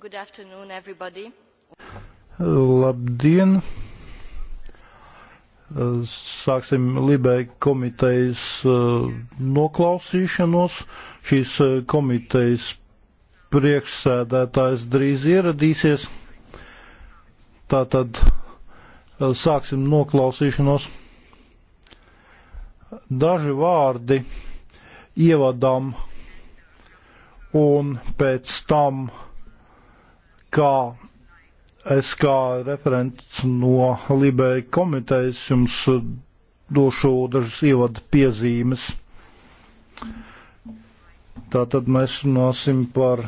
Good afternoon, everybody. Labdien! Sāksim Libēja komitejas uh, noklausīšanos. Šīs uh, komitejas priekšsēdētājs drīz ieradīsies. Tātad uh, sāksim noklausīšanos. Daži vārdi ievadam un pēc tam uh, kā es kā referents no Libēja komitejas jums došu dažas ievada piezīmes. Tātad mēs runāsim par e,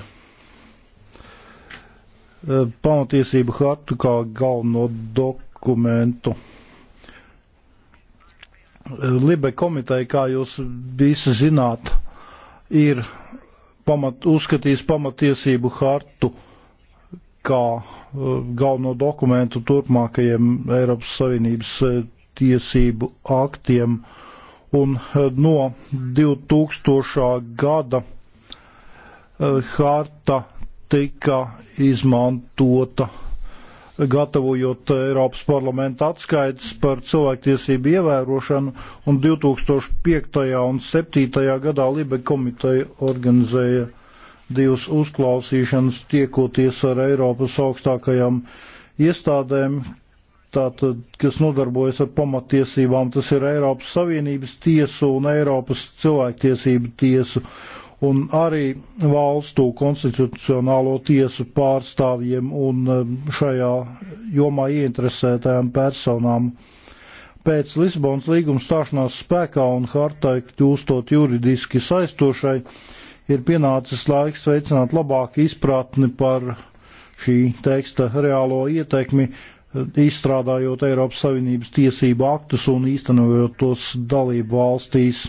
pamatiesību hartu kā galveno dokumentu. E, Libe komiteja, kā jūs visi zināt, ir pamat, uzskatījis pamatiesību hartu uh, kā uh, galveno dokumentu turpmākajiem Eiropas Savienības uh, tiesību aktiem. Un uh, no 2000. gada harta tika izmantota, gatavojot Eiropas parlamenta atskaites par cilvēktiesību ievērošanu, un 2005. un 2007. gadā Libe komiteja organizēja divas uzklausīšanas tiekoties ar Eiropas augstākajām iestādēm, tātad, kas nodarbojas ar pamatiesībām. Tas ir Eiropas Savienības tiesu un Eiropas cilvēktiesību tiesu un arī valstu konstitucionālo tiesu pārstāvjiem un um, šajā jomā ieinteresētajām personām. Pēc Lisabonas līguma stāšanās spēkā un hartai kļūstot juridiski saistošai, ir pienācis laiks veicināt labāku izpratni par šī teksta reālo ietekmi, izstrādājot Eiropas Savienības tiesību aktus un īstenojot tos dalību valstīs.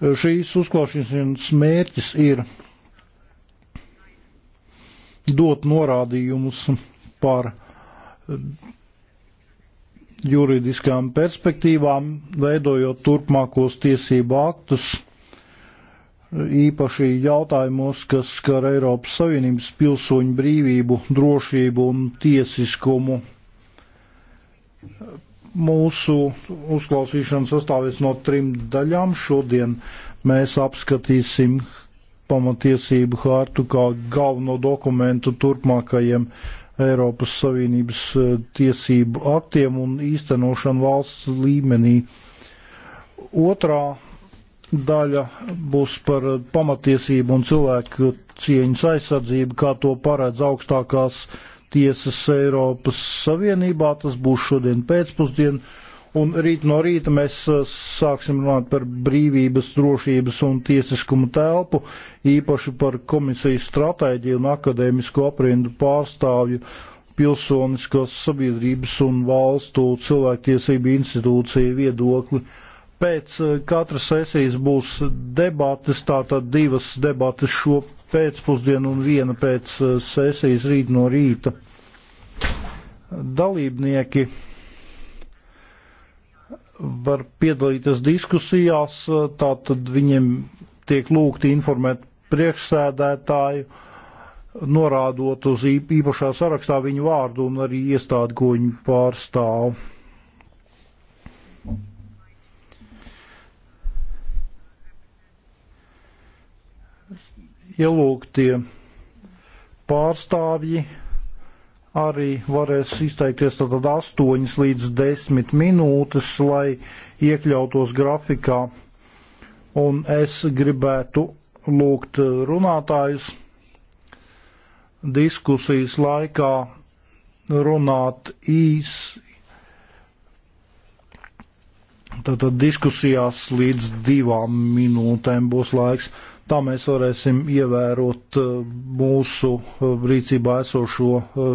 Šīs uzklausīšanas mērķis ir dot norādījumus par juridiskām perspektīvām, veidojot turpmākos tiesību aktus īpaši jautājumos, kas skar Eiropas Savienības pilsoņu brīvību, drošību un tiesiskumu. Mūsu uzklausīšana sastāvēs no trim daļām. Šodien mēs apskatīsim pamatiesību hārtu kā galveno dokumentu turpmākajiem Eiropas Savienības e, tiesību aktiem un īstenošanu valsts līmenī. Otrā daļa būs par pamatiesību un cilvēku cieņas aizsardzību, kā to paredz augstākās tiesas Eiropas Savienībā. Tas būs šodien pēcpusdien. Un rīt no rīta mēs uh, sāksim runāt par brīvības, drošības un tiesiskumu telpu, īpaši par komisijas stratēģiju un akadēmisko aprindu pārstāvju pilsoniskās sabiedrības un valstu cilvēktiesību institūciju viedokli. Uh, Pēc eh, katras sesijas būs debates, tātad divas debates šo pēcpusdienu un viena pēc eh, sesijas rīt no rīta. Dalībnieki var piedalīties diskusijās, eh, tātad viņiem tiek lūgti informēt priekšsēdētāju, norādot uz īpašā sarakstā viņu vārdu un arī iestādi, ko viņi pārstāv. ielūgtie pārstāvji arī varēs izteikties tātad 8 līdz 10 minūtes, lai iekļautos grafikā. Un es gribētu lūgt runātājus diskusijas laikā runāt īsi. Tātad diskusijās līdz divām minūtēm būs laiks. Tā mēs varēsim ievērot eh, mūsu eh, rīcībā esošo eh,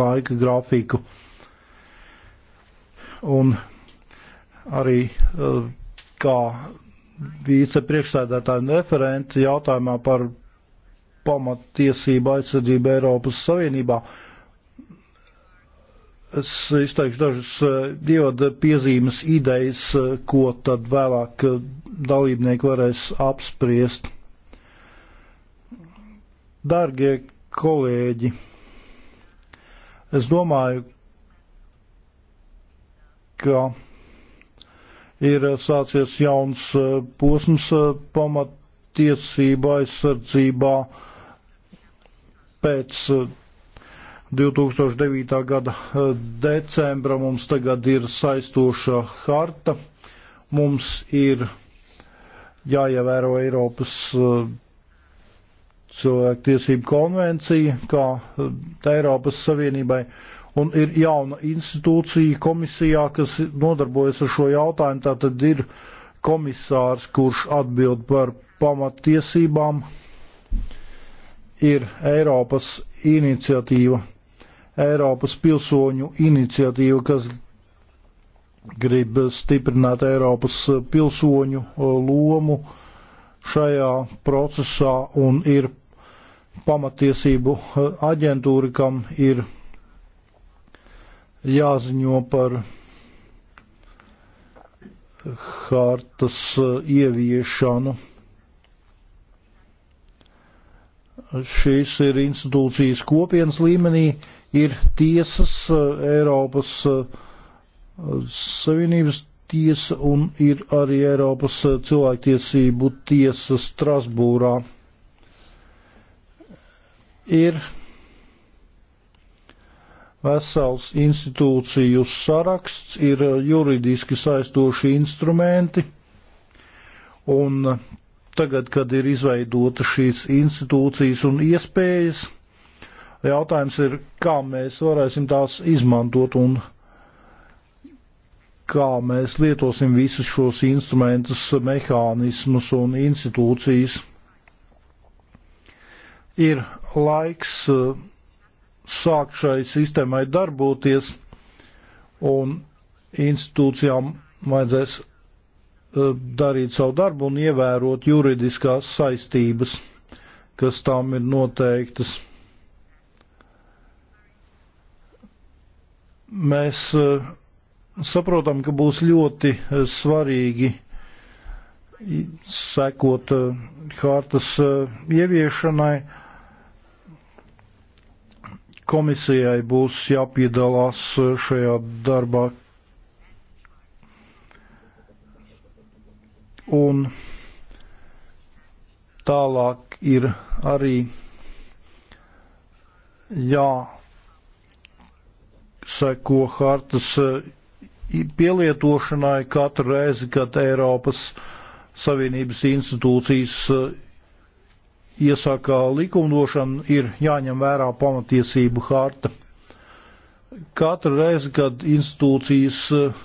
laika grafiku. Un arī kā vicepriekšsēdētāju un referentu jautājumā par pamatiesību aizsardzību Eiropas Savienībā. Es izteikšu dažas dioda piezīmes idejas, ko tad vēlāk dalībnieki varēs apspriest. Dargie kolēģi, es domāju, ka ir sācies jauns eh, posms eh, pamatiesība aizsardzībā pēc 2009. Eh, gada decembra mums tagad ir saistoša harta, mums ir jāievēro Eiropas cilvēktiesību konvencija, kā eh, Eiropas Savienībai, un ir jauna institūcija komisijā, kas nodarbojas ar šo jautājumu. Tātad ir komisārs, kurš atbild par pamatiesībām, ir Eiropas iniciatīva, Eiropas pilsoņu iniciatīva, kas grib stiprināt Eiropas pilsoņu eh, lomu šajā procesā un ir pamatiesību eh, aģentūra, kam ir jāziņo par hartas eh, ieviešanu. Šīs ir institūcijas kopienas līmenī, ir tiesas eh, Eiropas Savienības tiesa un ir arī Eiropas cilvēktiesību tiesa Strasbūrā ir vesels institūciju saraksts, ir juridiski saistoši instrumenti, un tagad, kad ir izveidota šīs institūcijas un iespējas, jautājums ir, kā mēs varēsim tās izmantot un kā mēs lietosim visus šos instrumentus, mehānismus un institūcijas. Ir laiks eh, sākt šai sistēmai darboties, un institūcijām vajadzēs eh, darīt savu darbu un ievērot juridiskās saistības, kas tām ir noteiktas. Mēs eh, saprotam, ka būs ļoti svarīgi sekot hartas ieviešanai Komisijai būs jāpiedalās šajā darbā. Un tālāk ir arī jāseko hartas pielietošanai katru reizi, kad Eiropas Savienības institūcijas iesaka likumdošana, ir jāņem vērā pamatiesību harta. Katru reizi, kad institūcijas eh,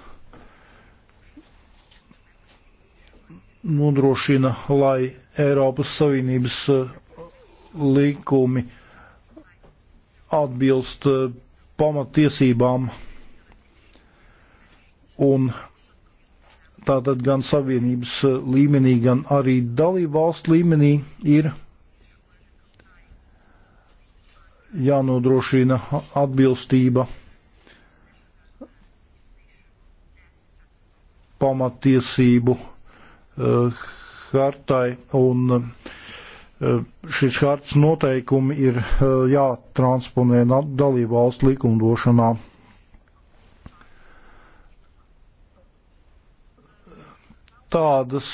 nodrošina, lai Eiropas Savienības eh, likumi atbilst eh, pamatiesībām un tātad gan savienības līmenī, gan arī dalību valstu līmenī ir jānodrošina atbilstība pamatiesību eh, hartai, un eh, šis hartas noteikumi ir eh, jātransponē dalību valstu likumdošanā. Tādas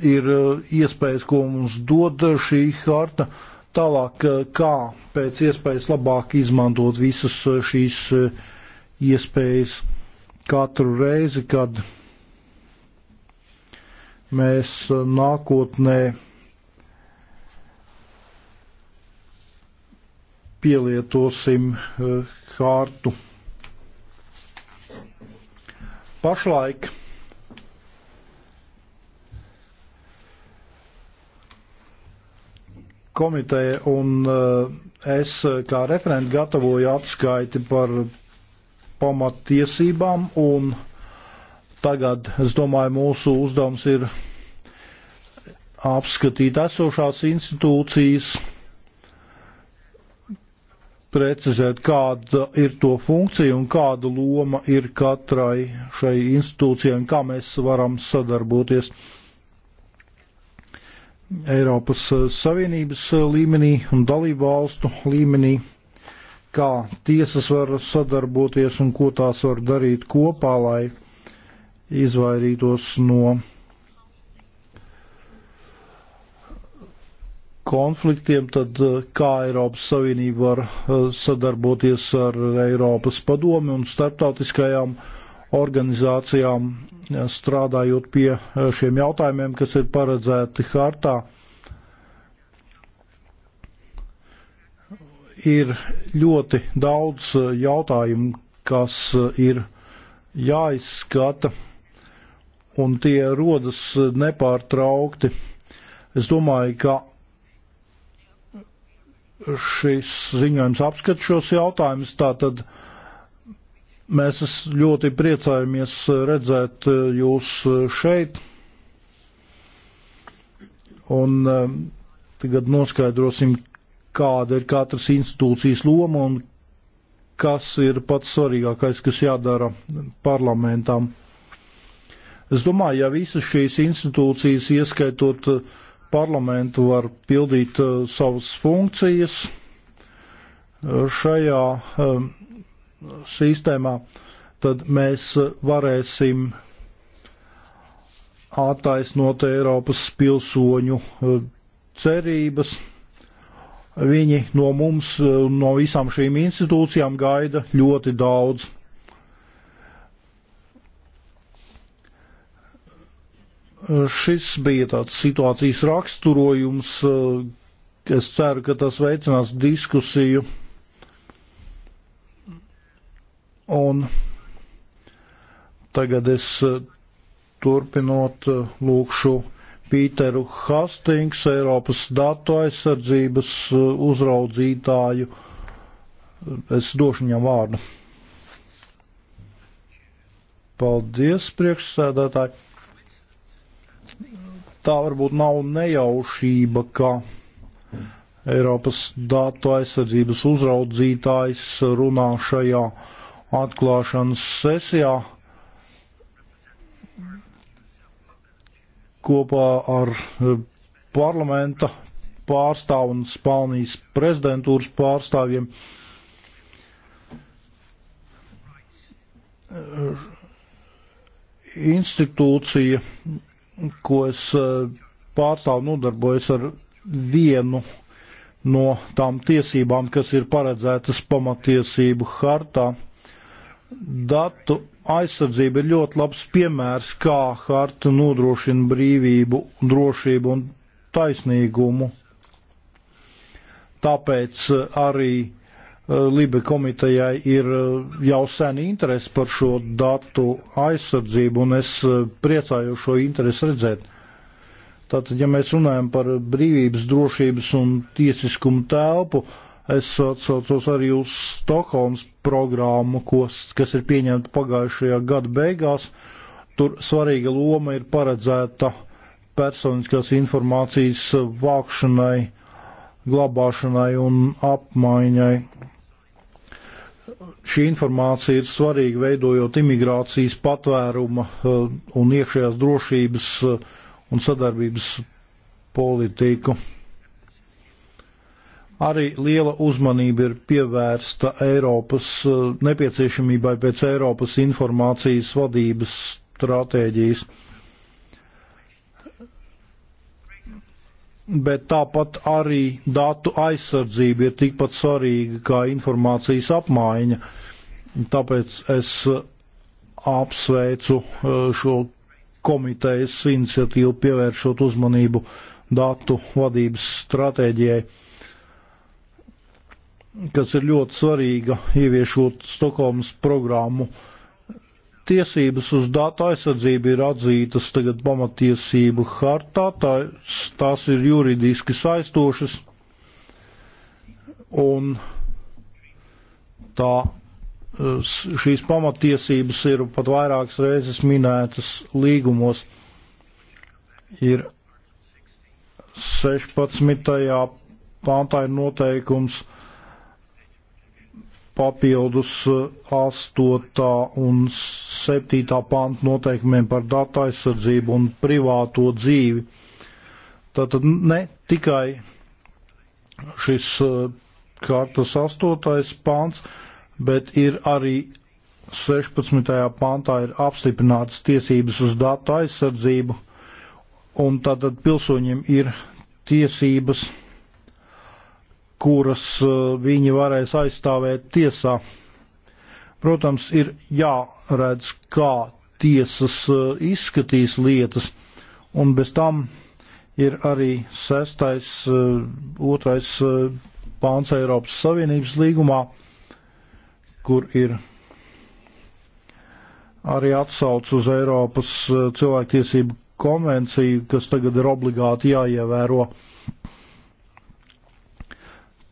ir iespējas, ko mums dod šī harta. Uh, Tālāk, eh, kā pēc iespējas labāk izmantot visas eh, šīs eh, iespējas katru reizi, kad mēs nākotnē pielietosim hārtu. Pašlaik komiteja un eh, es eh, kā referenti gatavoju atskaiti par pamatiesībām un tagad, es domāju, mūsu uzdevums ir apskatīt esošās institūcijas, precizēt, kāda ir to funkcija un kāda loma ir katrai šai institūcijai un kā mēs varam sadarboties. Uh, Eiropas eh, Savienības eh, līmenī un dalību valstu līmenī, kā tiesas var sadarboties un ko tās var darīt kopā, lai izvairītos no konfliktiem, tad eh, kā Eiropas Savienība var sadarboties ar Eiropas padomi un starptautiskajām uh, organizācijām eh, strādājot pie eh, šiem jautājumiem, kas ir paredzēti hartā. Ir ļoti daudz eh, jautājumu, kas ir jāizskata, un tie rodas nepārtraukti. Es domāju, ka šis ziņojums apskat šos jautājumus, tātad uh, Mēs ļoti priecājamies redzēt eh, jūs eh, šeit. Un eh, tagad noskaidrosim, kāda ir katras institūcijas loma un kas ir pats svarīgākais, kas jādara parlamentām. Es domāju, ja visas šīs institūcijas, ieskaitot parlamentu, var pildīt savas funkcijas šajā sistēmā, tad mēs varēsim attaisnot Eiropas pilsoņu e, cerības. Viņi no mums, e, no visām šīm institūcijām gaida ļoti daudz. E, šis bija tāds situācijas raksturojums. Es ceru, ka tas veicinās diskusiju. Un tagad es eh, turpinot eh, lūkšu Pīteru Hastings, Eiropas datu aizsardzības eh, uzraudzītāju. Es došu viņam vārdu. Paldies, priekšsēdētāji. Tā varbūt nav nejaušība, ka Eiropas datu aizsardzības uzraudzītājs runā šajā uh, atklāšanas sesijā kopā ar e, parlamenta pārstāvu un Spānijas prezidentūras pārstāvjiem. E, institūcija, ko es e, pārstāvu, nodarbojas ar vienu no tām tiesībām, kas ir paredzētas pamatiesību hartā. Datu aizsardzība ir ļoti labs piemērs, kā harta nodrošina brīvību, drošību un taisnīgumu. Tāpēc eh, arī eh, Libe komitejai ir eh, jau sen interesi par šo datu aizsardzību, un es priecājos šo interesi redzēt. Tātad, ja mēs runājam par brīvības, drošības un tiesiskumu telpu, uh, Es atsaucos arī uz Stokholmas programmu, kos, kas ir pieņemta pagājušajā gada beigās. Tur svarīga loma ir paredzēta personiskās informācijas vākšanai, glabāšanai un apmaiņai. Šī informācija ir svarīga veidojot imigrācijas patvēruma eh, un iekšējās drošības eh, un sadarbības politiku. Arī liela uzmanība ir pievērsta Eiropas eh, nepieciešamībai pēc Eiropas informācijas vadības stratēģijas. Bet tāpat arī datu aizsardzība ir tikpat svarīga kā informācijas apmaiņa. Tāpēc es eh, apsveicu eh, šo komitejas iniciatīvu pievēršot uzmanību datu vadības stratēģijai kas ir ļoti svarīga ieviešot Stokholmas programmu. Tiesības uz datu aizsardzību ir atzītas tagad pamatiesību hartā, tā, tās ir juridiski saistošas un tā šīs pamatiesības ir pat vairākas reizes minētas līgumos. Ir 16. pāntā ir noteikums, papildus 8. Eh, un 7. pānta noteikumiem par datu aizsardzību un privāto dzīvi. Tātad ne tikai šis eh, kartas 8. pāns, bet ir arī 16. pāntā ir apstiprinātas tiesības uz datu aizsardzību, un tātad pilsoņiem ir tiesības kuras eh, viņi varēs aizstāvēt tiesā. Protams, ir jāredz, kā tiesas eh, izskatīs lietas, un bez tam ir arī sestais, eh, otrais pāns Eiropas Savienības līgumā, kur ir arī atsauc uz Eiropas cilvēktiesību konvenciju, kas tagad ir obligāti jāievēro. Uh,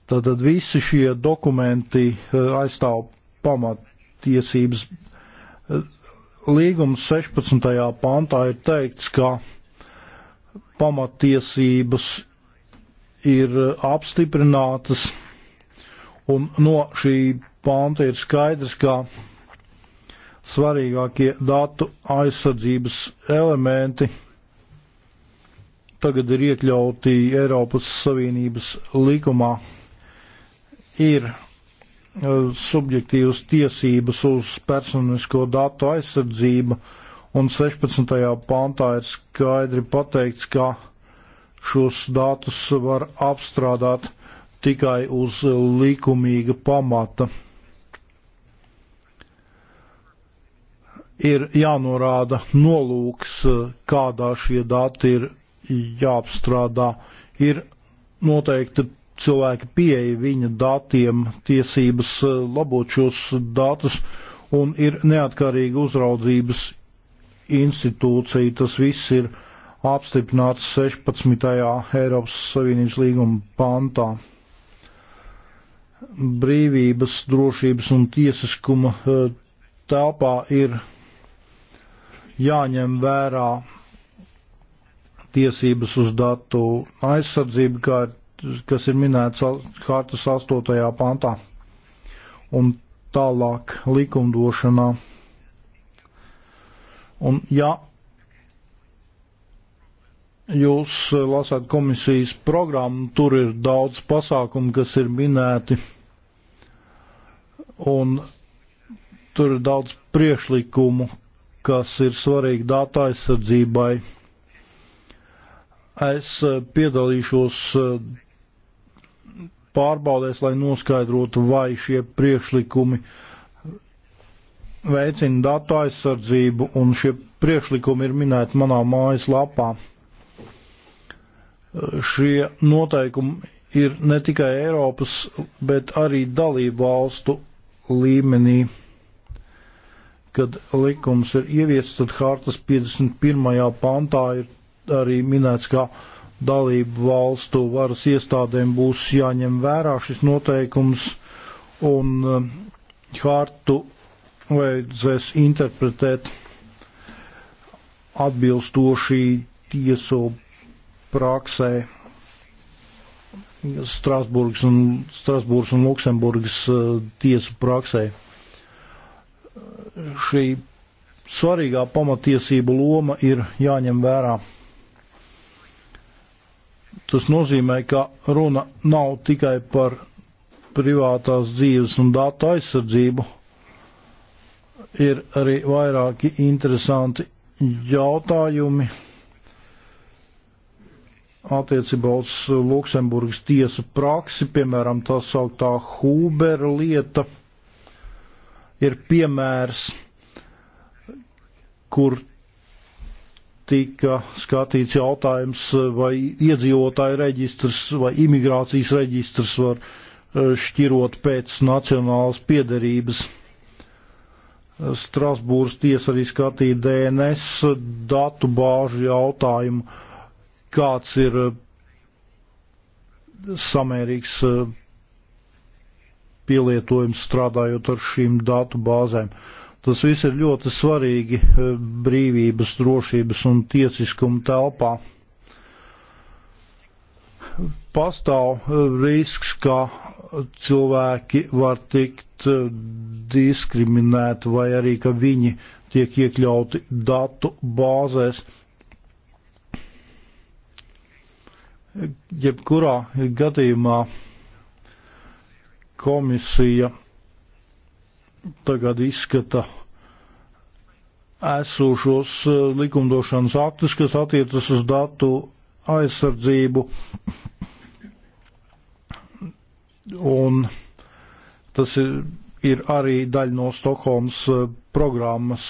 Tad visi šie dokumenti eh, aizstāv pamatiesības. Eh, līgums 16. pantā ir teikts, ka pamatiesības ir eh, apstiprinātas, un no šī panta ir skaidrs, ka svarīgākie datu aizsardzības elementi tagad ir iekļauti Eiropas Savienības likumā ir eh, subjektīvas tiesības uz personisko datu aizsardzību, un 16. pantā ir skaidri pateikts, ka šos datus var apstrādāt tikai uz likumīga pamata. Ir jānorāda nolūks, eh, kādā šie dati ir jāapstrādā. Ir noteikti cilvēki pieeja viņu datiem, tiesības eh, labot šos datus un ir neatkarīga uzraudzības institūcija. Tas viss ir apstiprināts 16. Eiropas Savienības līguma pantā. Brīvības, drošības un tiesiskuma eh, telpā ir jāņem vērā tiesības uz datu aizsardzību, kā ir kas ir minēts hartas 8. pantā un tālāk likumdošanā. Un ja jūs lasāt komisijas programmu, tur ir daudz pasākumu, kas ir minēti, un tur ir daudz priešlikumu, kas ir svarīgi datu aizsardzībai. Es piedalīšos pārbaudēs, lai noskaidrotu, vai šie priekšlikumi veicina datu aizsardzību, un šie priekšlikumi ir minēti manā mājas lapā. Šie noteikumi ir ne tikai Eiropas, bet arī dalību valstu līmenī. Kad likums ir ieviests, tad hartas 51. pantā ir arī minēts, ka dalību valstu varas iestādēm būs jāņem vērā šis noteikums un eh, hartu vajadzēs interpretēt atbilstoši tiesu praksē. Strasburgas un, Strasburgas un Luksemburgas eh, tiesu praksē. Šī svarīgā pamatiesību loma ir jāņem vērā. Tas nozīmē, ka runa nav tikai par privātās dzīves un datu aizsardzību. Ir arī vairāki interesanti jautājumi attiecībā uz Luksemburgas tiesu praksi, piemēram, tā sauktā Hūbera lieta ir piemērs, kur tika skatīts jautājums, eh, vai iedzīvotāju reģistrs vai imigrācijas reģistrs var eh, šķirot pēc nacionālas piederības. Eh, Strasbūras tiesa arī skatīja DNS datu bāžu jautājumu, kāds ir samērīgs pielietojums strādājot ar šīm datu bāzēm. Uh, Tas viss ir ļoti svarīgi eh, brīvības, drošības un tiesiskuma telpā. Pastāv eh, risks, ka cilvēki var tikt eh, diskriminēti vai arī ka viņi tiek iekļauti datu bāzēs. Jebkurā gadījumā komisija tagad izskata esošos eh, likumdošanas aktus, kas attiecas uz datu aizsardzību. Un tas ir, ir arī daļa no Stokholmas eh, programmas.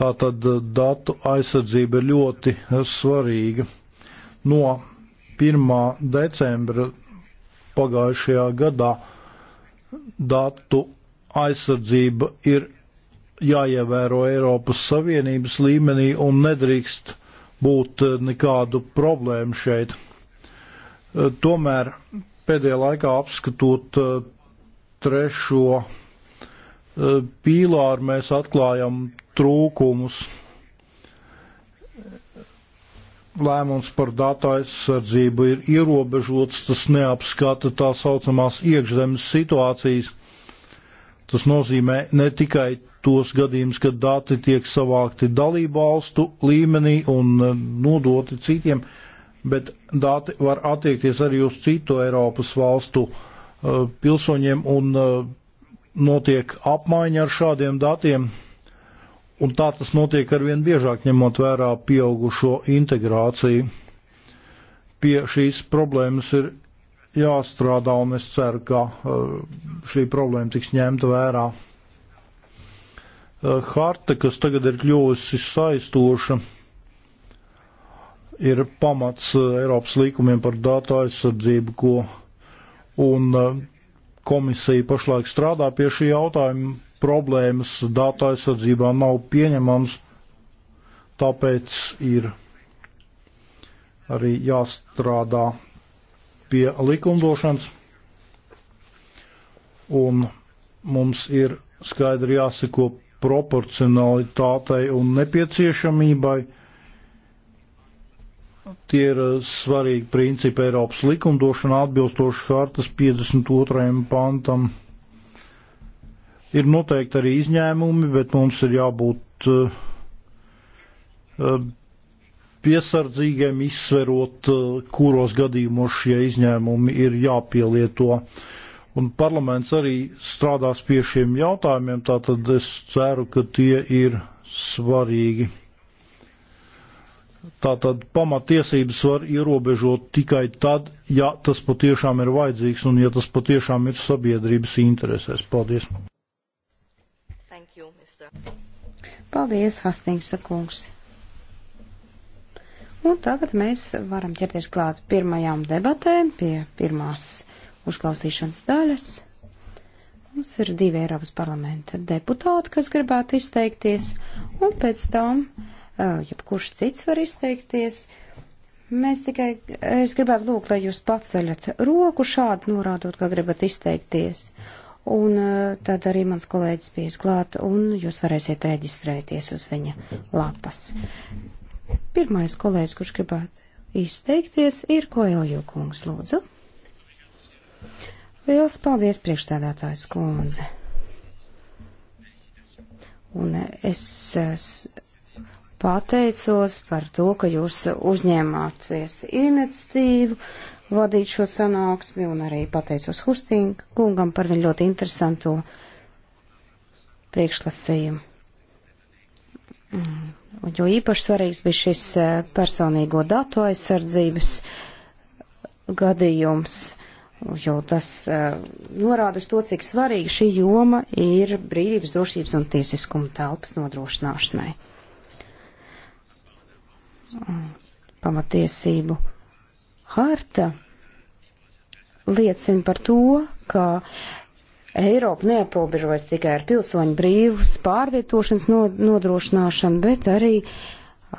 Tātad eh, datu aizsardzība ir ļoti svarīga. No 1. decembra pagājušajā gadā datu aizsardzība ir jāievēro Eiropas Savienības līmenī un nedrīkst būt eh, nekādu problēmu šeit. Eh, tomēr pēdējā laikā apskatot eh, trešo pīlāru, mēs atklājam trūkumus. Lēmums par datu aizsardzību ir ierobežots, tas neapskata tā saucamās iekšzemes situācijas Tas nozīmē ne tikai tos gadījumus, kad dati tiek savākti dalību valstu līmenī un e, nodoti citiem, bet dati var attiekties arī uz citu Eiropas valstu uh, pilsoņiem un uh, notiek apmaiņa ar šādiem datiem. Un tā tas notiek arvien biežāk, ņemot vērā pieaugušo integrāciju. Pie šīs problēmas ir jāstrādā, un es ceru, ka eh, šī problēma tiks ņemta vērā. Eh, harta, kas tagad ir kļuvusi saistoša, ir pamats eh, Eiropas līkumiem par datu aizsardzību, ko un komisija pašlaik strādā pie šī jautājuma. Problēmas datu aizsardzībā nav pieņemams, tāpēc ir arī jāstrādā pie likumdošanas, un mums ir skaidri jāsako proporcionalitātei un nepieciešamībai. Tie ir eh, svarīgi principi Eiropas likumdošanā atbilstoši hartas 52. pantam. Ir noteikti arī izņēmumi, bet mums ir jābūt uh, piesardzīgiem izsverot, eh, kuros gadījumos šie izņēmumi ir jāpielieto. Un parlaments arī strādās pie šiem jautājumiem, tātad es ceru, ka tie ir svarīgi. Tātad pamatiesības var ierobežot tikai tad, ja tas patiešām ir vajadzīgs un ja tas patiešām ir sabiedrības interesēs. Paldies! You, Paldies, Hastings kungs! Un nu, tagad mēs varam ķerties klāt pirmajām debatēm pie pirmās uzklausīšanas daļas. Mums ir divi Eiropas parlamenta deputāti, kas gribētu izteikties, un pēc tam, jebkurš cits var izteikties, mēs tikai, es gribētu lūgt, lai jūs paceļat roku šādi norādot, ka gribat izteikties. Un tad arī mans kolēģis bijis klāt, un jūs varēsiet reģistrēties uz viņa lapas. Pirmais kolēģis, kurš gribētu izteikties, ir Koelju kungs, lūdzu. Liels paldies, priekšstādātājs kundze. Un es, es pateicos par to, ka jūs uzņēmāties iniciatīvu vadīt šo sanāksmi, un arī pateicos Hustīna kungam par viņu ļoti interesanto priekšlasījumu. Mm Un jo īpaši svarīgs bija šis e, personīgo datu aizsardzības gadījums, jo tas uh, norāda uz to, cik svarīga šī joma ir brīvības, drošības un tiesiskuma telpas nodrošināšanai. Pamatiesību harta liecina par to, ka Eiropa neaprobežojas tikai ar pilsoņu brīvas pārvietošanas nodrošināšanu, bet arī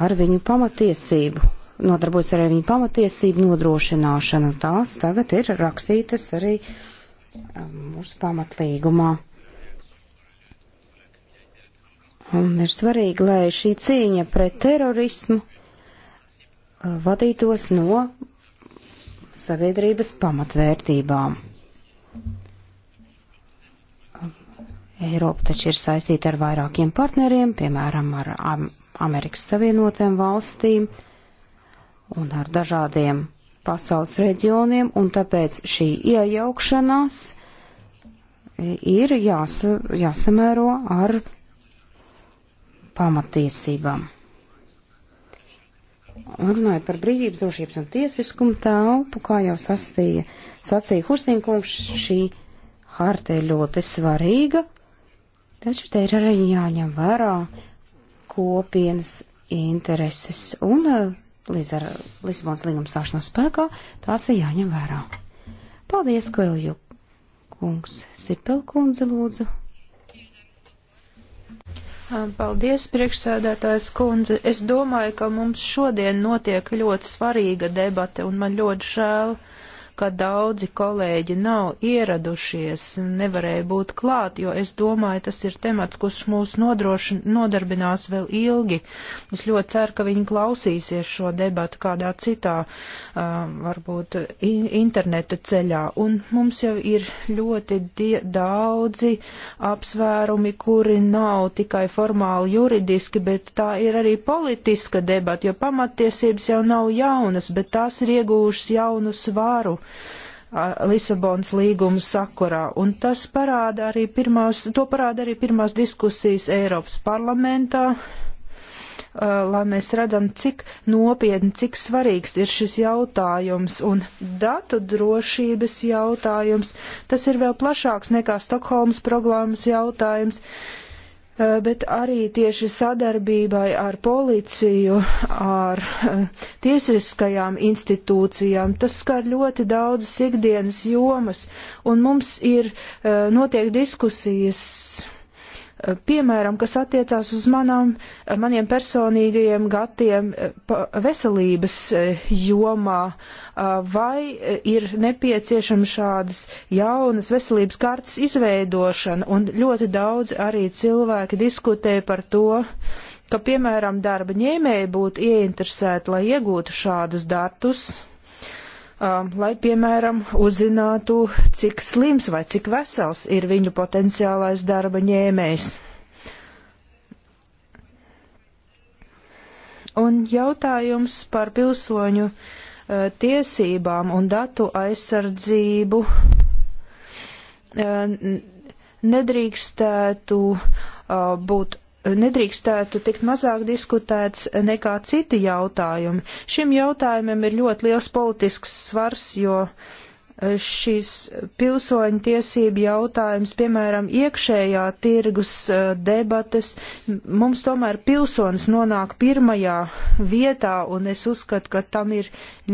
ar viņu pamatiesību. Nodarbojas arī viņu pamatiesību nodrošināšanu. Tās tagad ir rakstītas arī um, mūsu pamatlīgumā. Un ir svarīgi, lai šī cīņa pret terorismu uh, vadītos no sabiedrības pamatvērtībām. Eiropa taču ir saistīta ar vairākiem partneriem, piemēram, ar Am Amerikas Savienotēm valstīm un ar dažādiem pasaules reģioniem, un tāpēc šī iejaukšanās ir jāsa, jāsamēro ar pamatiesībām. Un runājot par brīvības, drošības un tiesiskumu telpu, kā jau sastīja, sacīja Hustīnkungs, šī harta ir ļoti svarīga, Taču te ir arī jāņem vērā kopienas intereses un eh, līdz ar Lisabons līguma stāšanos spēkā tās ir jāņem vērā. Paldies, Koelju kungs, Sipelkundze lūdzu. Paldies, priekšsēdētājs kundze. Es domāju, ka mums šodien notiek ļoti svarīga debate, un man ļoti žēl, ka daudzi kolēģi nav ieradušies, nevarēja būt klāt, jo es domāju, tas ir temats, kurš mūs nodarbinās vēl ilgi. Es ļoti ceru, ka viņi klausīsies šo debatu kādā citā, um, varbūt interneta ceļā. Un mums jau ir ļoti daudzi apsvērumi, kuri nav tikai formāli juridiski, bet tā ir arī politiska debata, jo pamattiesības jau nav jaunas, bet tās ir iegūšas jaunu svāru. Lisabonas līgumu sakurā, un tas parāda arī pirmās, to parāda arī pirmās diskusijas Eiropas parlamentā, lai mēs redzam, cik nopietni, cik svarīgs ir šis jautājums un datu drošības jautājums. Tas ir vēl plašāks nekā Stokholmas programmas jautājums. Eh, bet arī tieši sadarbībai ar policiju, ar eh, tiesiskajām institūcijām. Tas skar ļoti daudzas ikdienas jomas, un mums ir eh, notiek diskusijas Eh, piemēram, kas attiecās uz manām, eh, maniem personīgajiem gatiem eh, veselības jomā, vai ir nepieciešama šādas jaunas veselības kartas izveidošana, un ļoti daudz arī cilvēki diskutē par to, ka, piemēram, darba ņēmēji būtu ieinteresēti, lai iegūtu šādus datus Um, lai, piemēram, uzzinātu, cik slims vai cik vesels ir viņu potenciālais darba ņēmējs. Un jautājums par pilsoņu uh, tiesībām un datu aizsardzību uh, nedrīkstētu uh, būt nedrīkstētu tikt mazāk diskutēts nekā citi jautājumi. Šim jautājumam ir ļoti liels politisks svars, jo eh, šīs pilsoņu tiesību jautājums, piemēram, iekšējā tirgus eh, debates, mums tomēr pilsonis nonāk pirmajā vietā, un es uzskatu, ka tam ir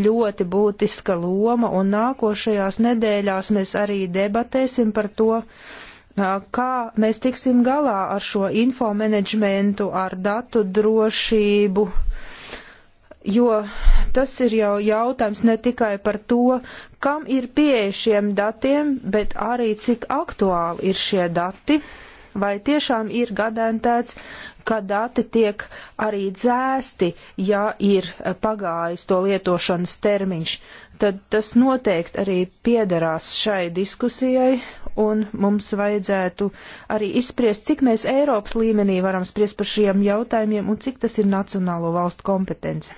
ļoti būtiska loma, un nākošajās nedēļās mēs arī debatēsim par to, uh, Kā mēs tiksim galā ar šo info menedžmentu, ar datu drošību? Jo tas ir jau jautājums ne tikai par to, kam ir pieeja šiem datiem, bet arī cik aktuāli ir šie dati. Vai tiešām ir gadentēts, ka dati tiek arī dzēsti, ja ir pagājis to lietošanas termiņš tad tas noteikti arī piederās šai diskusijai, un mums vajadzētu arī izspriest, cik mēs Eiropas līmenī varam spriest par šiem jautājumiem un cik tas ir nacionālo valstu kompetence.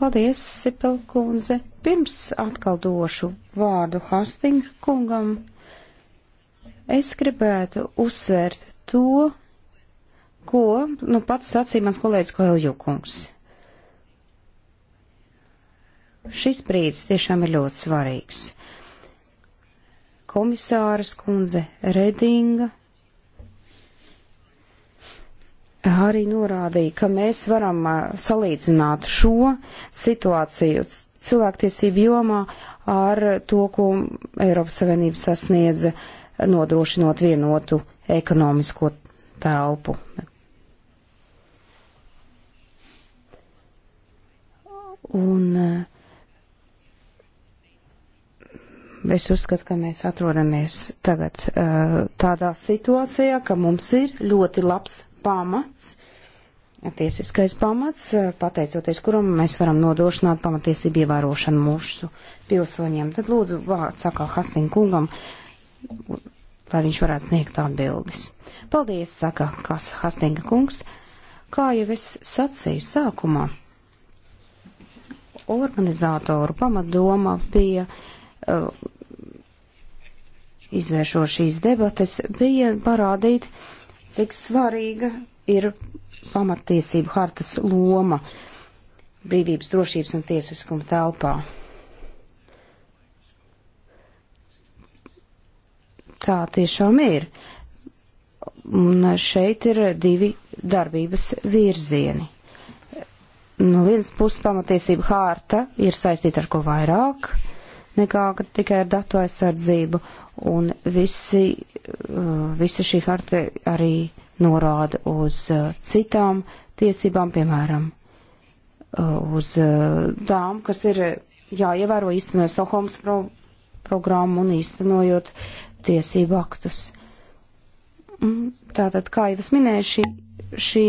Paldies, Sipel kundze. Pirms atkal došu vārdu Hasting kungam, es gribētu uzsvērt to, ko, nu, pats sacīja mans kolēģis Koelju kungs Šis brīdis tiešām ir ļoti svarīgs. Komisāras kundze Redinga arī norādīja, ka mēs varam salīdzināt šo situāciju cilvēktiesību jomā ar to, ko Eiropas Savienība sasniedza, nodrošinot vienotu ekonomisko telpu. Un uh, Es uzskatu, ka mēs atrodamies tagad uh, tādā situācijā, ka mums ir ļoti labs pamats, tiesiskais pamats, uh, pateicoties kuram mēs varam nodrošināt pamatiesību ievērošanu mūsu pilsoņiem. Tad lūdzu vārds sakā Hastin kungam, lai viņš varētu sniegt atbildes. Paldies, saka kas Hastinga kungs. Kā jau es sacīju sākumā, organizātoru pamatdoma bija. Uh, izvēršo šīs debates, bija parādīt, cik svarīga ir pamatiesību hartas loma brīvības, drošības un tiesiskuma telpā. Tā tiešām ir. Un šeit ir divi darbības virzieni. No vienas puses pamatiesība hārta ir saistīta ar ko vairāk nekā tikai ar datu aizsardzību. Uh, un visi, uh, visa šī harta arī norāda uz uh, citām tiesībām, piemēram, uh, uz tām, kas ir jāievēro īstenojot Stokholmas pro programmu un īstenojot tiesību aktus. Mm, tātad, kā jau es minēju, šī, šī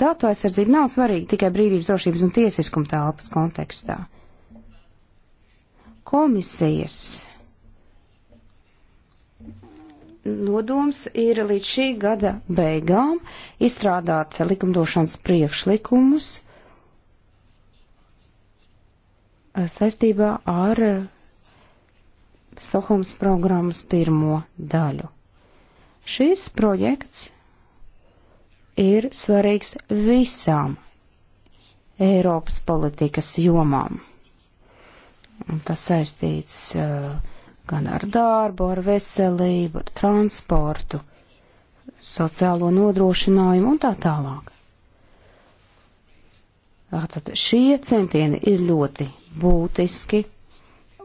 datu aizsardzība nav svarīga tikai brīvības drošības un tiesiskuma telpas kontekstā. Komisijas nodoms ir līdz šī gada beigām izstrādāt likumdošanas priekšlikumus eh, saistībā ar eh, Stokholmas programmas pirmo daļu. Šis projekts ir svarīgs visām Eiropas politikas jomām. Un tas saistīts uh, gan ar darbu, ar veselību, ar transportu, sociālo nodrošinājumu un tā tālāk. Tātad šie centieni ir ļoti būtiski,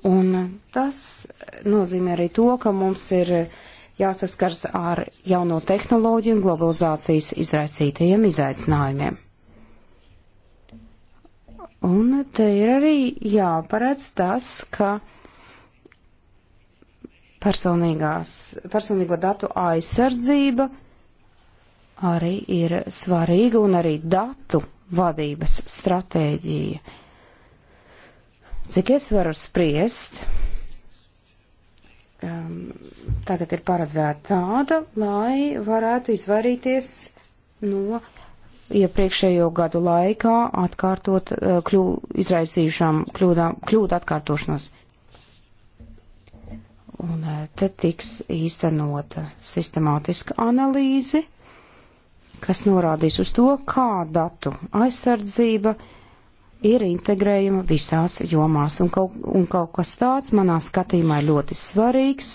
un tas nozīmē arī to, ka mums ir jāsaskars ar jauno tehnoloģiju un globalizācijas izraisītajiem izaicinājumiem. Un te ir arī jāparedz tas, ka personīgo datu aizsardzība arī ir svarīga un arī datu vadības stratēģija. Cik es varu spriest, um, tagad ir paredzēta tāda, lai varētu izvairīties no iepriekšējo gadu laikā atkārtot, uh, kļū, izraisījušām kļūdām, kļūdu atkārtošanos. Un e, te tiks īstenota sistemātiska analīze, kas norādīs uz to, kā datu aizsardzība ir integrējama visās jomās. Un kaut, un kaut kas tāds manā skatījumā ir ļoti svarīgs,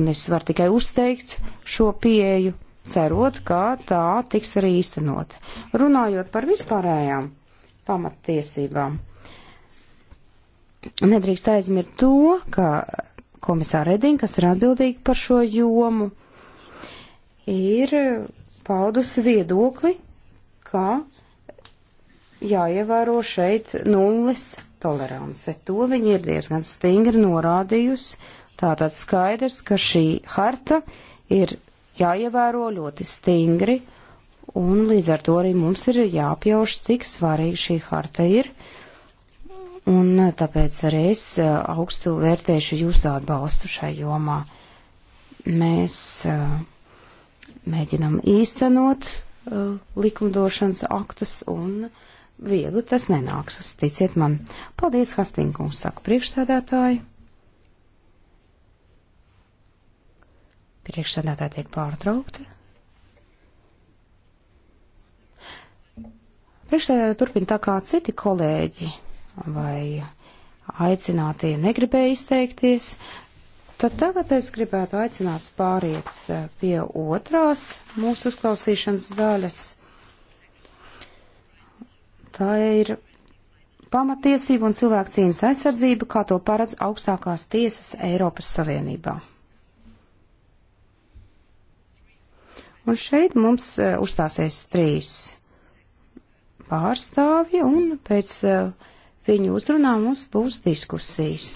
un es varu tikai uzteikt šo pieeju, cerot, ka tā tiks arī īstenot. Runājot par vispārējām pamattiesībām, nedrīkst aizmirst to, ka komisāra Redina, kas ir atbildīga par šo jomu, ir paudusi viedokli, ka jāievēro šeit nulles tolerance. To viņi ir diezgan stingri norādījusi. Tātad skaidrs, ka šī harta ir jāievēro ļoti stingri, un līdz ar to arī mums ir jāpjauš, cik svarīga šī harta ir un eh, tāpēc arī es eh, augstu vērtēšu jūsu atbalstu šai jomā. Mēs eh, mēģinam īstenot likumdošanas aktus un viegli tas nenāks, ticiet man. Paldies, Hastinkungs, saka priekšsēdētāji. Priekšsēdētāji tiek pārtraukti. Priekšsēdētāji turpina tā kā citi kolēģi vai aicinātie negribēja izteikties, tad tagad es gribētu aicināt pāriet e, pie otrās mūsu uzklausīšanas daļas. Tā ir pamatiesība un cilvēku cīņas aizsardzība, kā to paredz augstākās tiesas Eiropas Savienībā. Un šeit mums e, uzstāsies trīs pārstāvji, un pēc uh, viņu uzrunā mums būs diskusijas.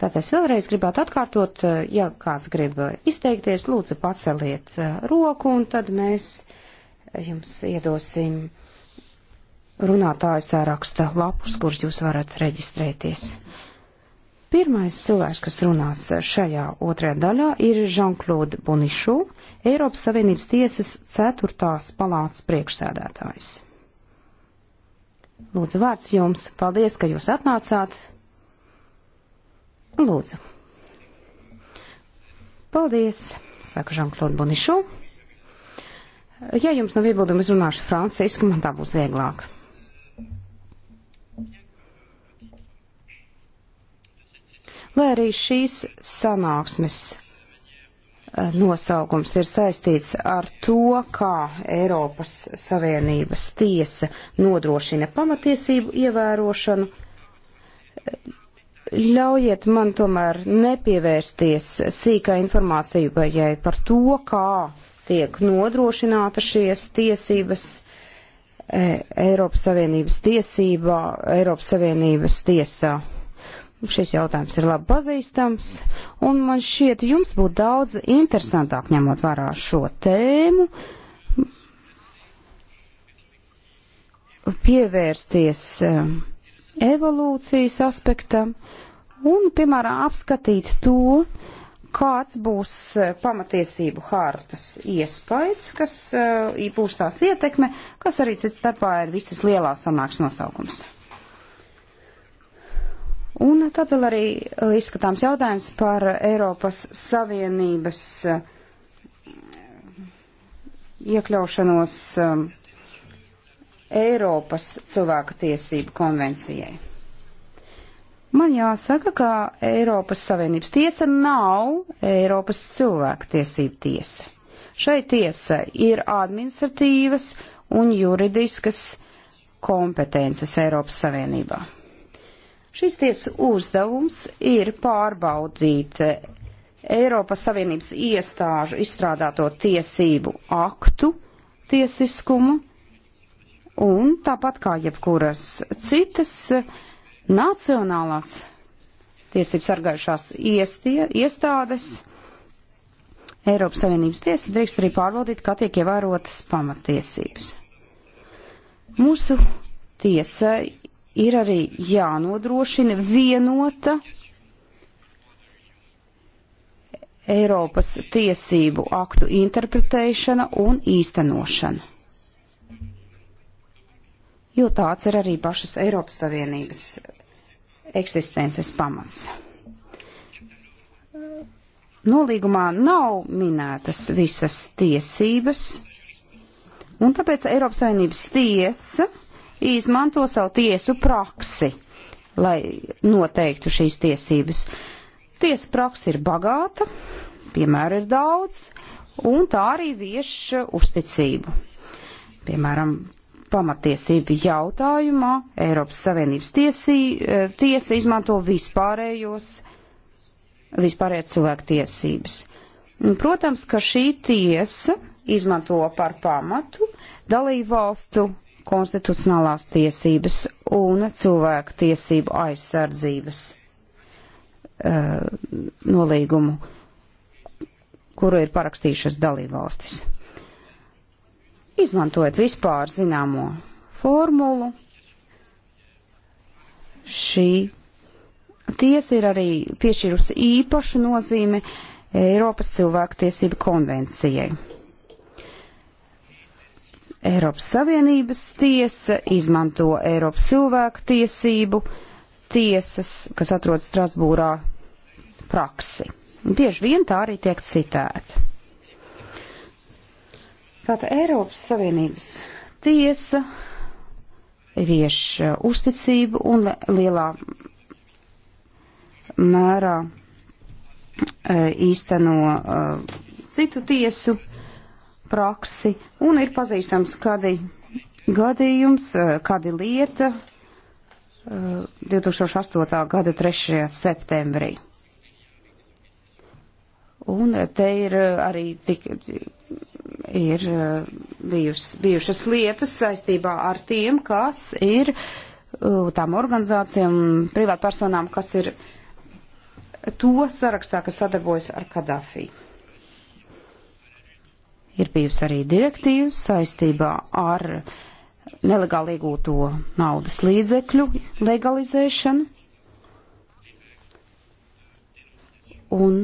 Tātad es vēlreiz gribētu atkārtot, eh, ja kāds grib eh, izteikties, lūdzu paceliet eh, roku un tad mēs jums iedosim runātāju sāraksta lapus, kurus jūs varat reģistrēties. Pirmais cilvēks, kas runās šajā otrajā daļā, ir Jean-Claude Bonišu, Eiropas Savienības tiesas ceturtās palātas priekšsēdētājs. Lūdzu, vārds jums. Paldies, ka jūs atnācāt. Lūdzu. Paldies, saka Žanklods Bonišu. Ja jums nav iebildumi, es runāšu franciski, man tā būs vieglāk. Lai arī šīs sanāksmes Eh, nosaukums ir saistīts ar to, kā Eiropas Savienības tiesa nodrošina pamatiesību ievērošanu. Ļaujiet man tomēr nepievērsties sīkā informācijai par to, kā tiek nodrošināta šies tiesības eh, Eiropas Savienības tiesībā, Eiropas Savienības tiesā. Nu, šis jautājums ir labi pazīstams, un man šķiet, jums būtu daudz interesantāk ņemot vērā šo tēmu, pievērsties um, evolūcijas aspektam un, piemēram, apskatīt to, kāds būs uh, pamatiesību hārtas iespējas, kas uh, būs tās ietekme, kas arī cits starpā ir visas lielās sanāks nosaukums. Un tad vēl arī uh, izskatāms jautājums par Eiropas Savienības uh, iekļaušanos um, Eiropas cilvēka tiesību konvencijai. Man jāsaka, ka Eiropas Savienības tiesa nav Eiropas cilvēka tiesību tiesa. Šai tiesa ir administratīvas un juridiskas kompetences Eiropas Savienībā. Šīs tiesas uzdevums ir pārbaudīt eh, Eiropas Savienības iestāžu izstrādāto tiesību aktu tiesiskumu un tāpat kā jebkuras citas eh, nacionālās tiesības sargājušās iestie, iestādes. Eiropas Savienības tiesa drīkst arī pārbaudīt, kā tiek ievērotas pamatiesības. Mūsu tiesai ir arī jānodrošina vienota Eiropas tiesību aktu interpretēšana un īstenošana. Jo tāds ir arī pašas Eiropas Savienības eksistences pamats. Nolīgumā nav minētas visas tiesības, un tāpēc Eiropas Savienības tiesa izmanto savu tiesu praksi, lai noteiktu šīs tiesības. Tiesu praksa ir bagāta, piemēra ir daudz, un tā arī vieš uzticību. Piemēram, pamatiesību jautājumā Eiropas Savienības tiesī, eh, tiesa izmanto vispārējos, vispārējās cilvēku tiesības. Protams, ka šī tiesa izmanto par pamatu dalību valstu konstitucionālās tiesības un cilvēku tiesību aizsardzības uh, nolīgumu, kuru ir parakstījušas dalībvalstis. Izmantojot vispār zināmo formulu, šī tiesa ir arī piešķirusi īpašu nozīmi Eiropas cilvēku tiesību konvencijai. Eiropas Savienības tiesa izmanto Eiropas cilvēku tiesību tiesas, kas atrodas Strasbūrā, praksi. Bieži vien tā arī tiek citēta. Tātad Eiropas Savienības tiesa vieš uh, uzticību un lielā mērā uh, īsteno uh, citu tiesu praksi un ir pazīstams kādi gadījums, eh, kādi lieta 2008. Eh, gada 3. septembrī. Un eh, te ir arī tik, ir bijus, bijušas lietas saistībā ar tiem, kas ir tām organizācijām, privātpersonām, kas ir to sarakstā, kas sadarbojas ar Kadafiju. Ir bijusi arī direktīva saistībā ar nelegāli iegūto naudas līdzekļu legalizēšanu. Un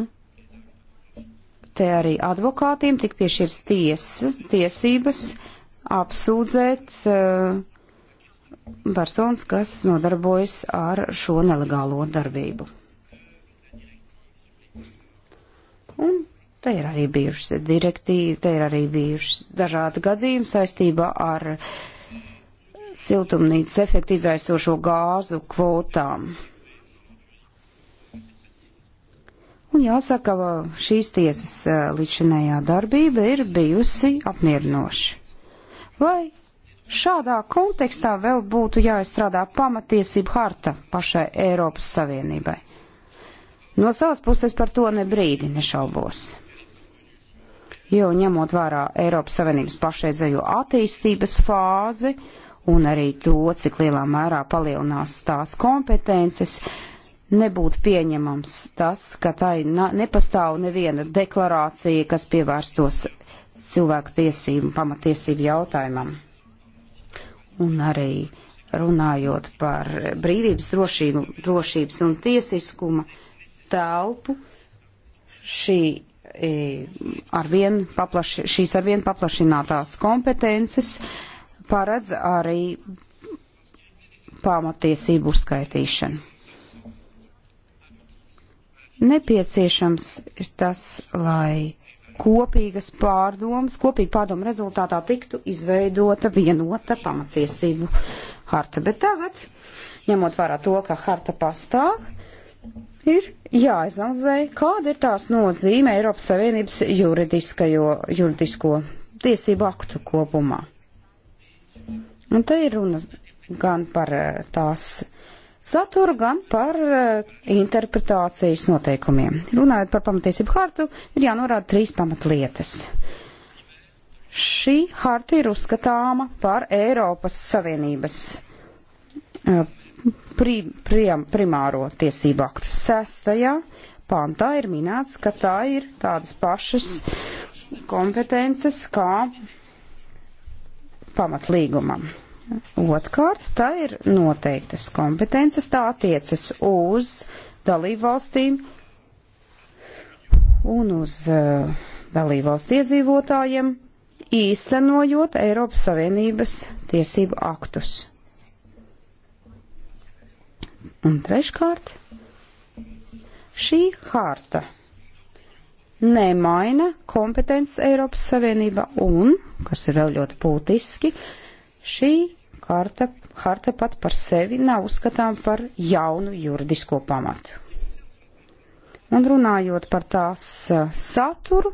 te arī advokātiem tik piešķirs tiesas, tiesības apsūdzēt uh, personas, kas nodarbojas ar šo nelegālo darbību. Un Te ir arī bijušas direktīva, te ir arī bijušas dažādi gadījumi saistībā ar siltumnīcas efektu izraisošo gāzu kvotām. Un jāsaka, šīs tiesas līdzinējā darbība ir bijusi apmierinoša. Vai šādā kontekstā vēl būtu jāizstrādā pamatiesība harta pašai Eiropas Savienībai? No savas puses par to ne brīdi nešaubos jo ņemot vērā Eiropas Savienības pašreizējo attīstības fāzi un arī to, cik lielā mērā palielinās tās kompetences, nebūtu pieņemams tas, ka tai nepastāv neviena deklarācija, kas pievērstos cilvēku tiesību, pamatiesību jautājumam. Un arī runājot par brīvības drošību, drošības un tiesiskuma telpu, šī E, arvien paplaši, šīs arvien paplašinātās kompetences paredz arī pamatiesību uzskaitīšanu. Nepieciešams ir tas, lai kopīgas pārdomas, kopīgi pārdomu rezultātā tiktu izveidota vienota pamatiesību harta. Bet tagad, ņemot vērā to, ka harta pastāv, ir jāizanalizē, kāda ir tās nozīme Eiropas Savienības juridisko tiesību aktu kopumā. Un te ir runa gan par eh, tās saturu, gan par eh, interpretācijas noteikumiem. Runājot par pamatiesību hartu, ir jānorāda trīs pamatlietas. Šī harta ir uzskatāma par Eiropas Savienības eh, pri, prim, primāro tiesību aktu. Sestajā pantā ir minēts, ka tā ir tādas pašas kompetences kā pamatlīgumam. Otkārt, tā ir noteiktas kompetences, tā attiecas uz dalību valstīm un uz uh, dalību valstu iedzīvotājiem, īstenojot Eiropas Savienības tiesību aktus. Un treškārt, šī harta nemaina kompetences Eiropas Savienība un, kas ir vēl ļoti būtiski, šī harta, harta pat par sevi nav uzskatām par jaunu juridisko pamatu. Un runājot par tās eh, saturu,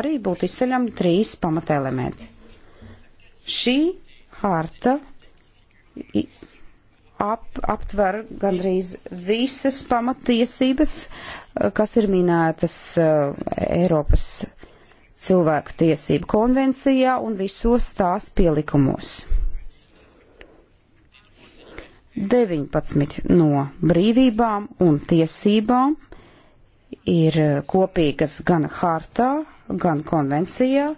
arī būtu izceļami trīs pamatelementi. Šī harta ap, aptver gandrīz visas pamatiesības, eh, kas ir minētas uh, Eiropas cilvēku tiesību konvencijā un visos tās pielikumos. 19 no brīvībām un tiesībām ir eh, kopīgas gan hartā, gan konvencijā.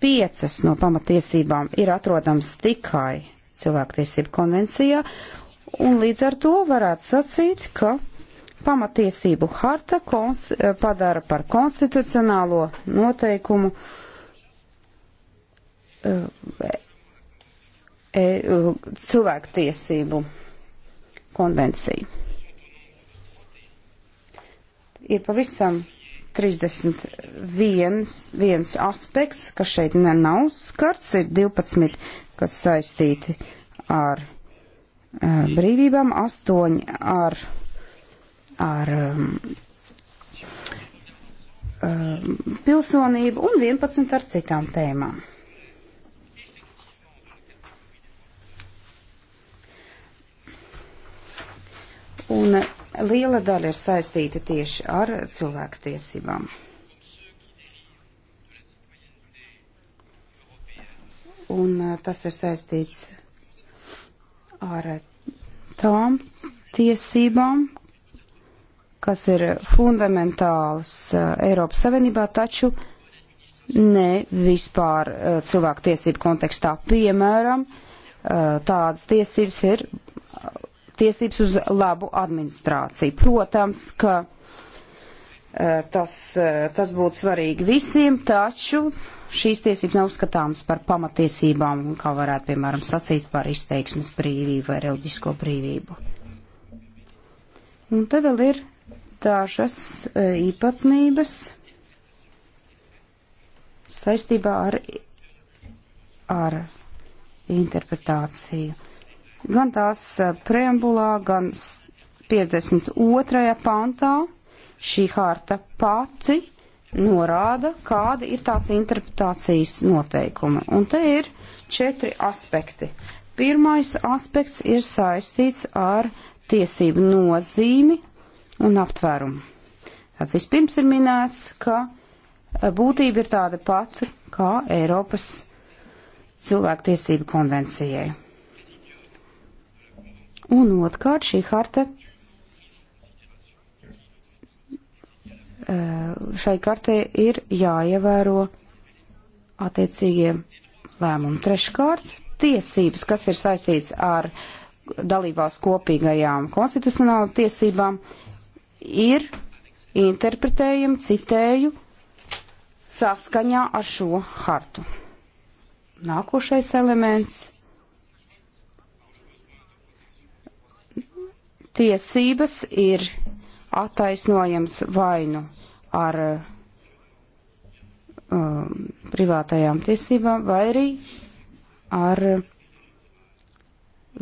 Piecas no pamatiesībām ir atrodams tikai cilvēktiesību konvencijā, un līdz ar to varētu sacīt, ka pamatiesību harta konst, eh, padara par konstitucionālo noteikumu eh, e, e, cilvēktiesību konvenciju. Ir pavisam 31 viens aspekts, kas šeit nav skarts, ir 12 kas saistīti ar uh, brīvībām, astoņi ar, ar um, um pilsonību un 11 ar citām tēmām. Un liela daļa ir saistīta tieši ar cilvēku tiesībām. un tas ir saistīts ar tām tiesībām, kas ir fundamentāls Eiropas Savienībā, taču ne vispār cilvēku tiesību kontekstā. Piemēram, tādas tiesības ir tiesības uz labu administrāciju. Protams, ka tas, tas būtu svarīgi visiem, taču šīs tiesības nav skatāmas par pamatiesībām, kā varētu, piemēram, sacīt par izteiksmes brīvību vai reliģisko brīvību. Un te vēl ir dažas e, īpatnības saistībā ar, ar interpretāciju. Gan tās e, preambulā, gan 52. pantā šī harta pati norāda, kāda ir tās interpretācijas noteikumi. Un te ir četri aspekti. Pirmais aspekts ir saistīts ar tiesību nozīmi un aptvērumu. Tad vispirms ir minēts, ka e, būtība ir tāda pati kā Eiropas cilvēktiesību konvencijai. Un otrkārt šī harta Eh, šai kartē ir jāievēro attiecīgie lēmumi. Treškārt, tiesības, kas ir saistīts ar dalībās kopīgajām konstitucionālām tiesībām, ir interpretējami, citēju, saskaņā ar šo hartu. Nākošais elements - tiesības ir attaisnojams vainu ar um, privātajām tiesībām vai arī ar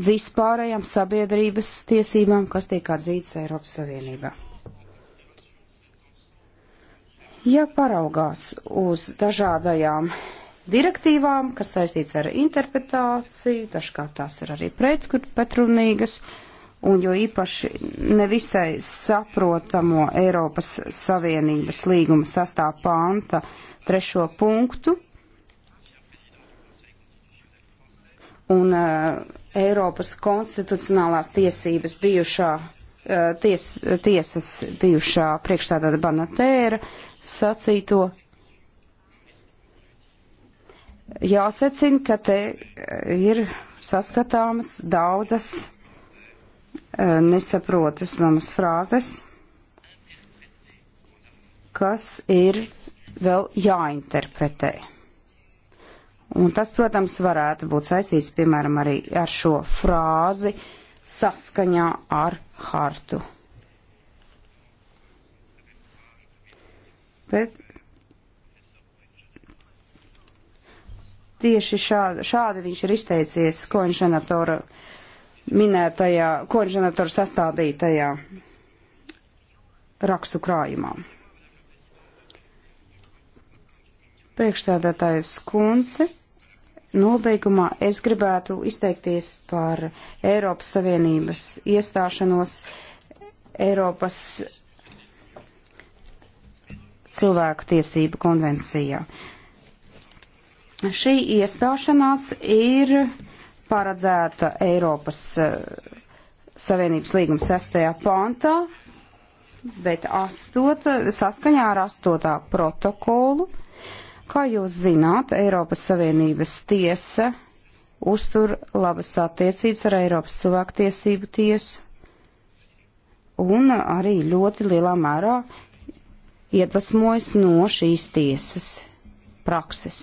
vispārējām sabiedrības tiesībām, kas tiek atzītas Eiropas Savienībā. Ja paraugās uz dažādajām direktīvām, kas saistīts ar interpretāciju, dažkārt tās ir arī pretkrunīgas, pret un jo īpaši nevisai saprotamo Eiropas Savienības līguma sastā panta trešo punktu un uh, Eiropas konstitucionālās tiesības bijušā uh, ties, tiesas bijušā priekšsēdāta Banatēra sacīto. Jāsecina, ka te eh, ir saskatāmas daudzas Eh, nesaprot islamas frāzes, kas ir vēl jāinterpretē. Un tas, protams, varētu būt saistīts, piemēram, arī ar šo frāzi saskaņā ar hartu. Bet tieši šādi, šādi viņš ir izteicies Koņšana Tora minētajā koordinatoru sastādītajā rakstu krājumā. Priekšstādātājs Kunze, nobeigumā es gribētu izteikties par Eiropas Savienības iestāšanos Eiropas cilvēku tiesību konvencijā. Šī iestāšanās ir paredzēta Eiropas eh, Savienības līguma sestajā pantā, bet astota, saskaņā ar astotā protokolu, kā jūs zināt, Eiropas Savienības tiesa uztur labas attiecības ar Eiropas cilvēktiesību tiesu un arī ļoti lielā mērā iedvesmojas no šīs tiesas prakses.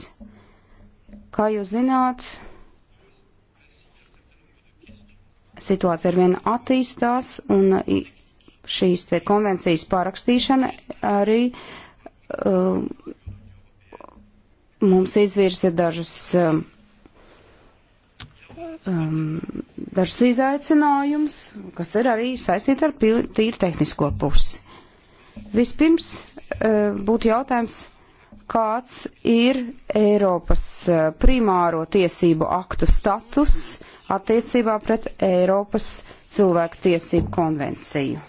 Kā jūs zināt, situācija ar vienu attīstās, un šīs te konvencijas pārakstīšana arī uh, mums izvirza dažas, um, um, dažas izaicinājumus, kas ir arī saistīti ar tīri tehnisko pusi. Vispirms uh, būtu jautājums, kāds ir Eiropas uh, primāro tiesību aktu status, uh, attiecībā pret Eiropas cilvēku tiesību konvenciju.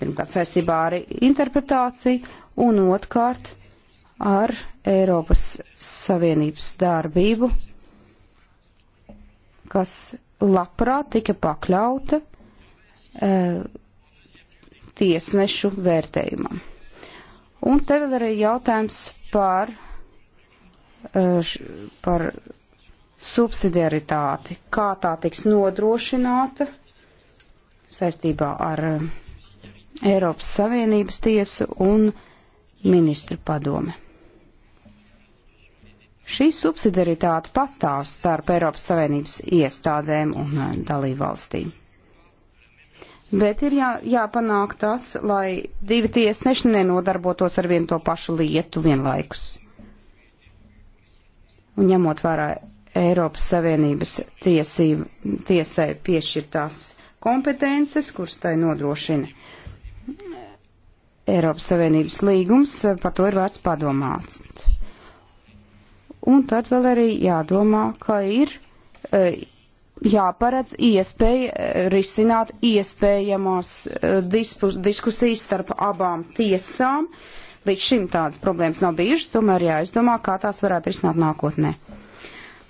Pirmkārt saistībā ar interpretāciju un otrkārt ar Eiropas Savienības darbību, kas labprāt tika pakļauta e, tiesnešu vērtējumam. Un te vēl arī jautājums par, e, š, par subsidiaritāti, kā tā tiks nodrošināta saistībā ar eh, Eiropas Savienības tiesu un ministru padome. Šī subsidiaritāte pastāv starp Eiropas Savienības iestādēm un eh, dalībvalstīm. Bet ir jā, jāpanāk tas, lai divi tiesneši nenodarbotos ar vienu to pašu lietu vienlaikus. Un ņemot vērā Eiropas Savienības tiesību, tiesai piešķirtās kompetences, kuras tai nodrošina Eiropas Savienības līgums, eh, par to ir vērts padomāt. Un tad vēl arī jādomā, ka ir eh, jāparedz iespēja eh, risināt iespējamās dispus, diskusijas starp abām tiesām. Līdz šim tādas problēmas nav bijušas, tomēr jāizdomā, kā tās varētu risināt nākotnē.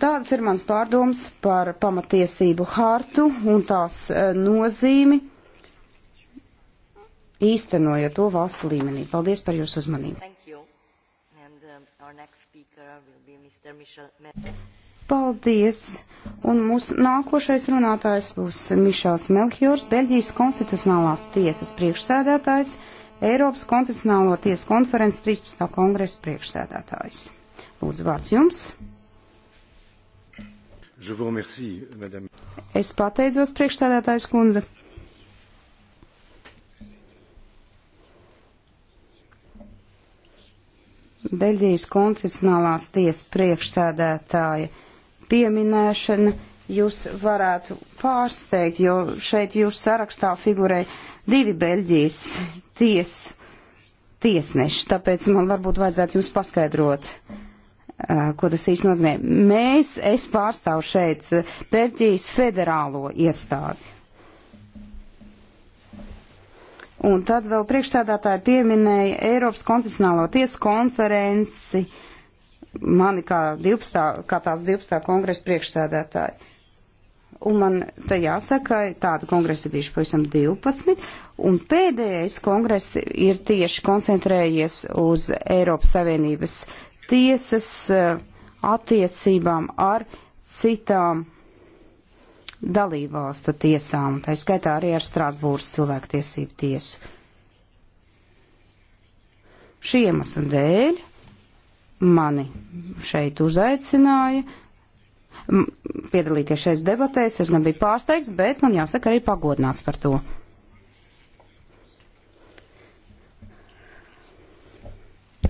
Tādas ir mans pārdoms par pamatiesību hartu un tās e, nozīmi īstenojot to valsts līmenī. Paldies par jūsu uzmanību. Um, Paldies. Un mūsu nākošais runātājs būs Mišels Melchiors, Beļģijas konstitucionālās tiesas priekšsēdētājs, Eiropas konstitucionālo tiesu konferences 13. kongresa priekšsēdētājs. Lūdzu, vārds jums. Es pateicos priekšstādātājs kundze. Beļģijas konfesionālās tiesas priekšsēdētāja pieminēšana jūs varētu pārsteigt, jo šeit jūs sarakstā figurē divi Beļģijas ties, tiesneši, tāpēc man varbūt vajadzētu jums paskaidrot ko tas īsti nozīmē. Mēs, es pārstāvu šeit Beļģijas federālo iestādi. Un tad vēl priekšstādātāji pieminēja Eiropas konstitucionālo tiesu konferenci, mani kā, 12, kā tās 12. kongresa priekšstādātāji. Un man te jāsaka, tādu kongresu bijuši pavisam 12, un pēdējais kongress ir tieši koncentrējies uz Eiropas Savienības tiesas e, attiecībām ar citām dalībvalstu tiesām, tā skaitā arī ar Strasbūras cilvēktiesību tiesu. Šī iemesla dēļ mani šeit uzaicināja piedalīties šais debatēs, es gan biju pārsteigts, bet man jāsaka arī pagodināts par to.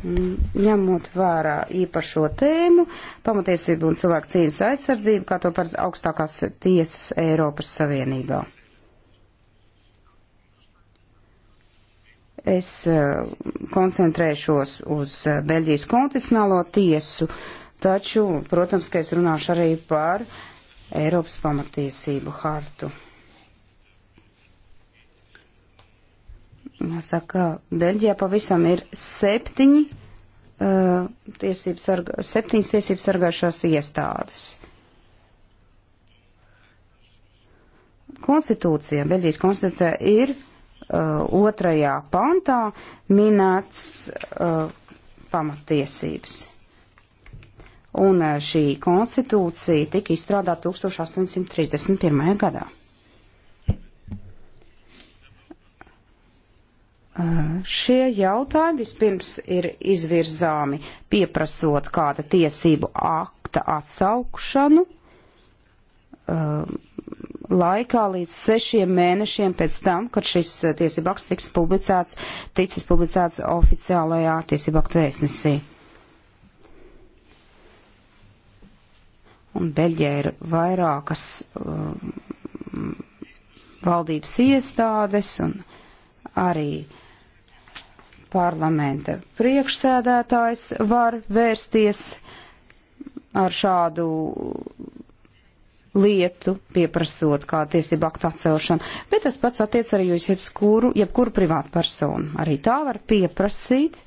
ņemot vērā īpašo tēmu, pamatiesību un cilvēku cīņas aizsardzību, kā to par augstākās tiesas Eiropas Savienībā. Es eh, koncentrēšos uz eh, Beļģijas kontinentālo tiesu, taču, protams, ka es runāšu arī par Eiropas pamatiesību hartu. Saka, Beļģijā pavisam ir septiņi, uh, tiesības sarga, septiņas tiesības sargājušās iestādes. Konstitūcija, Beļģijas konstitūcija ir uh, otrajā pantā minēts uh, pamatiesības. Un uh, šī konstitūcija tika izstrādāta 1831. gadā. Šie jautājumi vispirms ir izvirzāmi pieprasot kāda tiesību akta atsaukšanu um, laikā līdz sešiem mēnešiem pēc tam, kad šis uh, tiesību akts tiks publicēts, ticis publicēts oficiālajā tiesību aktu vēstnesī. Un Beļģijā ir vairākas um, valdības iestādes un arī uh, parlamenta priekšsēdētājs var vērsties ar šādu lietu, pieprasot kā tiesību aktu atcelšanu, bet tas pats attiec arī uz jebkuru, jebkuru privātu personu. Arī tā var pieprasīt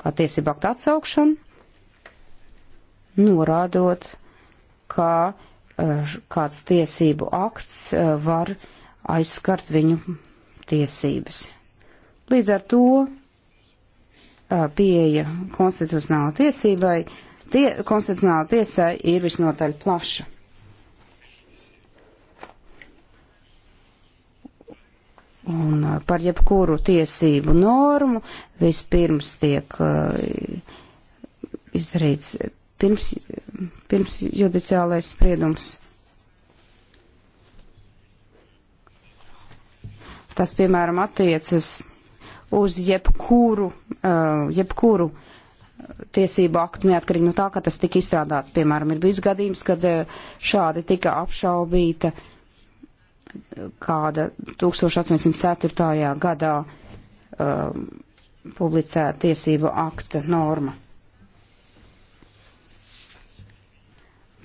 kā tiesību aktu atcelšanu, norādot, ka eh, kāds tiesību akts eh, var aizskart viņu tiesības. Līdz ar to pieeja konstitucionāla tiesībai, tie, konstitucionāla tiesai ir visnotaļ plaša. Un par jebkuru tiesību normu vispirms tiek uh, izdarīts pirms, pirms judiciālais spriedums. Tas, piemēram, attiecas uz jebkuru, uh, jebkuru uh, tiesību aktu, neatkarīgi no tā, ka tas tika izstrādāts. Piemēram, ir bijis gadījums, kad uh, šādi tika apšaubīta uh, kāda 1804. gadā uh, publicēta tiesību akta norma.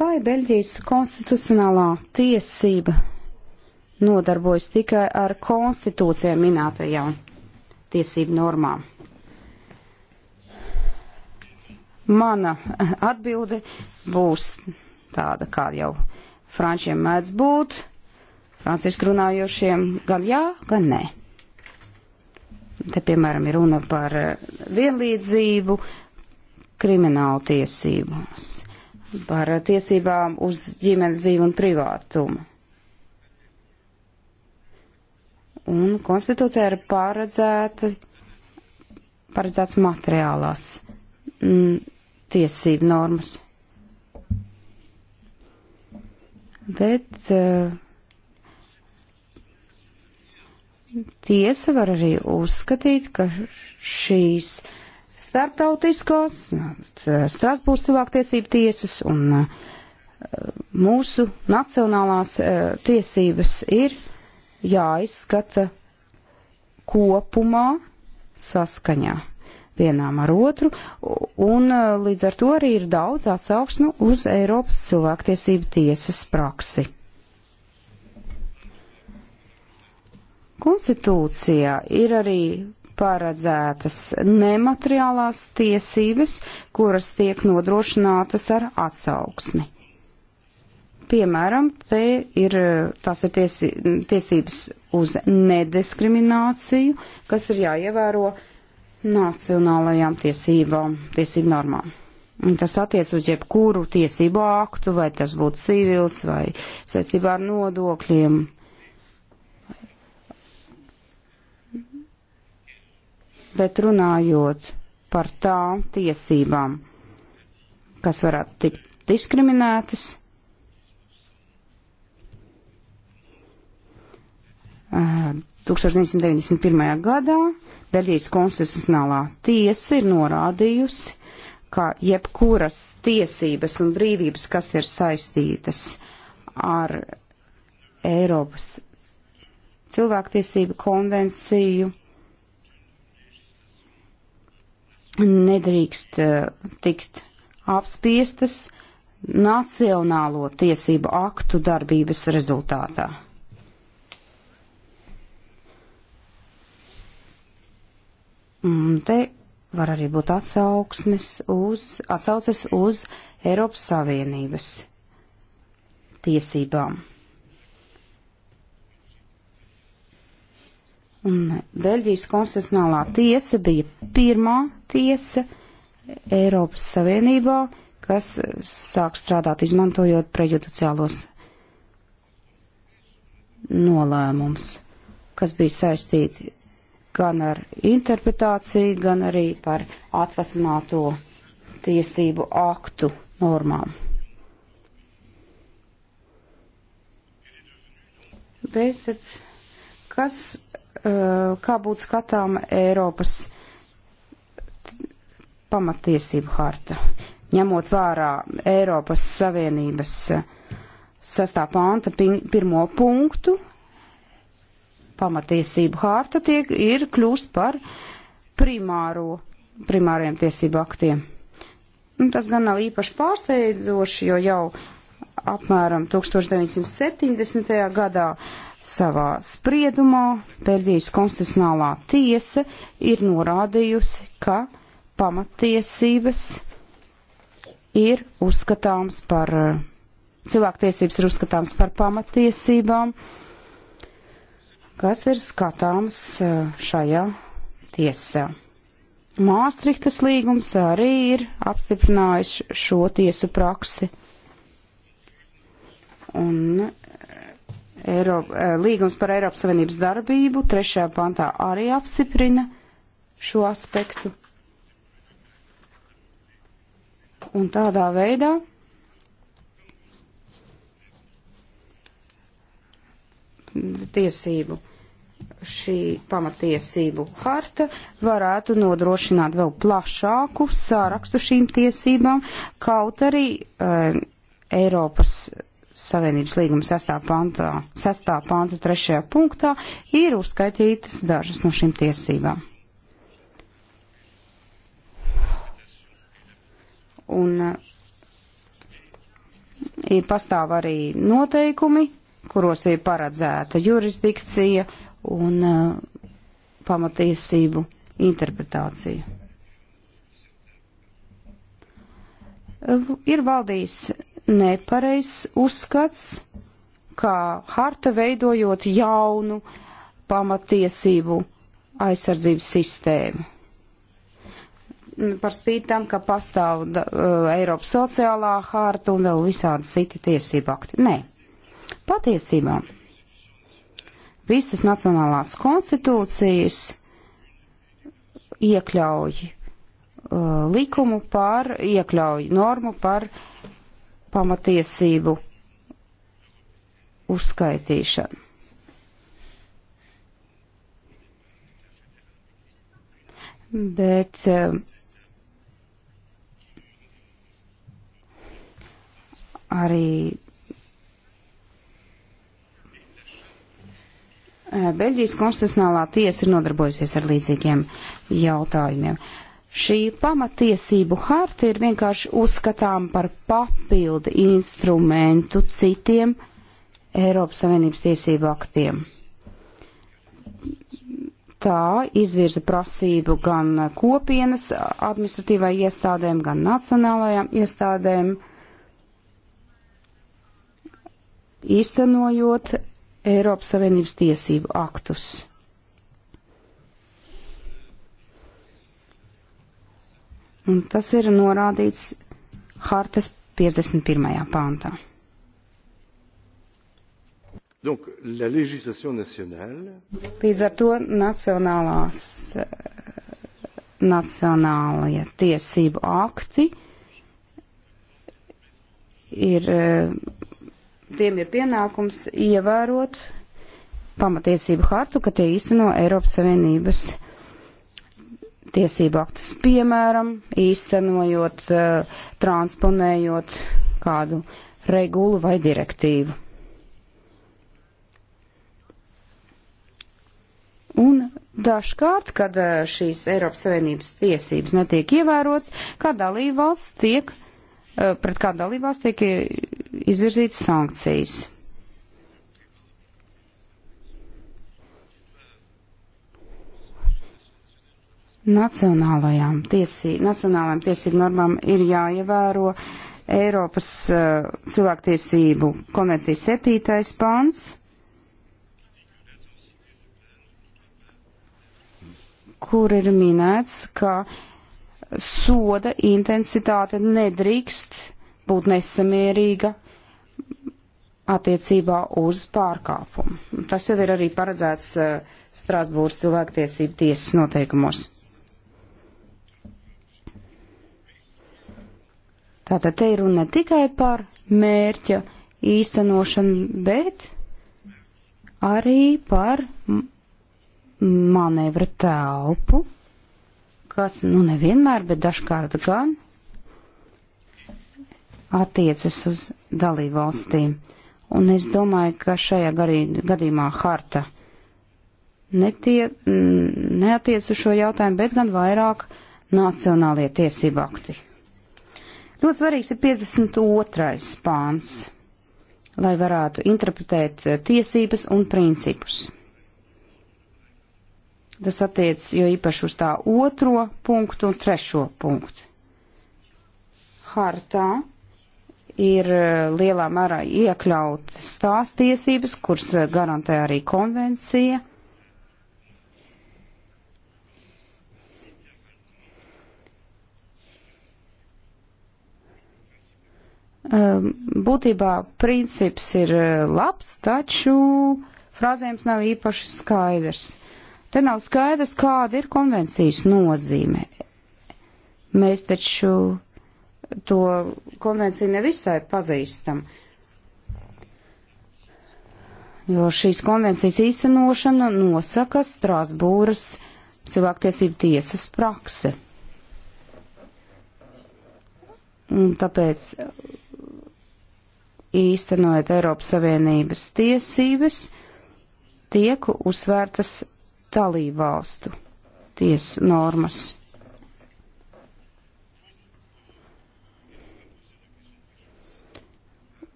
Vai Beļģijas konstitucionālā tiesība nodarbojas tikai ar konstitūcijā minētajām tiesību normām. Mana atbilde būs tāda, kā jau frančiem mēdz būt, franciski runājošiem gan jā, gan nē. Te, piemēram, ir runa par eh, vienlīdzību, kriminālu tiesībās, par tiesībām uz ģimenes dzīvi un privātumu. un konstitūcijā ir paredzēta, paredzēts materiālās mm, tiesību normas. Bet uh, tiesa var arī uzskatīt, ka šīs starptautiskās, nu, Strasbūras cilvēktiesību tiesas un uh, mūsu nacionālās uh, tiesības ir jāizskata kopumā saskaņā vienām ar otru, un e, līdz ar to arī ir daudz atsauksnu uz Eiropas cilvēktiesību tiesas praksi. Konstitūcijā ir arī paredzētas nemateriālās tiesības, kuras tiek nodrošinātas ar atsauksmi. Piemēram, te ir, tās ir tiesi, tiesības uz nediskrimināciju, kas ir jāievēro nacionālajām tiesībām, tiesību normām. Un tas attiec uz jebkuru tiesību aktu, vai tas būtu civils, vai saistībā ar nodokļiem. Bet runājot par tām tiesībām, kas varētu tikt diskriminētas, 1991. gadā Beļģijas konstitucionālā tiesa ir norādījusi, ka jebkuras tiesības un brīvības, kas ir saistītas ar Eiropas cilvēktiesību konvenciju, nedrīkst tikt apspiestas nacionālo tiesību aktu darbības rezultātā. Un mm, te var arī būt atsauksmes uz, atsauces uz Eiropas Savienības tiesībām. Un Beļģijas konstitucionālā tiesa bija pirmā tiesa Eiropas Savienībā, kas sāk strādāt izmantojot prejudiciālos nolēmums, kas bija saistīti gan ar interpretāciju, gan arī par atvasināto tiesību aktu normām. Bet tad, kas, eh, kā būtu skatāma Eiropas pamatiesību harta, ņemot vērā Eiropas Savienības sastā panta pirmo punktu, pamatiesību hārta tiek, ir kļūst par primāro, primāriem tiesību aktiem. Un tas gan nav īpaši pārsteidzoši, jo jau apmēram 1970. gadā savā spriedumā Pērģijas konstitucionālā tiesa ir norādījusi, ka pamatiesības ir uzskatāms par cilvēktiesības ir uzskatāms par pamatiesībām, uh, kas ir skatāms eh, šajā tiesā. Māstrihtas līgums arī ir apstiprinājis šo tiesu praksi. Un eh, Eiro, eh, līgums par Eiropas Savienības darbību trešajā pantā arī apstiprina šo aspektu. Un tādā veidā tiesību šī pamatiesību harta varētu nodrošināt vēl plašāku sārakstu šīm tiesībām, kaut arī e, Eiropas Savienības līguma 6. pantā, 6. panta 3. punktā ir uzskaitītas dažas no šīm tiesībām. Un e, pastāv arī noteikumi, kuros ir paredzēta jurisdikcija un uh, pamatiesību interpretāciju. Uh, ir valdījis nepareizs uzskats, kā harta veidojot jaunu pamatiesību aizsardzības sistēmu. Par spīti tam, ka pastāv uh, Eiropas sociālā harta un vēl visādi citi tiesību akti. Nē, patiesībā visas nacionālās konstitūcijas iekļauj uh, likumu par, iekļauj normu par pamatiesību uzskaitīšanu. Bet uh, arī Eh, Beļģijas konstitucionālā tiesa ir nodarbojusies ar līdzīgiem jautājumiem. Šī pamatiesību harta ir vienkārši uzskatām par papildu instrumentu citiem Eiropas Savienības tiesību aktiem. Tā izvirza prasību gan kopienas administratīvai iestādēm, gan nacionālajām iestādēm, īstenojot Eiropas Savienības tiesību aktus. Un tas ir norādīts hartas 51. pāntā. Donc, la législation nationale... Līdz ar to nacionālās, nacionālajie tiesību akti ir tiem ir pienākums ievērot pamatiesību hartu, ka tie īsteno Eiropas Savienības tiesību aktus, piemēram, īstenojot, eh, transponējot kādu regulu vai direktīvu. Un dažkārt, kad eh, šīs Eiropas Savienības tiesības netiek ievērots, kā dalībvalsts tiek ievērots Eh, pret kādu dalībās tiek izvirzītas sankcijas. Nacionālajām, tiesī, nacionālajām tiesību normām ir jāievēro Eiropas uh, cilvēktiesību konvencijas septītais pants, kur ir minēts, ka uh, soda intensitāte nedrīkst būt nesamierīga attiecībā uz pārkāpumu. Tas jau ir arī paredzēts eh, Strasbūras cilvēktiesību tiesas noteikumos. Tātad te ir runa ne tikai par mērķa īstenošanu, bet arī par manevra telpu kas, nu nevienmēr, bet dažkārt gan attiecas uz dalībvalstīm. Un es domāju, ka šajā garī, gadījumā harta netie, neatiec uz šo jautājumu, bet gan vairāk nacionālie tiesību akti. Ļoti svarīgs ir 52. pāns, lai varētu interpretēt tiesības un principus. Tas attiec jo īpaši uz tā otro punktu un trešo punktu. Hartā ir e, lielā mērā iekļautas tās tiesības, kuras e, garantē arī konvencija. E, būtībā princips ir labs, taču frāzējums nav īpaši skaidrs. Te nav skaidrs, kāda ir konvencijas nozīme. Mēs taču to konvenciju nevisai pazīstam. Jo šīs konvencijas īstenošana nosaka Strāsbūras cilvēktiesību tiesas prakse. Un tāpēc īstenojot Eiropas Savienības tiesības, tiek uzsvērtas dalībvalstu tiesu normas.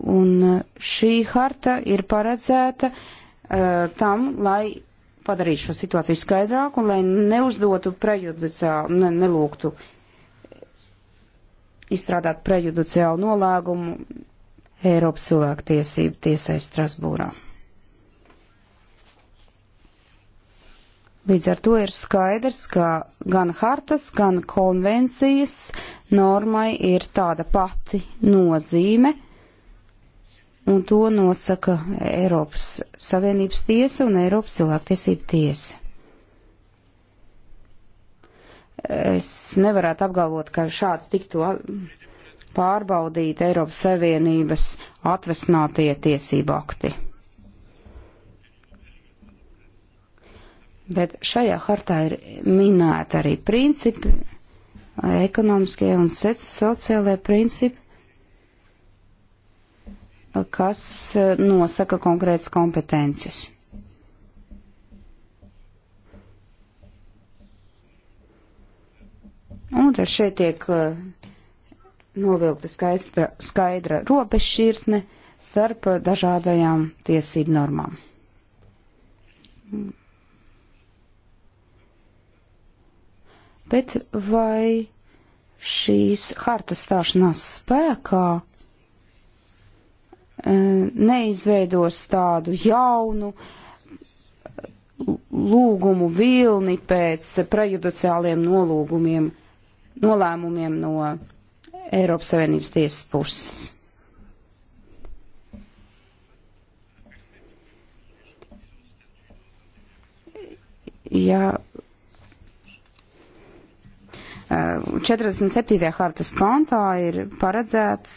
Un e, šī harta ir paredzēta uh, tam, lai padarītu šo situāciju skaidrāku un lai neuzdotu prejudiciālu, ne, nelūgtu izstrādāt prejudiciālu nolēgumu Eiropas cilvēku tiesību tiesai Strasbūrā. Līdz ar to ir skaidrs, ka gan hartas, gan konvencijas normai ir tāda pati nozīme, un to nosaka Eiropas Savienības tiesa un Eiropas cilvēktiesība tiesa. Es nevarētu apgalvot, ka šāds tiktu pārbaudīt Eiropas Savienības atvesinātie tiesību akti. Bet šajā hartā ir minēta arī principi, ekonomiskie un sociālie principi, kas e, nosaka konkrētas kompetences. Un tad šeit tiek e, novilkta skaidra, skaidra robežšķirtne starp dažādajām tiesību normām. bet vai šīs hartas stāšanās spēkā e, neizveidos tādu jaunu lūgumu vilni pēc prejudiciāliem nolūgumiem, nolēmumiem no Eiropas Savienības tiesas puses. Ja 47. hartas pantā ir paredzēts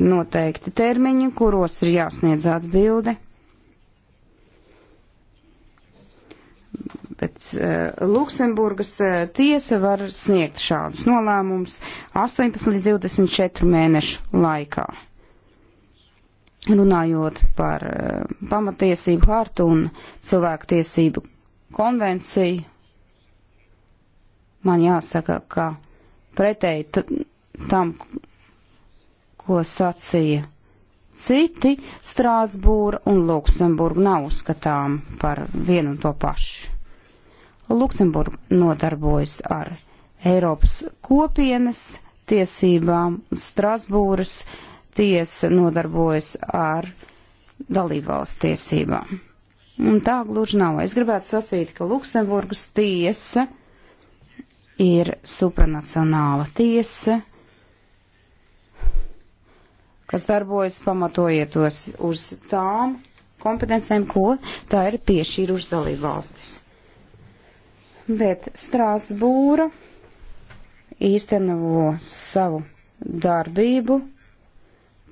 noteikti termiņi, kuros ir jāsniedz atbildi. Bet uh, Luksemburgas uh, tiesa var sniegt šādus nolēmumus 18 līdz 24 mēnešu laikā. Runājot par uh, pamatiesību hartu un cilvēku tiesību konvenciju Man jāsaka, ka pretēji tam, ko sacīja citi, Strāsbūra un Luksemburga nav uzskatām par vienu un to pašu. Luksemburga nodarbojas ar Eiropas kopienas tiesībām, Strasbūras tiesa nodarbojas ar dalībvalsts tiesībām. Un tā gluži nav. Es gribētu sacīt, ka Luksemburgas tiesa ir supranacionāla tiesa, kas darbojas pamatojietos uz tām kompetencēm, ko tā ir piešķīrušas dalību valstis. Bet Strāsbūra īsteno savu darbību,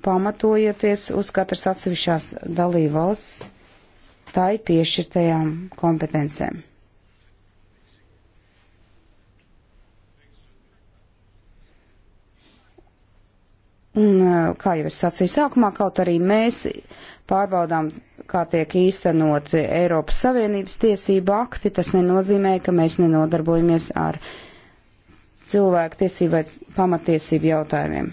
pamatojoties uz katras atsevišķās dalību valsts tai piešķirtajām kompetencēm. Un, eh, kā jau es sacīju sākumā, kaut arī mēs pārbaudām, kā tiek īstenot Eiropas Savienības tiesība akti, tas nenozīmē, ka mēs nenodarbojamies ar cilvēku tiesību vai pamatiesību jautājumiem.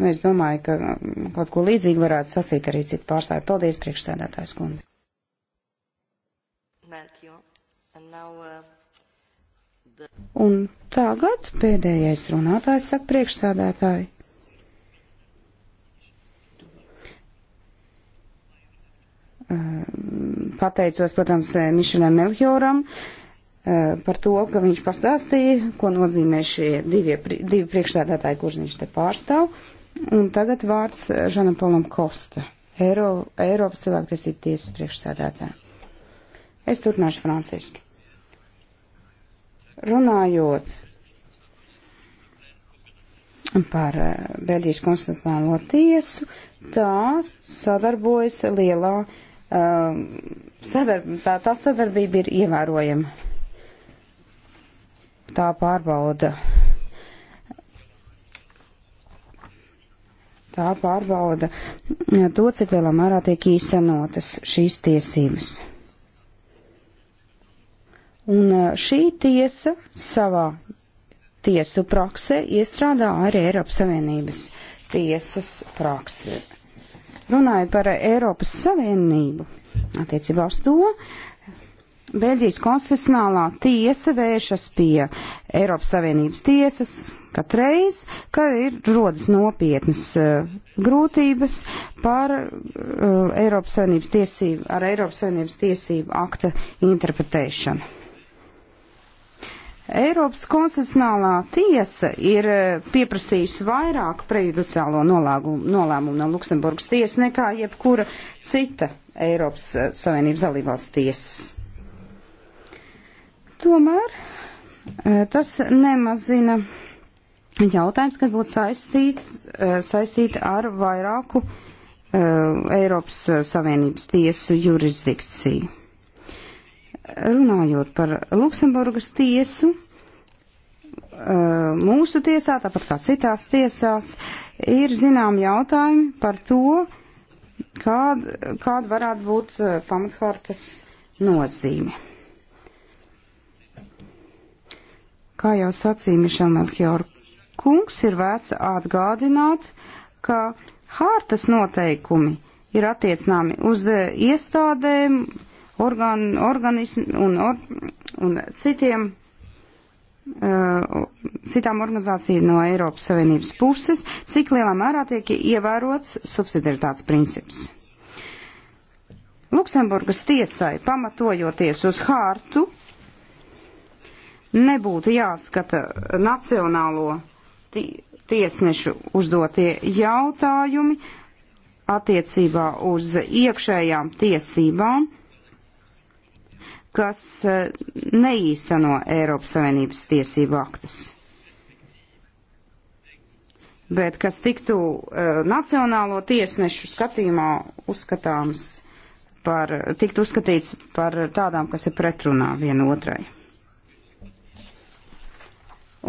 Nu, es domāju, ka mm, kaut ko līdzīgu varētu sasīt arī citu pārstāvju. Paldies, priekšsēdētājs kundze. Uh, Un tagad pēdējais runātājs saka priekšsādātāji. Ehm, pateicos, protams, eh, Mišelam Melhjoram eh, par to, ka viņš pastāstīja, ko nozīmē šie divie, divi priekšsādātāji, kurš viņš te pārstāv. Un tagad vārds eh, Žanam Polam Kosta, Eiro, Eiropas cilvēktiesību tiesas priekšsādātājiem. Es turpināšu franciski. Runājot par eh, Beļģijas konstitucionālo tiesu, tā sadarbojas lielā, um, eh, sadarb, tā, tā sadarbība ir ievērojama. Tā pārbauda. Tā pārbauda to, cik lielā mērā tiek īstenotas šīs tiesības. Un šī tiesa savā tiesu praksē iestrādā arī Eiropas Savienības tiesas praksē. Runājot par Eiropas Savienību, attiecībā uz to, Beļģijas konstitucionālā tiesa vēršas pie Eiropas Savienības tiesas katreiz, kad ir rodas nopietnas uh, grūtības par uh, Eiropas Savienības tiesību, ar Eiropas Savienības tiesību akta interpretēšanu. Eiropas konstitucionālā tiesa ir eh, pieprasījusi vairāk prejudiciālo nolēmumu no Luksemburgas tiesas nekā jebkura cita Eiropas eh, Savienības dalībvalsts tiesas. Tomēr eh, tas nemazina jautājums, kas būtu saistīts, saistīta ar vairāku Eiropas Savienības tiesu jurisdikciju. Runājot par Luksemburgas tiesu, eh, mūsu tiesā, tāpat kā citās tiesās, ir zinām jautājumi par to, kāda, kāda varētu būt eh, pamathartas nozīme. Kā jau sacīja Mišelmelchior kungs, ir vērts atgādināt, ka hārtas noteikumi ir attiecināmi uz eh, iestādēm, organ, organismu un, or, un citiem uh, citām organizācijām no Eiropas Savienības puses, cik lielā mērā tiek ievērots subsidiaritātes princips. Luksemburgas tiesai, pamatojoties uz hārtu, nebūtu jāskata nacionālo tiesnešu uzdotie jautājumi attiecībā uz iekšējām tiesībām kas eh, neīsteno Eiropas Savienības tiesību aktus, bet kas tiktu uh, nacionālo tiesnešu skatījumā uzskatāms par, tiktu uzskatīts par tādām, kas ir pretrunā vienotrai.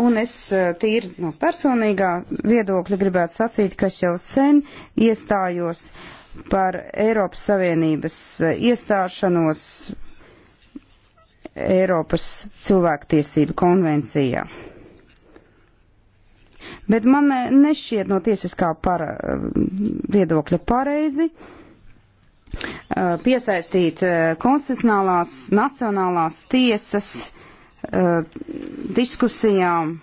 Un es eh, tīri no personīgā viedokļa gribētu sacīt, ka es jau sen iestājos par Eiropas Savienības iestāšanos Eiropas cilvēktiesību konvencijā. Bet man eh, nešķiet no tiesiskā para, eh, viedokļa pareizi eh, piesaistīt konstitucionālās, nacionālās tiesas diskusijām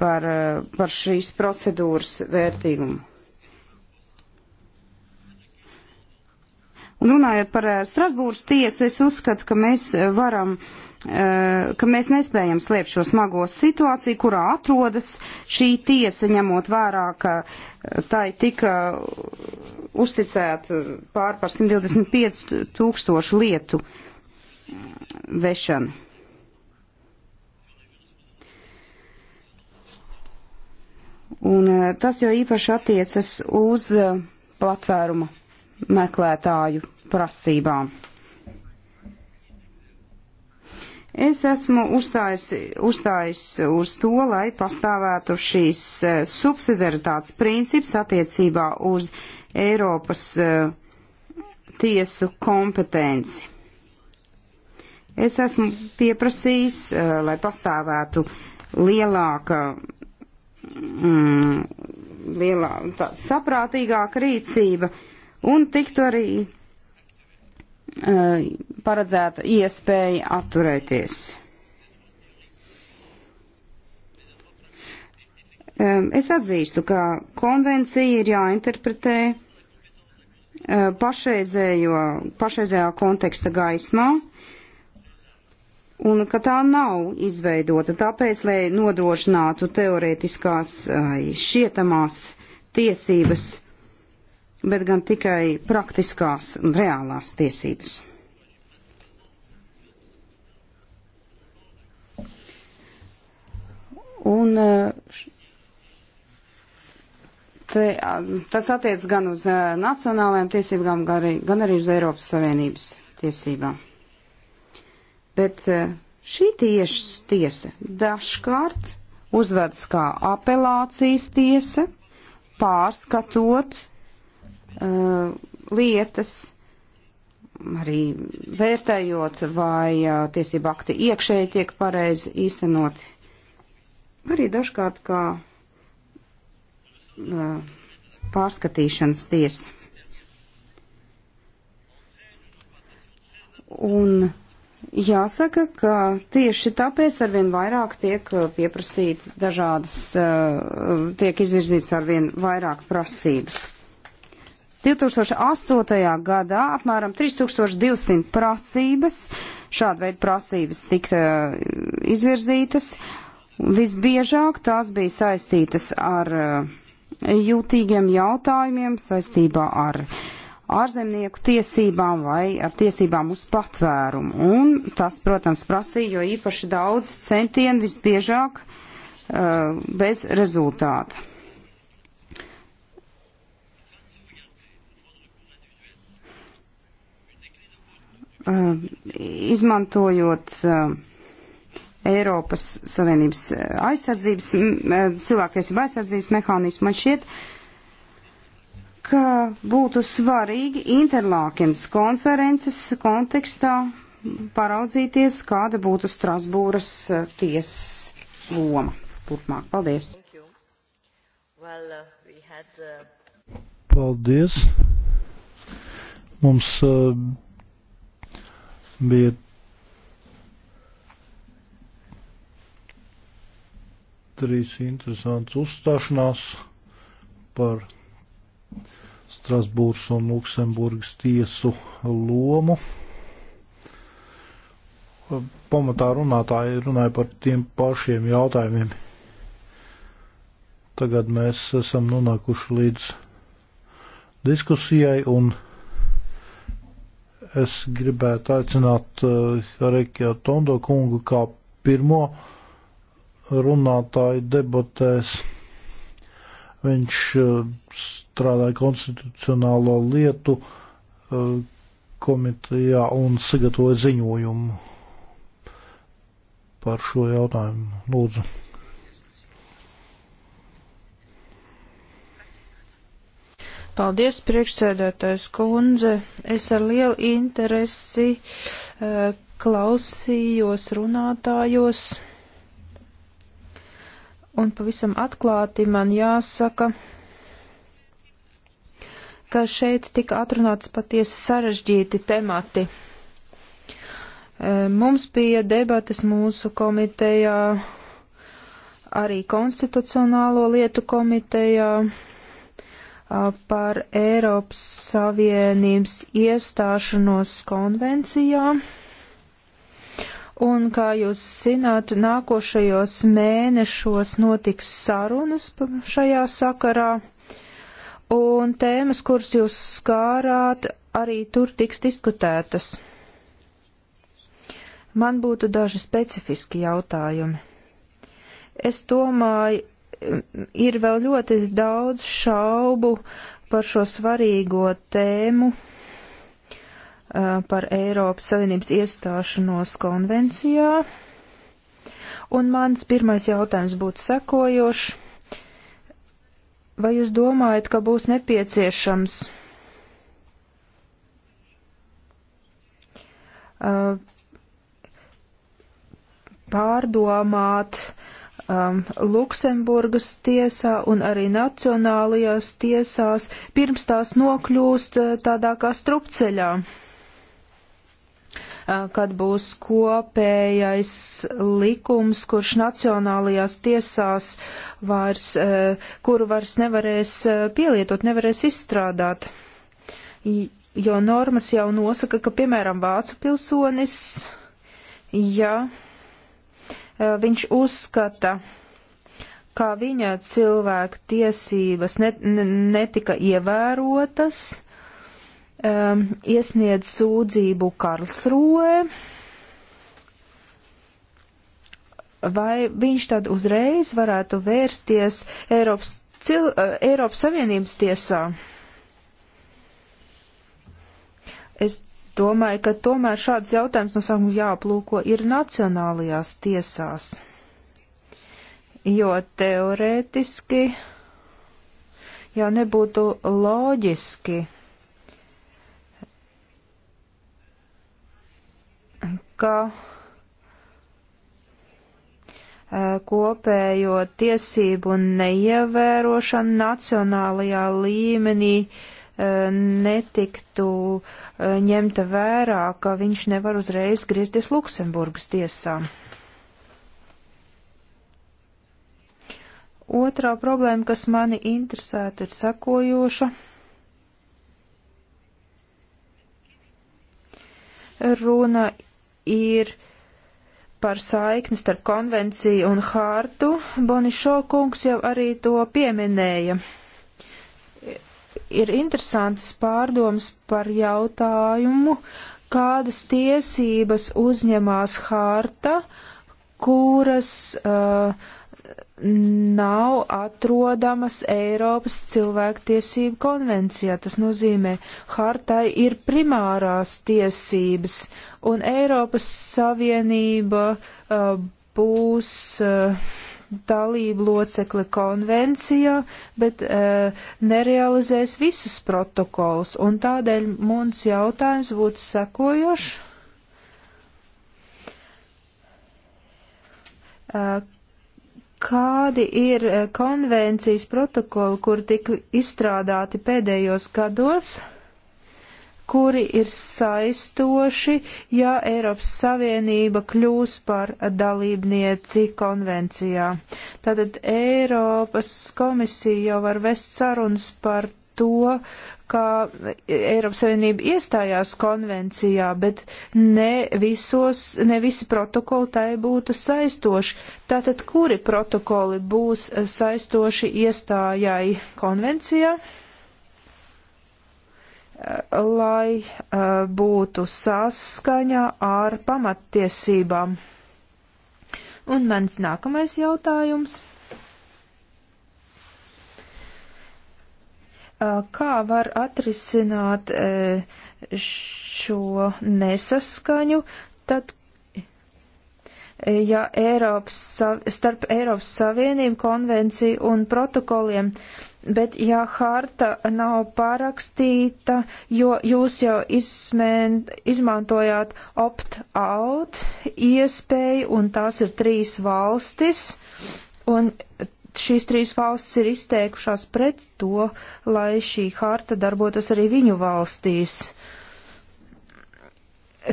par, par šīs procedūras vērtīgumu. Un runājot par eh, Strasbūras tiesu, es uzskatu, ka mēs eh, varam eh, ka mēs nespējam slēpt šo smago situāciju, kurā atrodas šī tiesa, ņemot vērā, ka tai tika uzticēta pār par 125 tūkstošu lietu vešanu. Un tas jau īpaši attiecas uz patvēruma meklētāju prasībām. Es esmu uzstājis, uzstājis uz to, lai pastāvētu šīs eh, subsidiaritātes princips attiecībā uz Eiropas eh, tiesu kompetenci. Es esmu pieprasījis, eh, lai pastāvētu lielāka mm, lielā, tā, saprātīgāka rīcība un tiktu arī uh, paredzēta iespēja atturēties. Um, es atzīstu, ka konvencija ir jāinterpretē uh, pašreizējo, pašreizējā konteksta gaismā un ka tā nav izveidota tāpēc, lai nodrošinātu teorētiskās šietamās tiesības bet gan tikai praktiskās un reālās tiesības. Un eh, te, tas attiec gan uz eh, nacionālajām tiesībām, gan arī, gan arī uz Eiropas Savienības tiesībām. Bet eh, šī tiešas tiesa dažkārt uzvedas kā apelācijas tiesa, pārskatot uh, lietas, arī vērtējot, vai uh, tiesība akti iekšēji tiek pareizi īstenoti. Arī dažkārt kā uh, pārskatīšanas tiesa. Un Jāsaka, ka tieši tāpēc arvien vairāk tiek uh, pieprasītas dažādas, uh, tiek izvirzīts arvien vairāk prasības. 2008. gadā apmēram 3200 prasības, šāda veida prasības tika eh, izvirzītas. Visbiežāk tās bija saistītas ar eh, jūtīgiem jautājumiem saistībā ar ārzemnieku tiesībām vai ar tiesībām uz patvērumu. Un tas, protams, prasīja jo īpaši daudz centienu visbiežāk eh, bez rezultāta. Eh, izmantojot eh, Eiropas Savienības eh, aizsardzības, cilvēktiesība aizsardzības mehānismu, man šķiet, ka būtu svarīgi Interlākens konferences kontekstā paraudzīties, kāda būtu Strasbūras tiesas loma. Turpmāk, paldies! Well, uh, we had, uh... Paldies! Mums uh, bija trīs interesants uzstāšanās par Strasbūras un Luksemburgas tiesu lomu. Pamatā runātāji runāja par tiem pašiem jautājumiem. Tagad mēs esam nonākuši līdz diskusijai un es gribētu aicināt uh, Harekija Tondo kungu kā pirmo runātāju debatēs. Viņš uh, strādāja konstitucionālo lietu uh, komitejā un sagatavoja ziņojumu par šo jautājumu. Lūdzu. Paldies, priekšsēdētājs kundze. Es ar lielu interesi uh, klausījos runātājos. Un pavisam atklāti man jāsaka, ka šeit tika atrunāts patiesi sarežģīti temati. Uh, mums bija debates mūsu komitejā, arī konstitucionālo lietu komitejā Uh, par Eiropas Savienības iestāšanos konvencijā. Un, kā jūs zināt, nākošajos mēnešos notiks sarunas šajā sakarā. Un tēmas, kuras jūs skārāt, arī tur tiks diskutētas. Man būtu daži specifiski jautājumi. Es domāju, ir vēl ļoti daudz šaubu par šo svarīgo tēmu par Eiropas Savienības iestāšanos konvencijā. Un mans pirmais jautājums būtu sekojošs. Vai jūs domājat, ka būs nepieciešams pārdomāt uh, um, Luksemburgas tiesā un arī nacionālajās tiesās, pirms tās nokļūst uh, tādā kā strupceļā, uh, kad būs kopējais likums, kurš nacionālajās tiesās vairs, uh, kuru vairs nevarēs pielietot, nevarēs izstrādāt. Jo normas jau nosaka, ka, piemēram, vācu pilsonis, ja Eh, viņš uzskata, ka viņa cilvēku tiesības net, netika ievērotas, um, iesniedz sūdzību Karlsruē. Vai viņš tad uzreiz varētu vērsties Eiropas, cil, eh, Eiropas Savienības tiesā? Es domāju, ka tomēr šāds jautājums no sākuma jāaplūko ir nacionālajās tiesās, jo teorētiski jau nebūtu loģiski, ka e, kopējo tiesību neievērošana nacionālajā līmenī uh, E, netiktu e, ņemta vērā, ka viņš nevar uzreiz griezties Luksemburgas tiesā. Otrā problēma, kas mani interesētu, ir sekojoša. Runa ir par saikni starp konvenciju un hārtu. Bonišo kungs jau arī to pieminēja ir interesantas pārdomas par jautājumu, kādas tiesības uzņemās harta, kuras uh, nav atrodamas Eiropas cilvēktiesību konvencijā. Tas nozīmē, hartai ir primārās tiesības, un Eiropas Savienība uh, būs. Uh, dalību locekli konvencijā, bet e, nerealizēs visus protokols, un tādēļ mums jautājums būtu sekojošs. E, kādi ir eh, konvencijas protokoli, kur tik izstrādāti pēdējos gados? E, kuri ir saistoši, ja Eiropas Savienība kļūs par dalībnieci konvencijā. Tātad Eiropas komisija jau var vest sarunas par to, ka Eiropas Savienība iestājās konvencijā, bet ne, visos, ne visi protokoli tai būtu saistoši. Tātad, kuri protokoli būs saistoši iestājai konvencijā? lai eh, būtu saskaņa ar pamattiesībām. Un mans nākamais jautājums. Eh, kā var atrisināt eh, šo nesaskaņu, tad, ja Eiropas, starp Eiropas Savienību konvenciju un protokoliem, bet ja harta nav pārakstīta, jo jūs jau izmēn, izmantojāt opt-out iespēju, un tās ir trīs valstis, un šīs trīs valstis ir izteikušās pret to, lai šī harta darbotos arī viņu valstīs. Uh,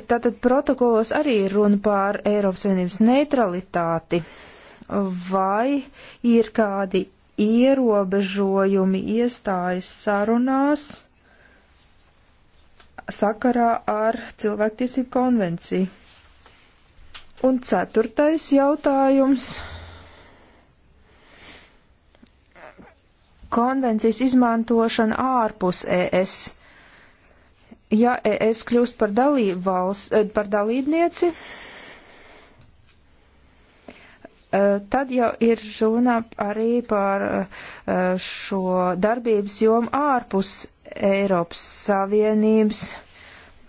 Tātad protokolos arī ir runa par Eiropas Savienības neutralitāti. Vai ir kādi ierobežojumi iestājas sarunās sakarā ar cilvēktiesību konvenciju? Un ceturtais jautājums. Konvencijas izmantošana ārpus ES ja es kļūst par, valsts, eh, par dalībnieci, eh, tad jau ir runa arī par eh, šo darbības jomu ārpus Eiropas Savienības,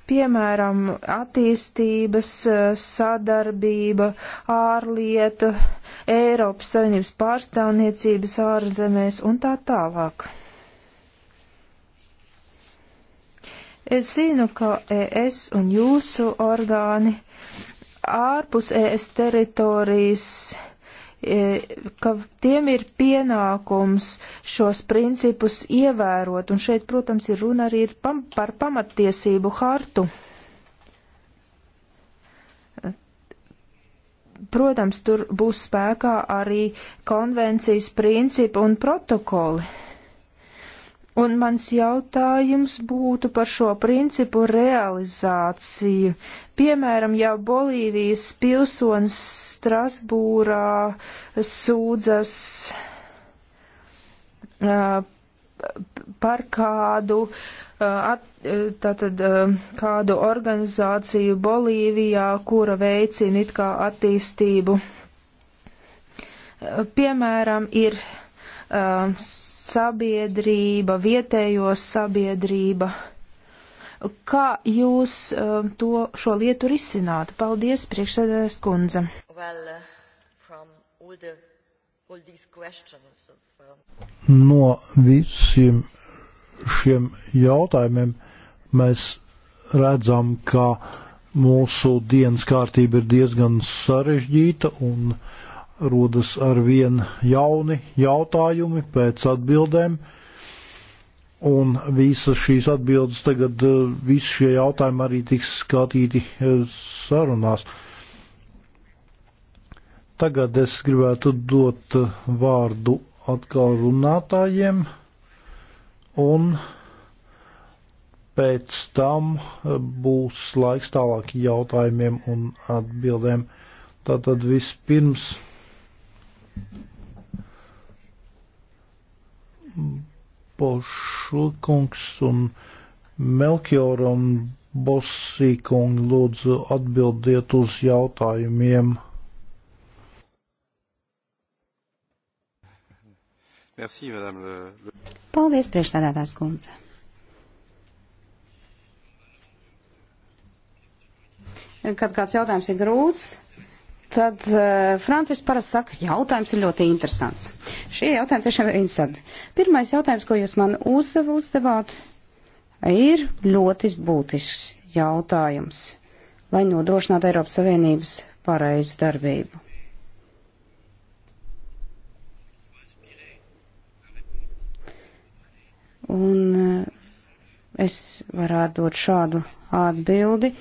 piemēram, attīstības sadarbība, ārlietu, Eiropas Savienības pārstāvniecības ārzemēs un tā tālāk. Es zinu, ka ES un jūsu orgāni ārpus ES teritorijas e, ka tiem ir pienākums šos principus ievērot, un šeit, protams, ir runa arī ir pam par pamattiesību hartu. Protams, tur būs spēkā arī konvencijas principi un protokoli. Un mans jautājums būtu par šo principu realizāciju. Piemēram, ja Bolīvijas pilsonis Strasbūrā sūdzas uh, par kādu, uh, at, tātad, uh, kādu organizāciju Bolīvijā, kura veicina it kā attīstību. Piemēram, ir Um, sabiedrība, vietējo sabiedrība. Kā jūs um, to, šo lietu risinātu? Paldies, priekšsēdētājs kundze. Well, uh, all the, all of, um... No visiem šiem jautājumiem mēs redzam, ka mūsu dienas kārtība ir diezgan sarežģīta un rodas ar vien jauni jautājumi pēc atbildēm, un visas šīs atbildes tagad, eh, visi šie jautājumi arī tiks skatīti eh, sarunās. Tagad es gribētu dot eh, vārdu atkal runātājiem, un pēc tam būs laiks tālāk jautājumiem un atbildēm. Tātad vispirms Bošulkungs un Melkjoram Bosīkungi lūdzu atbildiet uz jautājumiem. Merci, madame. Paldies, priekšstādātās kundze. Kad kāds jautājums ir grūts, tad uh, Francis parasti saka, jautājums ir ļoti interesants. Šie jautājumi tiešām ir interesanti. Pirmais jautājums, ko jūs man uzdeva, uzdevāt, ir ļoti būtisks jautājums, lai nodrošinātu Eiropas Savienības pareizu darbību. Un eh, es varētu dot šādu atbildi.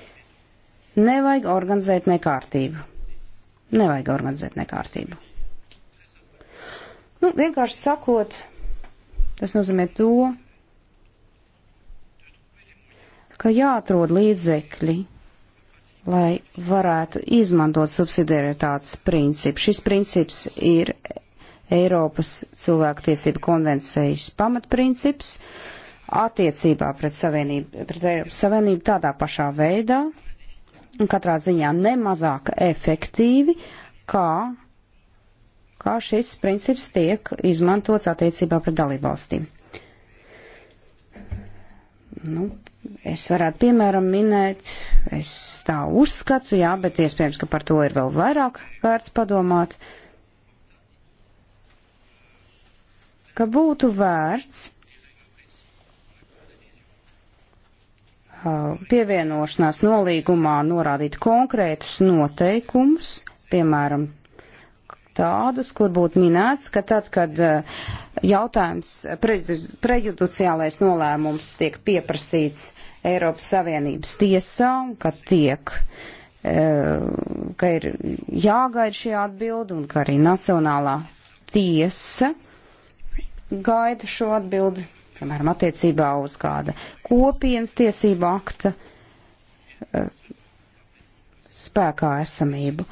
Nevajag organizēt nekārtību Nevajag organizēt nekārtību. Nu, vienkārši sakot, tas nozīmē to, ka jāatrod līdzekļi, lai varētu izmantot subsidiaritātes principu. Šis princips ir Eiropas cilvēku tiesību konvencijas pamatprincips attiecībā pret, savienību, pret Eiropas Savienību tādā pašā veidā, katrā ziņā nemazāk efektīvi, kā, kā šis princips tiek izmantots attiecībā pret dalībvalstīm. Nu, es varētu, piemēram, minēt, es tā uzskatu, jā, bet iespējams, ka par to ir vēl vairāk vērts padomāt, ka būtu vērts Uh, pievienošanās nolīgumā norādīt konkrētus noteikumus, piemēram, tādus, kur būtu minēts, ka tad, kad uh, jautājums prejudiciālais nolēmums tiek pieprasīts Eiropas Savienības tiesā, ka tiek uh, ka ir jāgaida šī atbilda un ka arī Nacionālā tiesa gaida šo atbildi piemēram, attiecībā uz kāda kopienas tiesību akta eh, spēkā esamību.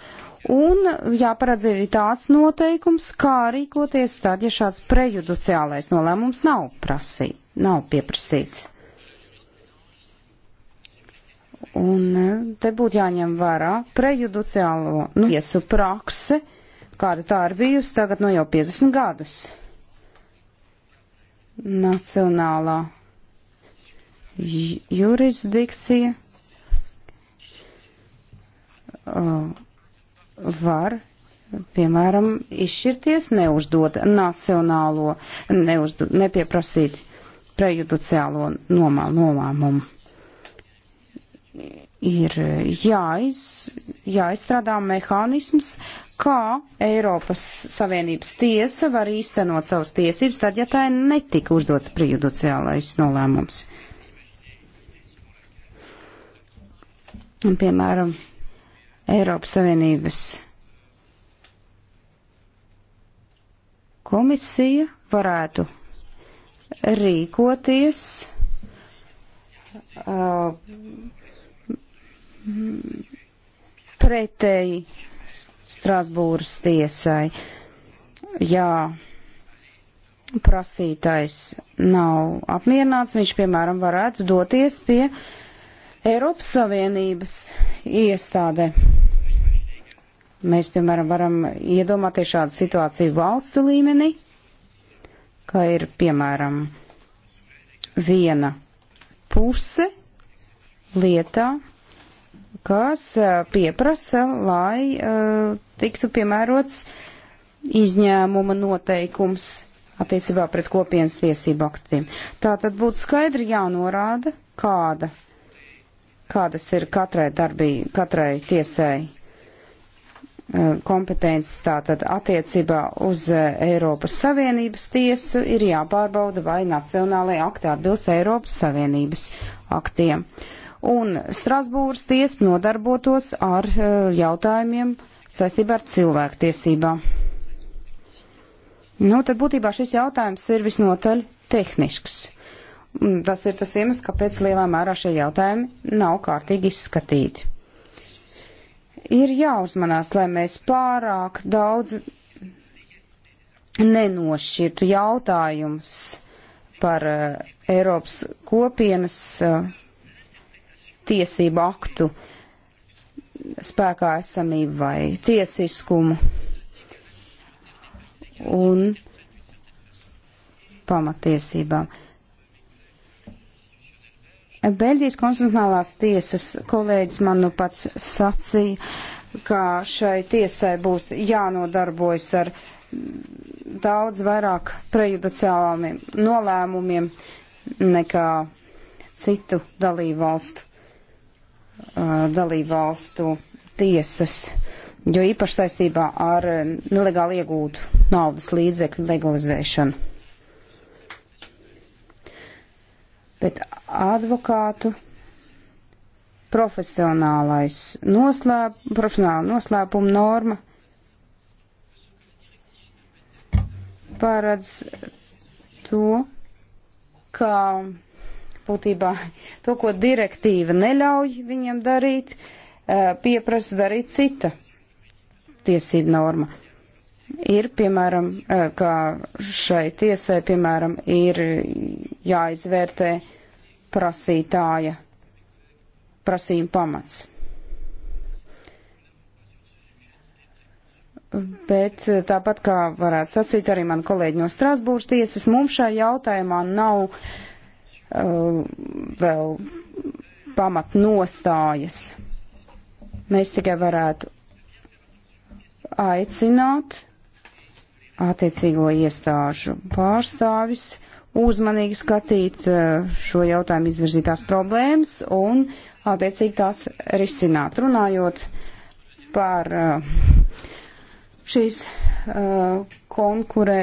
Un jāparedz arī tāds noteikums, kā rīkoties tad, ja šāds prejudiciālais nolēmums nav prasī, nav pieprasīts. Un eh, te būtu jāņem vērā prejudiciālo nu, iesu prakse, kāda tā ir bijusi tagad no jau 50 gadus nacionālā jurisdikcija uh, var, piemēram, izšķirties neuzdod nacionālo, neuzdod, nepieprasīt prejudiciālo nomā, nomāmumu. Ir jāiz, jāizstrādā mehānisms, kā Eiropas Savienības tiesa var īstenot savas tiesības, tad, ja tā netika uzdots prejudiciālais nolēmums. Un, piemēram, Eiropas Savienības komisija varētu rīkoties uh, pretēji Strasbūras tiesai. Jā, prasītais nav apmierināts, viņš, piemēram, varētu doties pie Eiropas Savienības iestāde. Mēs, piemēram, varam iedomāties šādu situāciju valstu līmenī, ka ir, piemēram, viena puse lietā, kas eh, pieprasa, lai uh, tiktu piemērots izņēmuma noteikums attiecībā pret kopienas tiesību aktiem. Tā tad būtu skaidri jānorāda, kāda, kādas ir katrai darbī, katrai tiesai eh, kompetences tātad attiecībā uz Eiropas Savienības tiesu ir jāpārbauda, vai nacionālajie akti atbilst Eiropas Savienības aktiem. Uh, un Strasbūras tiesa nodarbotos ar eh, jautājumiem saistībā ar cilvēktiesībām. Nu, tad būtībā šis jautājums ir visnotaļ tehnisks. Tas ir tas iemesls, kāpēc lielā mērā šie jautājumi nav kārtīgi izskatīti. Ir jāuzmanās, lai mēs pārāk daudz nenošķirtu jautājumus par uh, Eiropas kopienas uh, tiesību aktu spēkā esamību vai tiesiskumu. Un pamatiesībām. Beļģijas konstitucionālās tiesas kolēģis man nu pats sacīja, ka šai tiesai būs jānodarbojas ar daudz vairāk prejudiciālām nolēmumiem nekā citu dalību valstu dalību valstu tiesas, jo īpaši saistībā ar nelegāli iegūtu naudas līdzekļu legalizēšanu. Bet advokātu profesionālais noslēp, profesionāla noslēpuma norma paredz to, ka būtībā to, ko direktīva neļauj viņiem darīt, eh, pieprasa darīt cita tiesība norma. Ir, piemēram, eh, kā šai tiesai, piemēram, ir jāizvērtē prasītāja prasījuma pamats. Bet tāpat kā varētu sacīt arī man kolēģi no Strasbūras tiesas, mums šajā jautājumā nav uh, Uh, vēl pamat nostājas. Mēs tikai varētu aicināt attiecīgo iestāžu pārstāvis uzmanīgi skatīt uh, šo jautājumu izvirzītās problēmas un attiecīgi tās risināt. Runājot par uh, šīs konkure,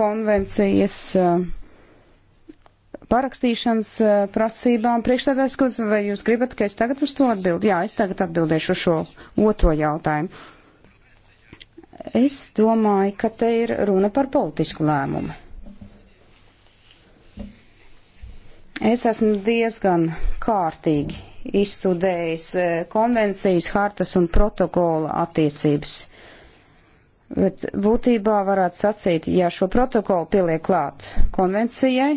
konvencijas parakstīšanas eh, prasībām. Priekšstādājs, kundze, vai jūs gribat, ka es tagad uz to atbildu? Jā, es tagad atbildēšu uz šo otro jautājumu. Es domāju, ka te ir runa par politisku lēmumu. Es esmu diezgan kārtīgi izstudējis eh, konvencijas, hartas un protokola attiecības. Bet būtībā varētu sacīt, ja šo protokolu pieliek klāt konvencijai,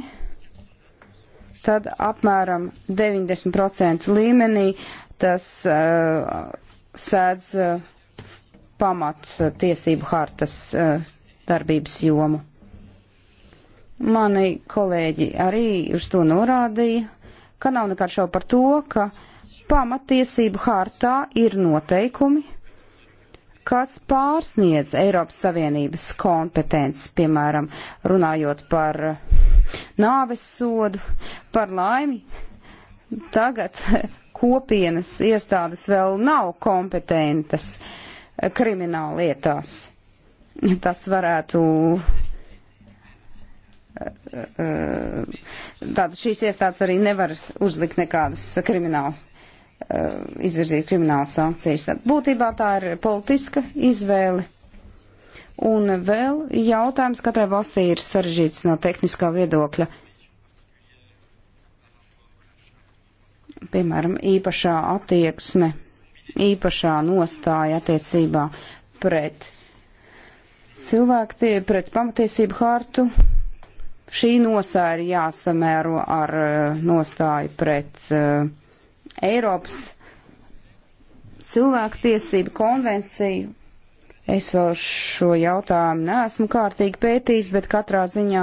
tad apmēram 90% līmenī tas uh, sēdz uh, pamat tiesību hartas uh, darbības jomu. Mani kolēģi arī uz to norādīja, ka nav nekāds šau par to, ka pamatiesību hartā ir noteikumi, kas pārsniedz Eiropas Savienības kompetences, piemēram, runājot par nāves sodu, par laimi. Tagad kopienas iestādes vēl nav kompetentas krimināllietās. Tas varētu. Eh, eh, eh, tātad šīs iestādes arī nevar uzlikt nekādas kriminālas Uh, izvirzīt kriminālas sankcijas. Tad būtībā tā ir politiska izvēle. Un vēl jautājums katrai valstī ir sarežģīts no tehniskā viedokļa. Piemēram, īpašā attieksme, īpašā nostāja attiecībā pret cilvēku, tie, pret pamatiesību hartu. Šī nostāja ir jāsamēro ar uh, nostāju pret uh, Eiropas cilvēktiesību konvenciju. Es vēl šo jautājumu neesmu kārtīgi pētījis, bet katrā ziņā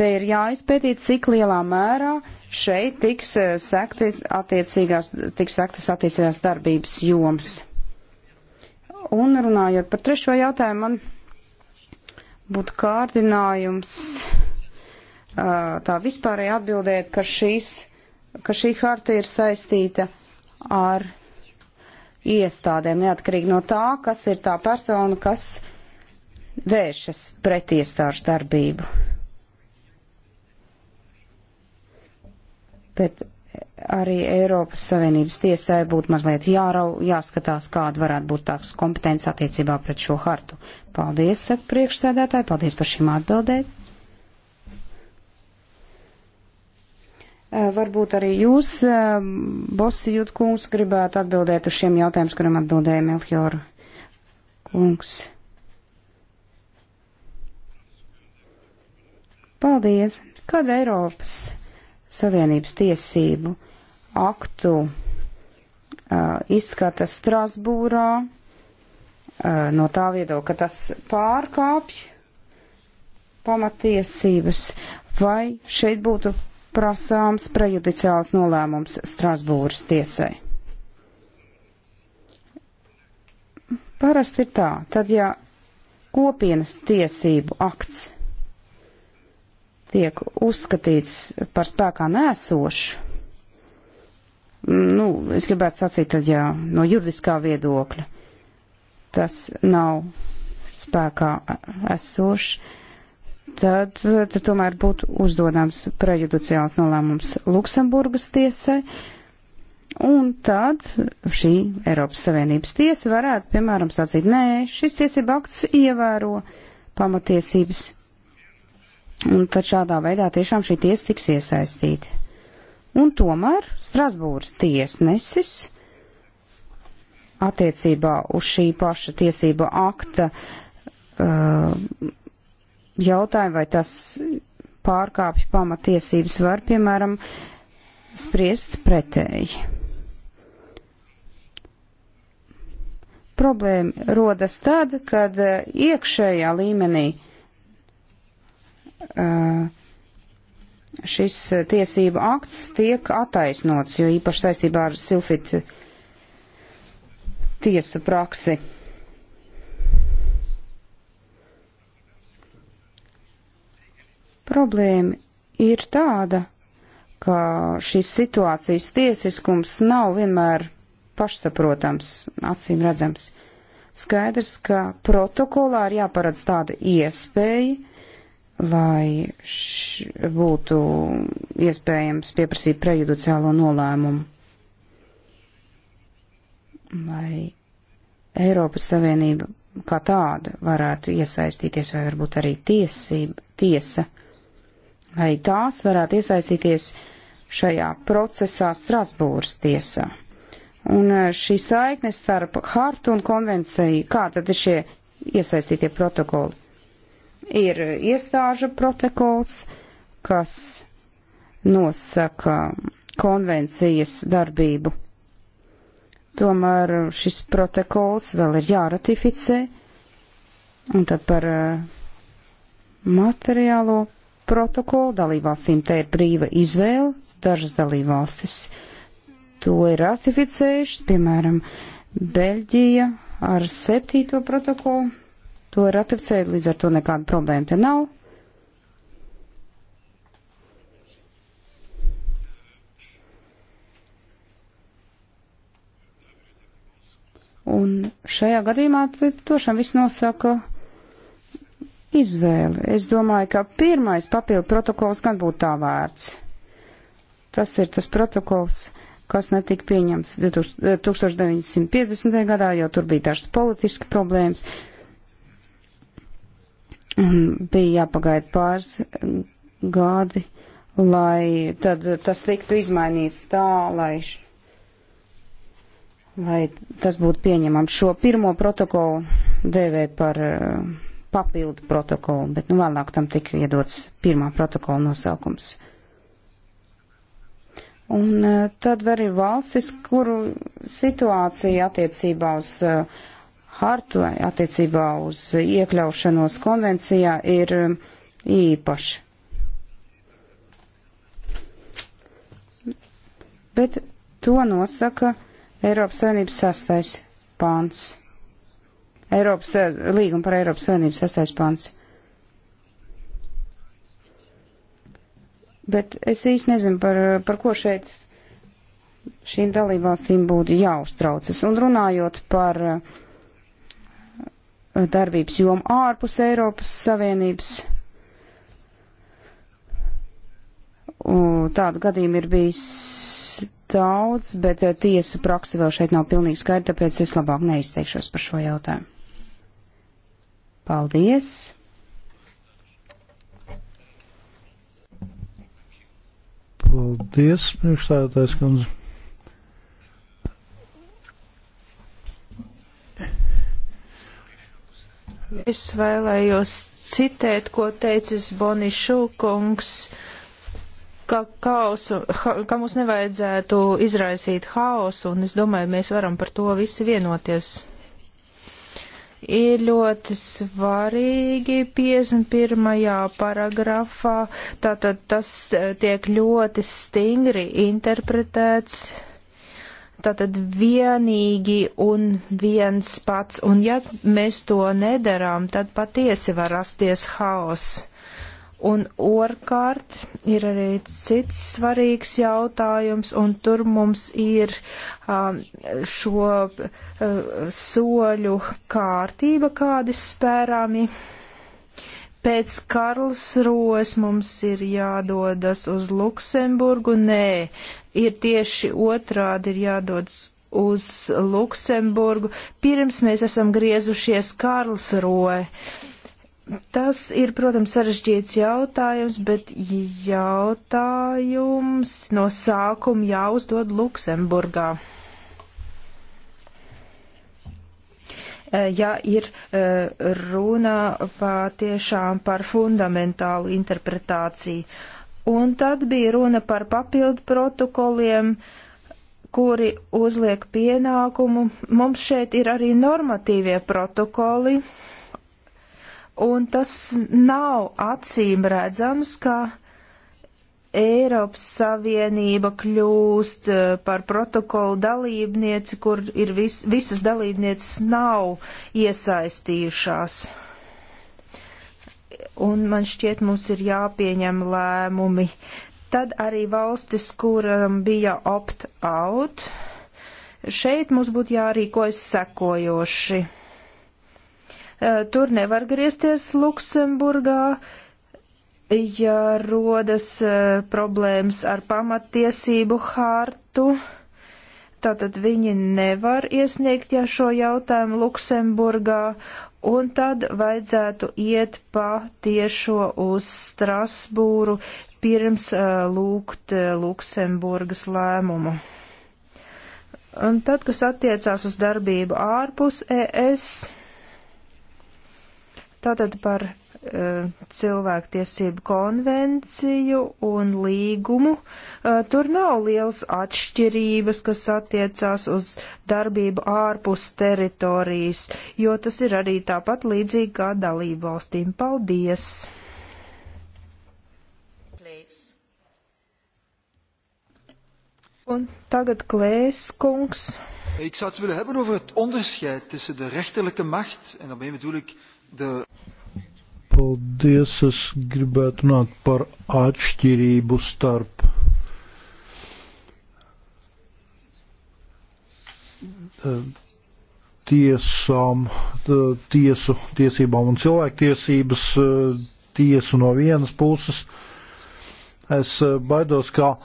te ir jāizpētī, cik lielā mērā šeit tiks eh, sekti attiecīgās, tiks sektas attiecīgās darbības joms. Un runājot par trešo jautājumu, man būtu kārdinājums eh, tā vispārēji atbildēt, ka šīs ka šī harta ir saistīta ar iestādēm, neatkarīgi no tā, kas ir tā persona, kas vēršas pret iestāžu darbību. Bet arī Eiropas Savienības tiesai būtu mazliet jārau, jāskatās, kāda varētu būt tās kompetences attiecībā pret šo hartu. Paldies, priekšsēdētāji, paldies par šīm atbildēm. Eh, varbūt arī jūs, eh, Bosi Jutkungs, gribētu atbildēt uz šiem jautājumiem, kuram atbildēja Melchior kungs. Paldies! Kad Eiropas Savienības tiesību aktu uh, izskata Strasbūrā, uh, no tā viedokļa, ka tas pārkāpj pamatiesības, vai šeit būtu prasāms prejudiciāls nolēmums Strasbūras tiesai. Parasti ir tā, tad ja kopienas tiesību akts tiek uzskatīts par spēkā nēsošu, nu, es gribētu sacīt, tad jā, no juridiskā viedokļa tas nav spēkā esošs, tad, tad tomēr būtu uzdodams prejudiciāls nolēmums Luksemburgas tiesai. Un tad šī Eiropas Savienības tiesa varētu, piemēram, sacīt, nē, šis tiesība akts ievēro pamatiesības. Un tad šādā veidā tiešām šī tiesa tiks iesaistīta. Un tomēr Strasbūras tiesnesis attiecībā uz šī paša tiesība akta uh, jautājumu, vai tas pārkāpj pamatiesības, var, piemēram, spriest pretēji. Problēma rodas tad, kad eh, iekšējā līmenī uh, šis tiesība akts tiek attaisnots, jo īpaši saistībā ar Silfit tiesu praksi. Problēma ir tāda, ka šīs situācijas tiesiskums nav vienmēr pašsaprotams, acīm redzams. Skaidrs, ka protokolā ir jāparedz tāda iespēja, lai š, būtu iespējams pieprasīt prejudiciālo nolēmumu. Lai Eiropas Savienība kā tāda varētu iesaistīties, vai varbūt arī tiesība, tiesa. tiesa lai tās varētu iesaistīties šajā procesā Strasbūras tiesā. Un eh, šī saikne starp hartu un konvenciju, kā tad ir šie iesaistītie protokoli? Ir iestāžu protokols, kas nosaka konvencijas darbību. Tomēr šis protokols vēl ir jāratificē, un tad par eh, materiālo protokolu. Dalībvalstīm te ir brīva izvēle, dažas dalībvalstis to ir ratificējušas, piemēram, Beļģija ar septīto protokolu to ir ratificējusi, līdz ar to nekāda problēma te nav. Un šajā gadījumā tošām viss nosaka izvēli. Es domāju, ka pirmais papildu protokols gan būtu tā vērts. Tas ir tas protokols, kas netika pieņemts 1950. Eh, gadā, jo tur bija dažas politiski problēmas. Un bija jāpagaida pāris eh, gadi, lai tad tas tiktu izmainīts tā, lai, lai tas būtu pieņemams. Šo pirmo protokolu dēvē par uh, papildu protokolu, bet nu, vēlāk tam tika iedots pirmā protokola nosaukums. Un e, tad var ir valstis, kuru situācija attiecībā uz e, hartu vai attiecībā uz iekļaušanos konvencijā ir e, īpaša. Bet to nosaka Eiropas Savienības sastais pāns. Eiropas, eh, līguma par Eiropas Savienības sastais pants. Bet es īsti nezinu, par, eh, par ko šeit šīm dalībvalstīm būtu jāuztraucas. Un runājot par eh, darbības jomu ārpus Eiropas Savienības, tādu gadījumu ir bijis daudz, bet tiesu praksa vēl šeit nav pilnīgi skaidra, tāpēc es labāk neizteikšos par šo jautājumu. Paldies! Paldies, priekšstādātājs kundze. Es vēlējos citēt, ko teicis Bonišu kungs, ka, kaosu, ha, ka mums nevajadzētu izraisīt haosu, un es domāju, mēs varam par to visi vienoties ir ļoti svarīgi 51. paragrafā, tātad tas eh, tiek ļoti stingri interpretēts, tātad vienīgi un viens pats, un ja mēs to nedarām, tad patiesi var rasties haoss. Un otrkārt ir arī cits svarīgs jautājums, un tur mums ir um, šo uh, soļu kārtība, kādi spērami. Pēc Karlsruhes mums ir jādodas uz Luksemburgu. Nē, ir tieši otrādi ir jādodas uz Luksemburgu. Pirms mēs esam griezušies Karlsruhe. Uh, Tas ir, protams, sarežģīts jautājums, bet jautājums no sākuma jāuzdod Luksemburgā. Eh, ja ir eh, runa patiešām par fundamentālu interpretāciju. Un tad bija runa par papildu protokoliem, kuri uzliek pienākumu. Mums šeit ir arī normatīvie protokoli, un tas nav acīm redzams, ka Eiropas Savienība kļūst eh, par protokolu dalībnieci, kur ir vis, visas dalībnieces nav iesaistījušās. Un man šķiet, mums ir jāpieņem lēmumi. Tad arī valstis, kuram bija opt-out, šeit mums būtu jārīkojas sekojoši Eh, tur nevar griezties Luksemburgā, ja rodas eh, problēmas ar pamatiesību hārtu. Tātad viņi nevar iesniegt ja šo jautājumu Luksemburgā, un tad vajadzētu iet pa tiešo uz Strasbūru pirms uh, lūgt uh, Luksemburgas lēmumu. Un tad, kas attiecās uz darbību ārpus ES, Tātad par uh, cilvēktiesību konvenciju un līgumu. Uh, tur nav liels atšķirības, kas attiecās uz darbību ārpus teritorijas, jo tas ir arī tāpat līdzīgi kā dalību valstīm. Paldies! Un tagad Klēs kungs. Ik zou het willen hebben over het onderscheid tussen de rechterlijke macht, en daarmee bedoel ik the... Paldies, es gribētu runāt par atšķirību starp tiesām, tiesu tiesībām un cilvēktiesības tiesu no vienas puses. Es baidos, ka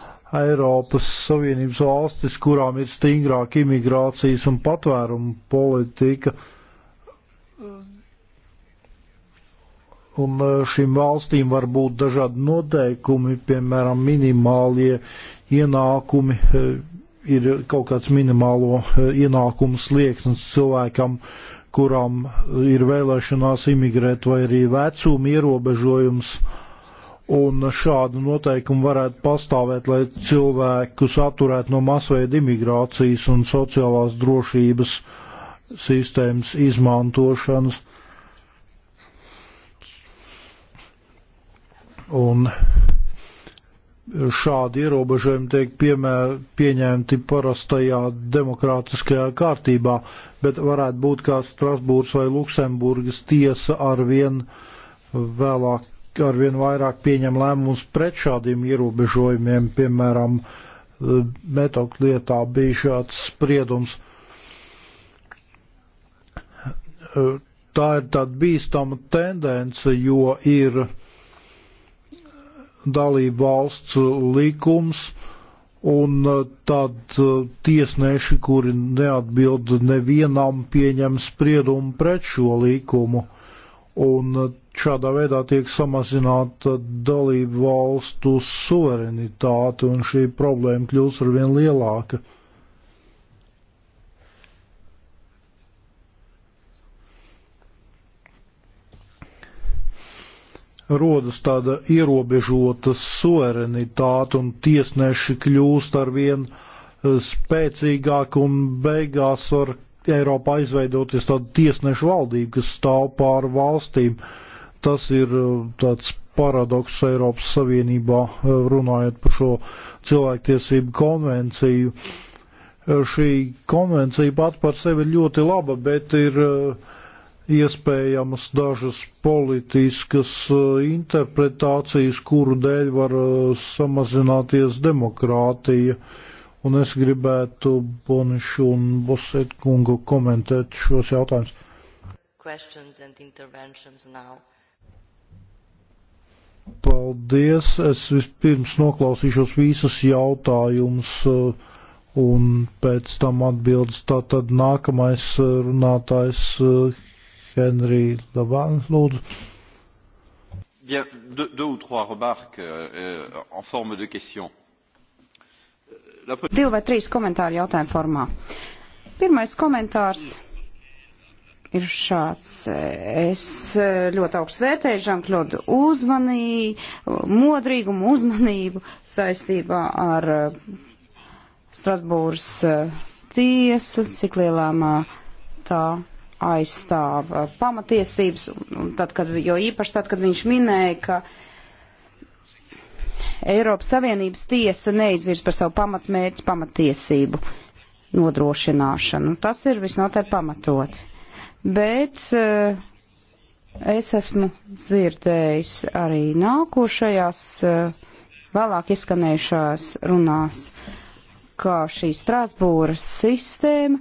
Eiropas Savienības valstis, kurām ir stingrāka imigrācijas un patvērumu politika, Un eh, šīm valstīm var būt dažādi noteikumi, piemēram, minimālie ienākumi, eh, ir kaut kāds minimālo eh, ienākumu slieksnis cilvēkam, kuram ir vēlēšanās imigrēt, vai arī vecuma ierobežojums. Un šādu noteikumu varētu pastāvēt, lai cilvēkus atturētu no masveida imigrācijas un sociālās drošības sistēmas izmantošanas. Uh, Un šādi ierobežojumi tiek piemēr, pieņemti parastajā demokrātiskajā kārtībā, bet varētu būt kā Strasbūrs vai Luksemburgas tiesa arvien vēlāk, arvien vairāk pieņem lēmumus pret šādiem ierobežojumiem. Piemēram, metokļu lietā bija šāds spriedums. Tā ir tāda bīstama tendence, jo ir dalību valsts uh, likums, un uh, tad uh, tiesneši, kuri neatbild nevienam, pieņem spriedumu pret šo likumu. Un šādā veidā tiek samazināta dalību valstu suverenitāte, un šī problēma kļūs arvien lielāka. rodas tāda ierobežota suverenitāte un tiesneši kļūst ar vien eh, spēcīgāk un beigās var Eiropā izveidoties tāda tiesnešu valdība, kas stāv pāri valstīm. Tas ir eh, tāds paradoks Eiropas Savienībā eh, runājot par šo cilvēktiesību konvenciju. Šī konvencija pat par sevi ļoti laba, bet ir uh, iespējamas dažas politiskas eh, interpretācijas, kuru dēļ var eh, samazināties demokrātija. Un es gribētu Bonišu un Boset kungu komentēt šos jautājumus. Paldies. Es vispirms noklausīšos visas jautājumus eh, un pēc tam atbildes. Tātad nākamais runātājs Henrija Labāna. Lūdzu. Bien, deux, deux ou trois remarques euh, en forme de question. La... Divi vai trīs komentāri jautājumu formā. Pirmais komentārs ir šāds. Es eh, ļoti augstu vērtēju Žanklodu uzmanību, modrīgumu uzmanību saistībā ar eh, Strasbūras eh, tiesu, cik lielā mā tā aizstāv uh, pamatiesības, un tad, kad, jo īpaši tad, kad viņš minēja, ka Eiropas Savienības tiesa neizvirs par savu pamatmērķi pamatiesību nodrošināšanu. Nu, tas ir visnotaļ pamatot. Bet uh, es esmu dzirdējis arī nākošajās uh, vēlāk izskanējušās runās, kā šī Strasbūras sistēma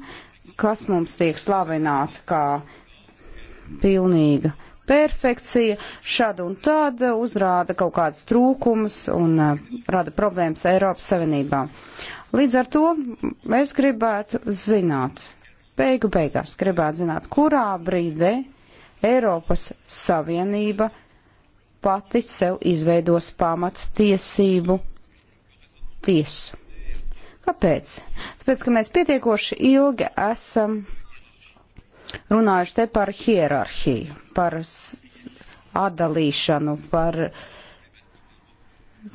kas mums tiek slavināta kā pilnīga perfekcija, šad un tad uzrāda kaut kādas trūkumus un uh, rada problēmas Eiropas Savienībā. Līdz ar to es gribētu zināt, beigu beigās gribētu zināt, kurā brīdī Eiropas Savienība pati sev izveidos pamat tiesību tiesu. Kāpēc? Tāpēc, ka mēs pietiekoši ilgi esam runājuši te par hierarhiju, par atdalīšanu, par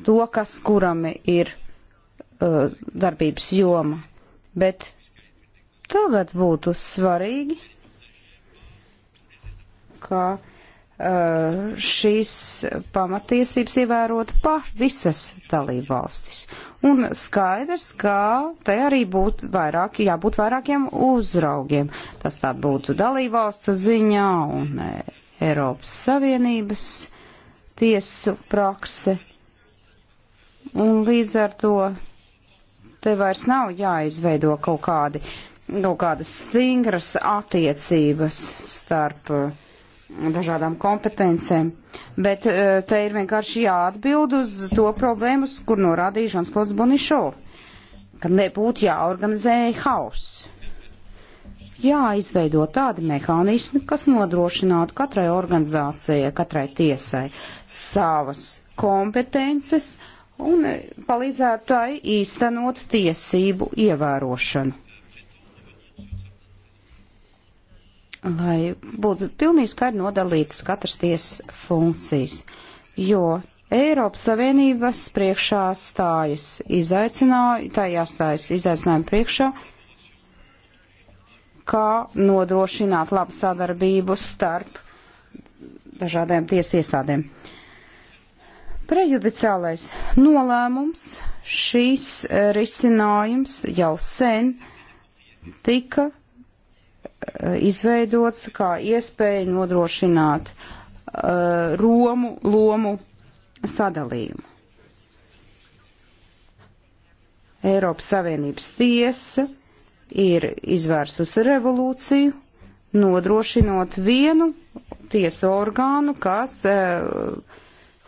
to, kas kuram ir uh, darbības joma. Bet tagad būtu svarīgi, ka. Kā Uh, šīs pamatiesības ievērot pa visas dalību valstis. Un skaidrs, ka te arī būtu vairāk, jābūt vairākiem uzraugiem. Tas tā būtu dalību valstu ziņā un uh, Eiropas Savienības tiesu prakse. Un līdz ar to te vairs nav jāizveido kaut kādi, kaut kādas stingras attiecības starp uh, dažādām kompetencēm. Bet e, te ir vienkārši jāatbild uz to problēmu, kur norādīja Žansklots Bonišo, ka nebūtu jāorganizē hauss. Jāizveido tādi mehānismi, kas nodrošinātu katrai organizācijai, katrai tiesai savas kompetences un palīdzētu tai īstenot tiesību ievērošanu. lai būtu pilnīgi skaidri nodalītas katras tiesas funkcijas, jo Eiropas Savienības priekšā stājas izaicinājumi, tā jāstājas izaicinājumi priekšā, kā nodrošināt labu sadarbību starp dažādiem tiesu iestādēm. Prejudiciālais nolēmums šīs risinājums jau sen tika izveidots kā iespēja nodrošināt uh, Romu lomu sadalījumu. Eiropas Savienības tiesa ir izvērsusi revolūciju, nodrošinot vienu tiesu orgānu, kas uh,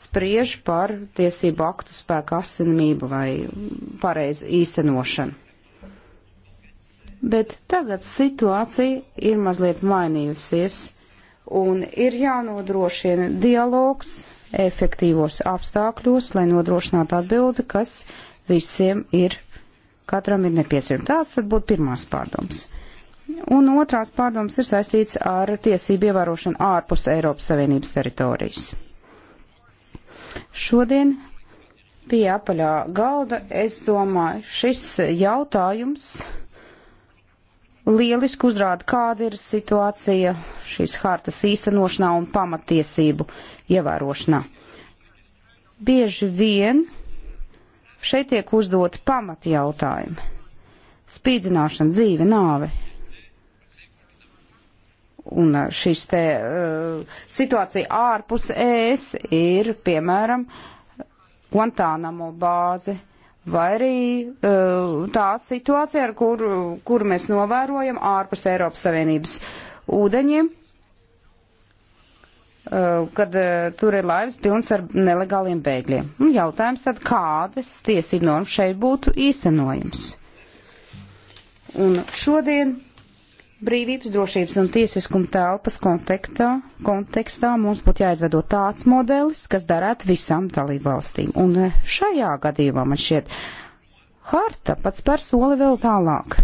spriež par tiesību aktu spēku asinamību vai pareizu īstenošanu. Bet tagad situācija ir mazliet mainījusies un ir jānodrošina dialogs efektīvos apstākļos, lai nodrošinātu atbildi, kas visiem ir, katram ir nepieciešams. Tās tad būtu pirmās pārdomas. Un otrās pārdomas ir saistīts ar tiesību ievērošanu ārpus Eiropas Savienības teritorijas. Šodien pie apaļā galda, es domāju, šis jautājums lieliski uzrāda, kāda ir situācija šīs hartas īstenošanā un pamatiesību ievērošanā. Bieži vien šeit tiek uzdot pamati jautājumi. Spīdzināšana, dzīve, nāve. Un uh, šis te uh, situācija ārpus ES ir, piemēram, Guantānamo bāze, uh, vai arī eh, tā situācija, ar kuru kur mēs novērojam ārpus Eiropas Savienības ūdeņiem, eh, kad eh, tur ir laivas pilns ar nelegāliem bēgļiem. Un jautājums tad, kādas tiesību normas šeit būtu īstenojams? Un šodien brīvības, drošības un tiesiskuma telpas kontekstā, kontekstā mums būtu jāizveido tāds modelis, kas darētu visām dalībvalstīm. Un eh, šajā gadījumā man šķiet, harta pats par soli vēl tālāk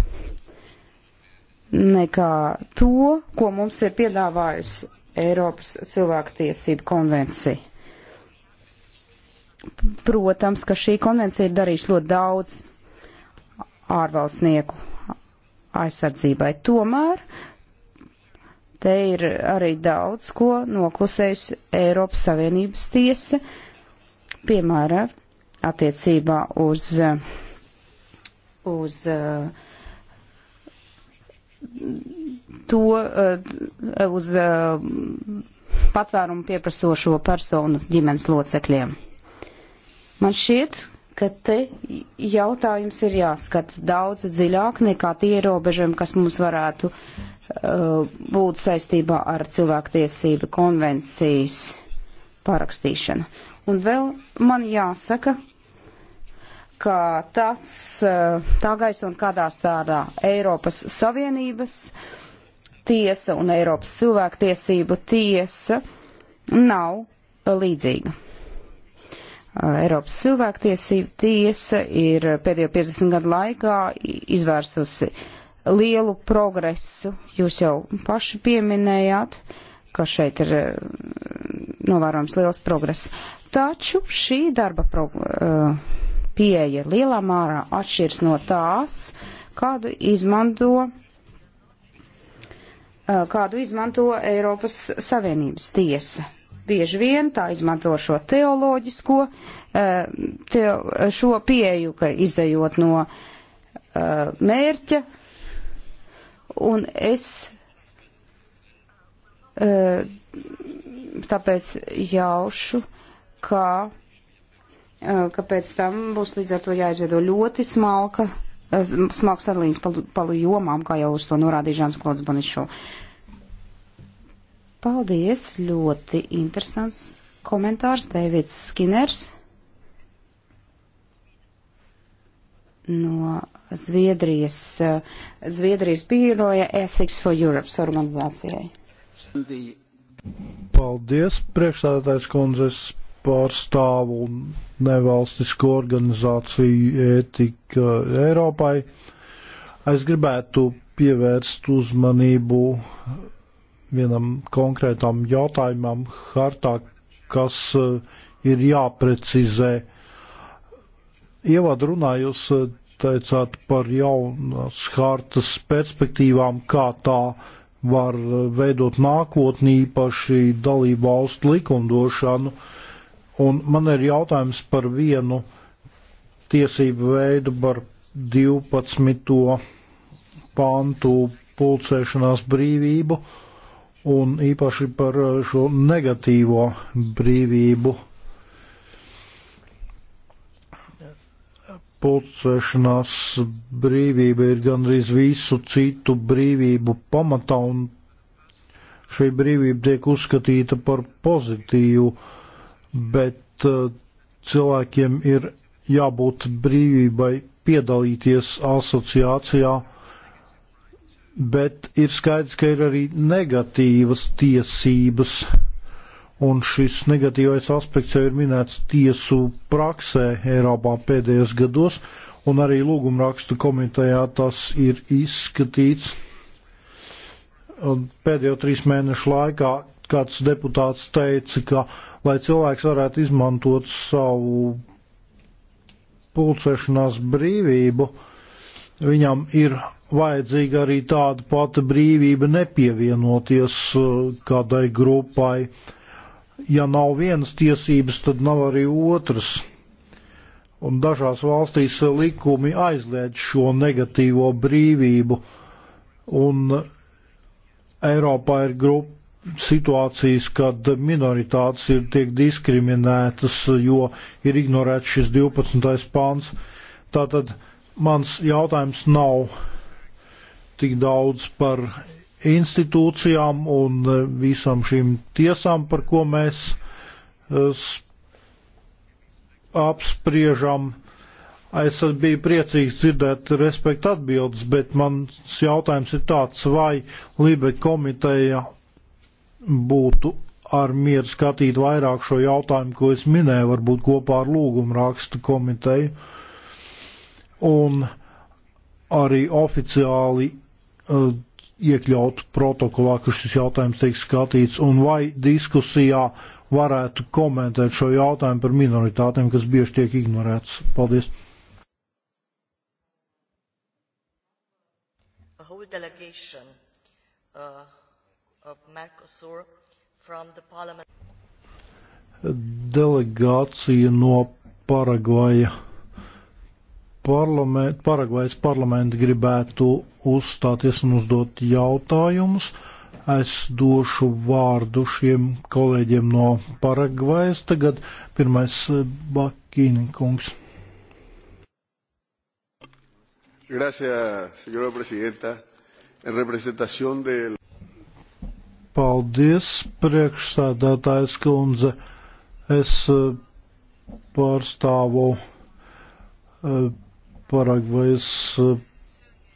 nekā to, ko mums ir piedāvājusi Eiropas cilvēktiesību konvencija. Protams, ka šī konvencija ir darījusi ļoti daudz ārvalstnieku aizsardzībai. Tomēr te ir arī daudz ko noklusējusi Eiropas Savienības tiesa, piemēram, attiecībā uz, uz to, uz patvērumu pieprasošo personu ģimenes locekļiem. Man šķiet, ka te jautājums ir jāskata daudz dziļāk nekā tie ierobežojumi, kas mums varētu uh, būt saistībā ar cilvēktiesību konvencijas parakstīšanu. Un vēl man jāsaka, ka tas, uh, tā gaisa un kādā stādā Eiropas Savienības tiesa un Eiropas cilvēktiesību tiesa nav līdzīga. Eiropas cilvēktiesība tiesa ir pēdējo 50 gadu laikā izvērsusi lielu progresu. Jūs jau paši pieminējāt, ka šeit ir novērojams liels progress. Taču šī darba pro, pieeja lielā mārā atšķirs no tās, kādu izmanto kādu izmanto Eiropas Savienības tiesa. Bieži vien tā izmanto šo teoloģisko, eh, te, šo pieju, ka izējot no eh, mērķa, un es eh, tāpēc jaušu, ka, ka pēc tam būs līdz ar to jāizveido ļoti smalka smalks atlīdz palu, palu jomām, kā jau uz to norādīja Žāns Klods Banišo. Paldies, ļoti interesants komentārs, Dēvids Skiners no Zviedrijas, eh, Zviedrijas biroja Ethics for Europe's organizācijai. Paldies, priekšstādātais kundzes pārstāvu nevalstisko organizāciju ētika Eiropai. Es gribētu pievērst uzmanību vienam konkrētam jautājumam hartā, kas eh, ir jāprecizē. Ievad runājus eh, teicāt par jaunas hartas perspektīvām, kā tā var eh, veidot nākotnī paši dalību valstu likumdošanu. Un man ir jautājums par vienu tiesību veidu, par 12. pantu pulcēšanās brīvību. Uh, un īpaši par eh, šo negatīvo brīvību. Pulcēšanās brīvība ir gandrīz visu citu brīvību pamatā, un šī brīvība tiek uzskatīta par pozitīvu, bet eh, cilvēkiem ir jābūt brīvībai piedalīties asociācijā bet ir skaidrs, ka ir arī negatīvas tiesības, un šis negatīvais aspekts jau ir minēts tiesu praksē Eiropā pēdējos gados, un arī lūgumrakstu komitejā tas ir izskatīts. Un pēdējo trīs mēnešu laikā kāds deputāts teica, ka, lai cilvēks varētu izmantot savu pulcēšanās brīvību, viņam ir vajadzīga arī tāda pati brīvība nepievienoties eh, kādai grupai. Ja nav vienas tiesības, tad nav arī otras. Un dažās valstīs likumi aizliedz šo negatīvo brīvību, un Eiropā ir grupa situācijas, kad minoritātes ir tiek diskriminētas, jo ir ignorēts šis 12. pāns. Tātad mans jautājums nav tik daudz par institūcijām un eh, visam šīm tiesām, par ko mēs eh, apspriežam. Es biju priecīgs dzirdēt respektu atbildes, bet mans jautājums ir tāds, vai Lībe komiteja būtu ar mieru skatīt vairāk šo jautājumu, ko es minēju, varbūt kopā ar lūgumu rakstu komiteju. Un arī oficiāli Uh, iekļaut protokolā, ka šis jautājums tiek skatīts, un vai diskusijā varētu komentēt šo jautājumu par minoritātēm, kas bieži tiek ignorēts. Paldies! Uh, Delegācija no Paragvaja parlament, Paragvajas parlamenti gribētu uzstāties un uzdot jautājumus. Es došu vārdu šiem kolēģiem no Paragvajas. Tagad pirmais eh, Bakīni kungs. Gracias, señora presidenta. En representación del. Paldies, priekšsēdētājs kundze. Es eh, pārstāvu uh, Paragvajas eh,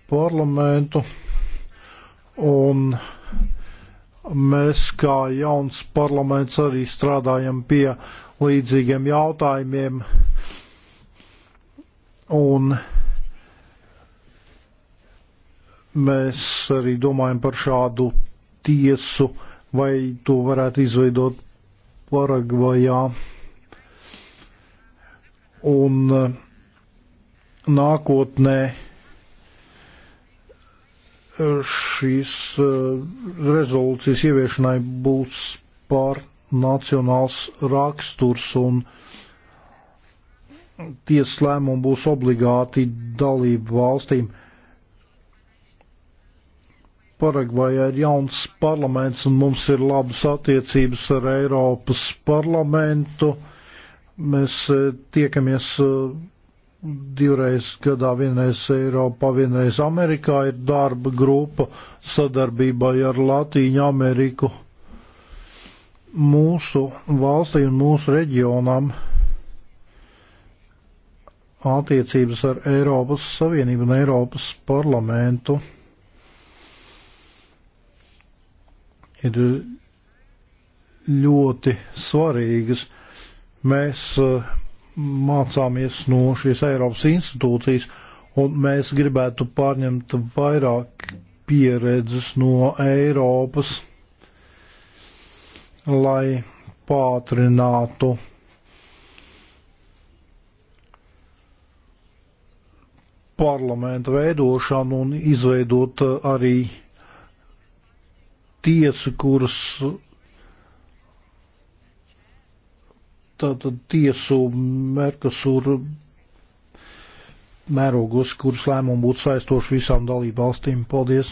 parlamentu. Un mēs kā jauns parlaments arī strādājam pie līdzīgiem jautājumiem. Un mēs arī domājam par šādu tiesu, vai to varētu izveidot Paragvajā. Un uh, nākotnē šīs eh, rezolūcijas ieviešanai būs pār nacionāls raksturs un tiesas lēmumi būs obligāti dalību valstīm. Paragvajā ir jauns parlaments un mums ir labas attiecības ar Eiropas parlamentu. Mēs eh, tiekamies eh, divreiz gadā, vienreiz Eiropā, vienreiz Amerikā ir darba grupa sadarbībai ar Latīņu Ameriku. Mūsu valstī un mūsu reģionam attiecības ar Eiropas Savienību un Eiropas parlamentu ir ļoti svarīgas. Mēs eh, mācāmies no šīs Eiropas institūcijas, un mēs gribētu pārņemt vairāk pieredzes no Eiropas, lai pātrinātu parlamenta veidošanu un izveidot arī tiesu, kuras tātad tiesu Merkasur mērogos, kuras lēmumu būtu saistoši visām dalību valstīm. Paldies!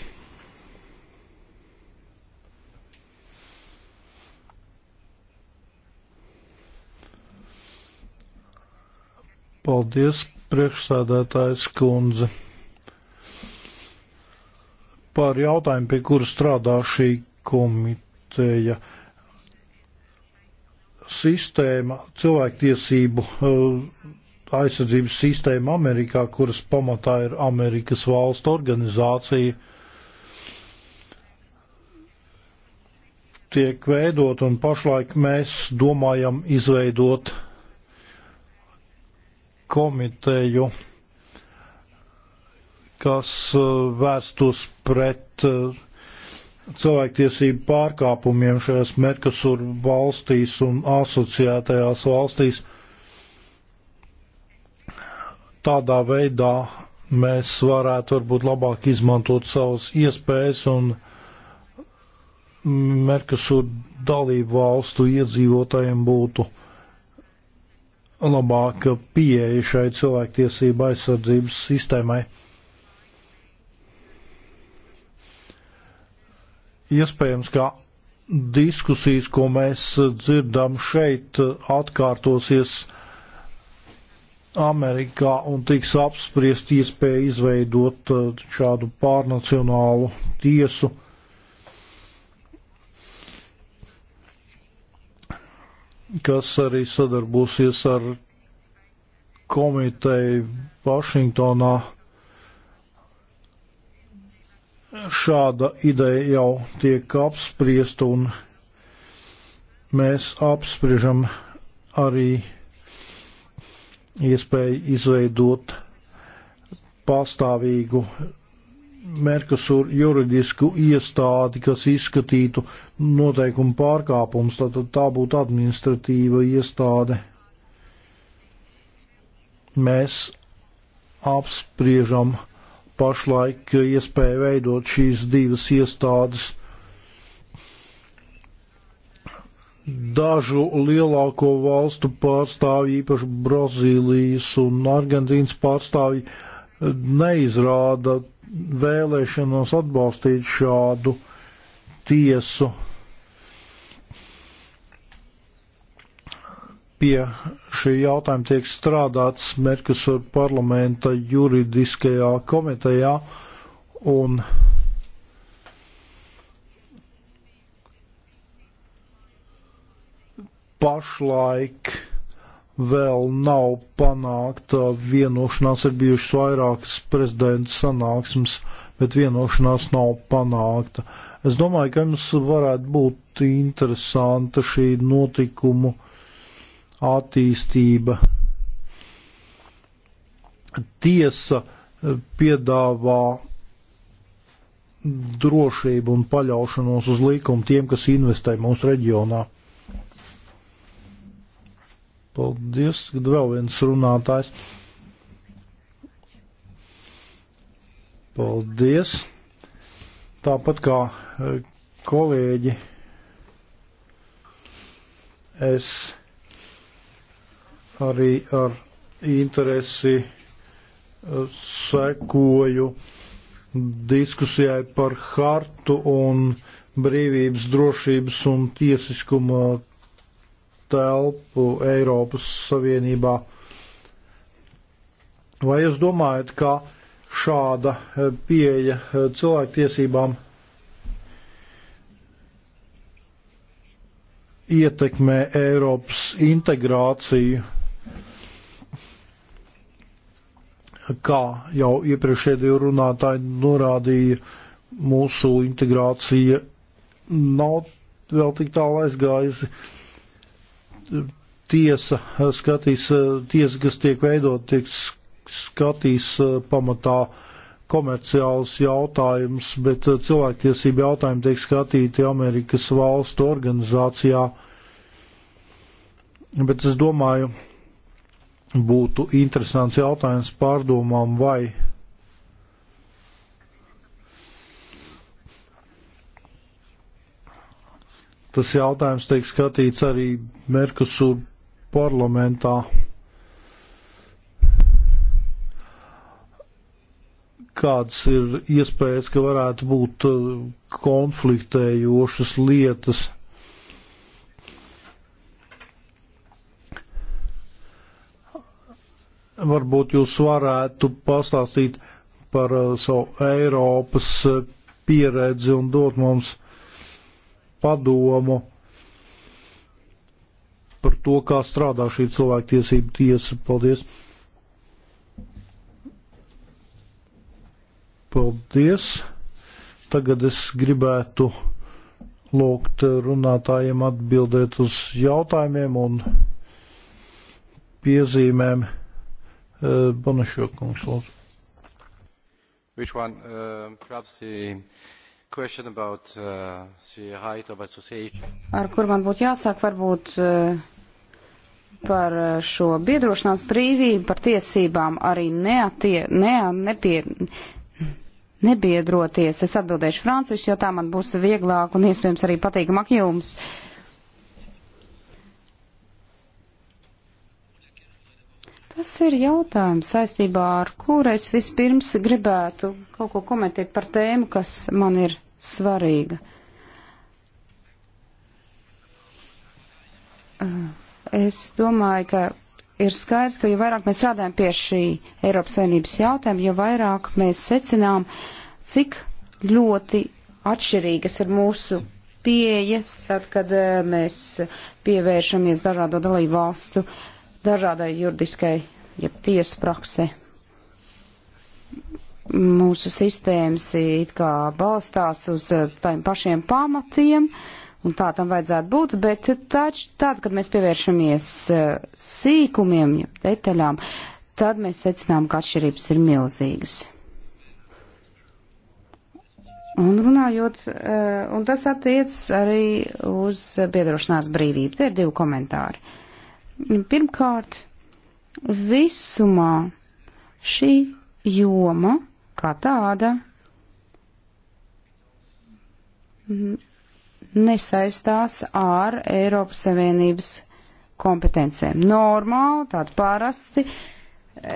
Paldies, priekšsādātājs kundze. Par jautājumu, pie kura strādā šī komiteja. Uh, sistēma, cilvēktiesību eh, aizsardzības sistēma Amerikā, kuras pamatā ir Amerikas valstu organizācija, tiek veidot un pašlaik mēs domājam izveidot komiteju, kas eh, vērstos pret uh, cilvēktiesību pārkāpumiem šajās Merkusur valstīs un asociētajās valstīs. Tādā veidā mēs varētu varbūt labāk izmantot savas iespējas un Merkusur dalību valstu iedzīvotājiem būtu labāka pieeja šai cilvēktiesība aizsardzības sistēmai. iespējams, ka diskusijas, ko mēs dzirdam šeit, atkārtosies Amerikā un tiks apspriest iespēja izveidot uh, šādu pārnacionālu tiesu. kas arī sadarbosies ar komiteju Vašingtonā šāda ideja jau tiek apspriesta, un mēs apspriežam arī iespēju izveidot pastāvīgu Merkusur juridisku iestādi, kas izskatītu noteikumu pārkāpumus, tad tā būtu administratīva iestāde. Mēs apspriežam uh, pašlaik iespēja veidot šīs divas iestādes. Dažu lielāko valstu pārstāvji, īpaši Brazīlijas un Argentīnas pārstāvji, neizrāda vēlēšanos atbalstīt šādu tiesu. pie šī jautājuma tiek strādāts Merkusur parlamenta juridiskajā komitejā un pašlaik vēl nav panākta vienošanās, ir bijušas vairākas prezidenta sanāksmes, bet vienošanās nav panākta. Es domāju, ka jums varētu būt interesanta šī notikumu attīstība. Tiesa eh, piedāvā drošību un paļaušanos uz likumu tiem, kas investē mūsu reģionā. Paldies, kad vēl viens runātājs. Paldies. Tāpat kā eh, kolēģi, es arī ar interesi eh, sekoju diskusijai par hartu un brīvības, drošības un tiesiskuma telpu Eiropas Savienībā. Vai jūs domājat, ka šāda eh, pieeja eh, cilvēktiesībām ietekmē Eiropas integrāciju Kā jau iepriekšējie runātāji norādīja, mūsu integrācija nav vēl tik tālu aizgājusi. Tiesa, skatīs, tiesa kas tiek veidot, tiek skatīs pamatā komerciāls jautājums, bet cilvēktiesība jautājumi tiek skatīti Amerikas valstu organizācijā. Bet es domāju, būtu interesants jautājums pārdomām, vai tas jautājums tiek skatīts arī Merkusur parlamentā. Kāds ir iespējas, ka varētu būt uh, konfliktējošas lietas? Varbūt jūs varētu pastāstīt par uh, savu Eiropas uh, pieredzi un dot mums padomu par to, kā strādā šī cilvēktiesība tiesa. Paldies! Paldies! Tagad es gribētu lūgt runātājiem atbildēt uz jautājumiem un piezīmēm. Uh, Bonašo kungs, lūdzu. Which one? Uh, perhaps the question about uh, the right of association. Ar kur man būtu jāsāk varbūt uh, par uh, šo biedrošanās brīvību, par tiesībām arī neatie, ne, nepie, nebiedroties. Es atbildēšu franciski, jo tā man būs vieglāk un iespējams arī patīkamāk jums. Uh, Tas ir jautājums saistībā ar kuru es vispirms gribētu kaut ko komentēt par tēmu, kas man ir svarīga. Eh, es domāju, ka ir skaidrs, ka jo vairāk mēs strādājam pie šī Eiropas Savienības jautājuma, jo vairāk mēs secinām, cik ļoti atšķirīgas ir mūsu pieejas, tad, kad eh, mēs pievēršamies dažādo dalību valstu uh, dažādai juridiskai, jeb tiesu praksē. Mūsu sistēmas it kā balstās uz eh, tiem pašiem pamatiem, un tā tam vajadzētu būt, bet taču tad, kad mēs pievēršamies eh, sīkumiem, jeb detaļām, tad mēs secinām, ka atšķirības ir milzīgas. Un runājot, eh, un tas attiec arī uz biedrošanās brīvību. Te ir divi komentāri. Uh, Pirmkārt, visumā šī joma kā tāda nesaistās ar Eiropas Savienības kompetencēm. Normāli, tādi parasti,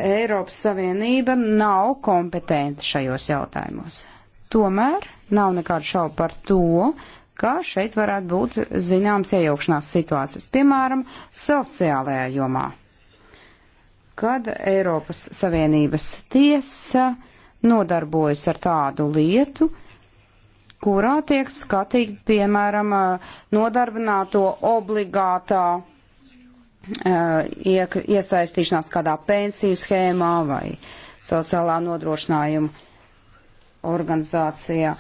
Eiropas Savienība nav kompetenta šajos jautājumos. Tomēr nav nekādu šaubu par to, ka šeit varētu būt zināms iejaukšanās situācijas, piemēram, sociālajā jomā, kad Eiropas Savienības tiesa nodarbojas ar tādu lietu, kurā tiek skatīti, piemēram, nodarbināto obligātā eh, iesaistīšanās kādā pensiju schēmā vai sociālā nodrošinājuma organizācijā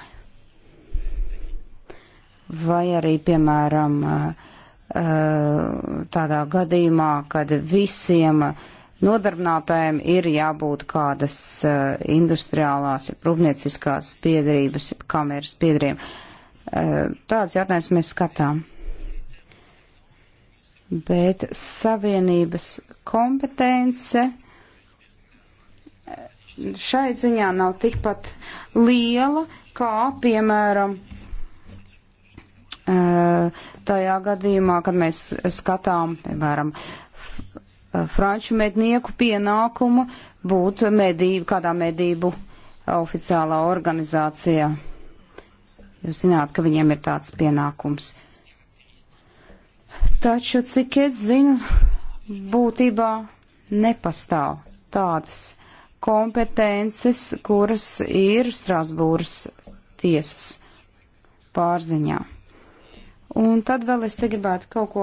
vai arī, piemēram, eh, eh, tādā gadījumā, kad visiem nodarbinātājiem ir jābūt kādas eh, industriālās, rūpnieciskās piedarības, kameras piedariem. Tāds jautājums mēs skatām. Bet savienības kompetence šai ziņā nav tikpat liela kā, piemēram, tajā gadījumā, kad mēs skatām, piemēram, franču mednieku pienākumu būt medību, kādā medību oficiālā organizācijā. Jūs zināt, ka viņiem ir tāds pienākums. Taču, cik es zinu, būtībā nepastāv tādas kompetences, kuras ir Strasbūras tiesas pārziņā. Un tad vēl es te gribētu kaut ko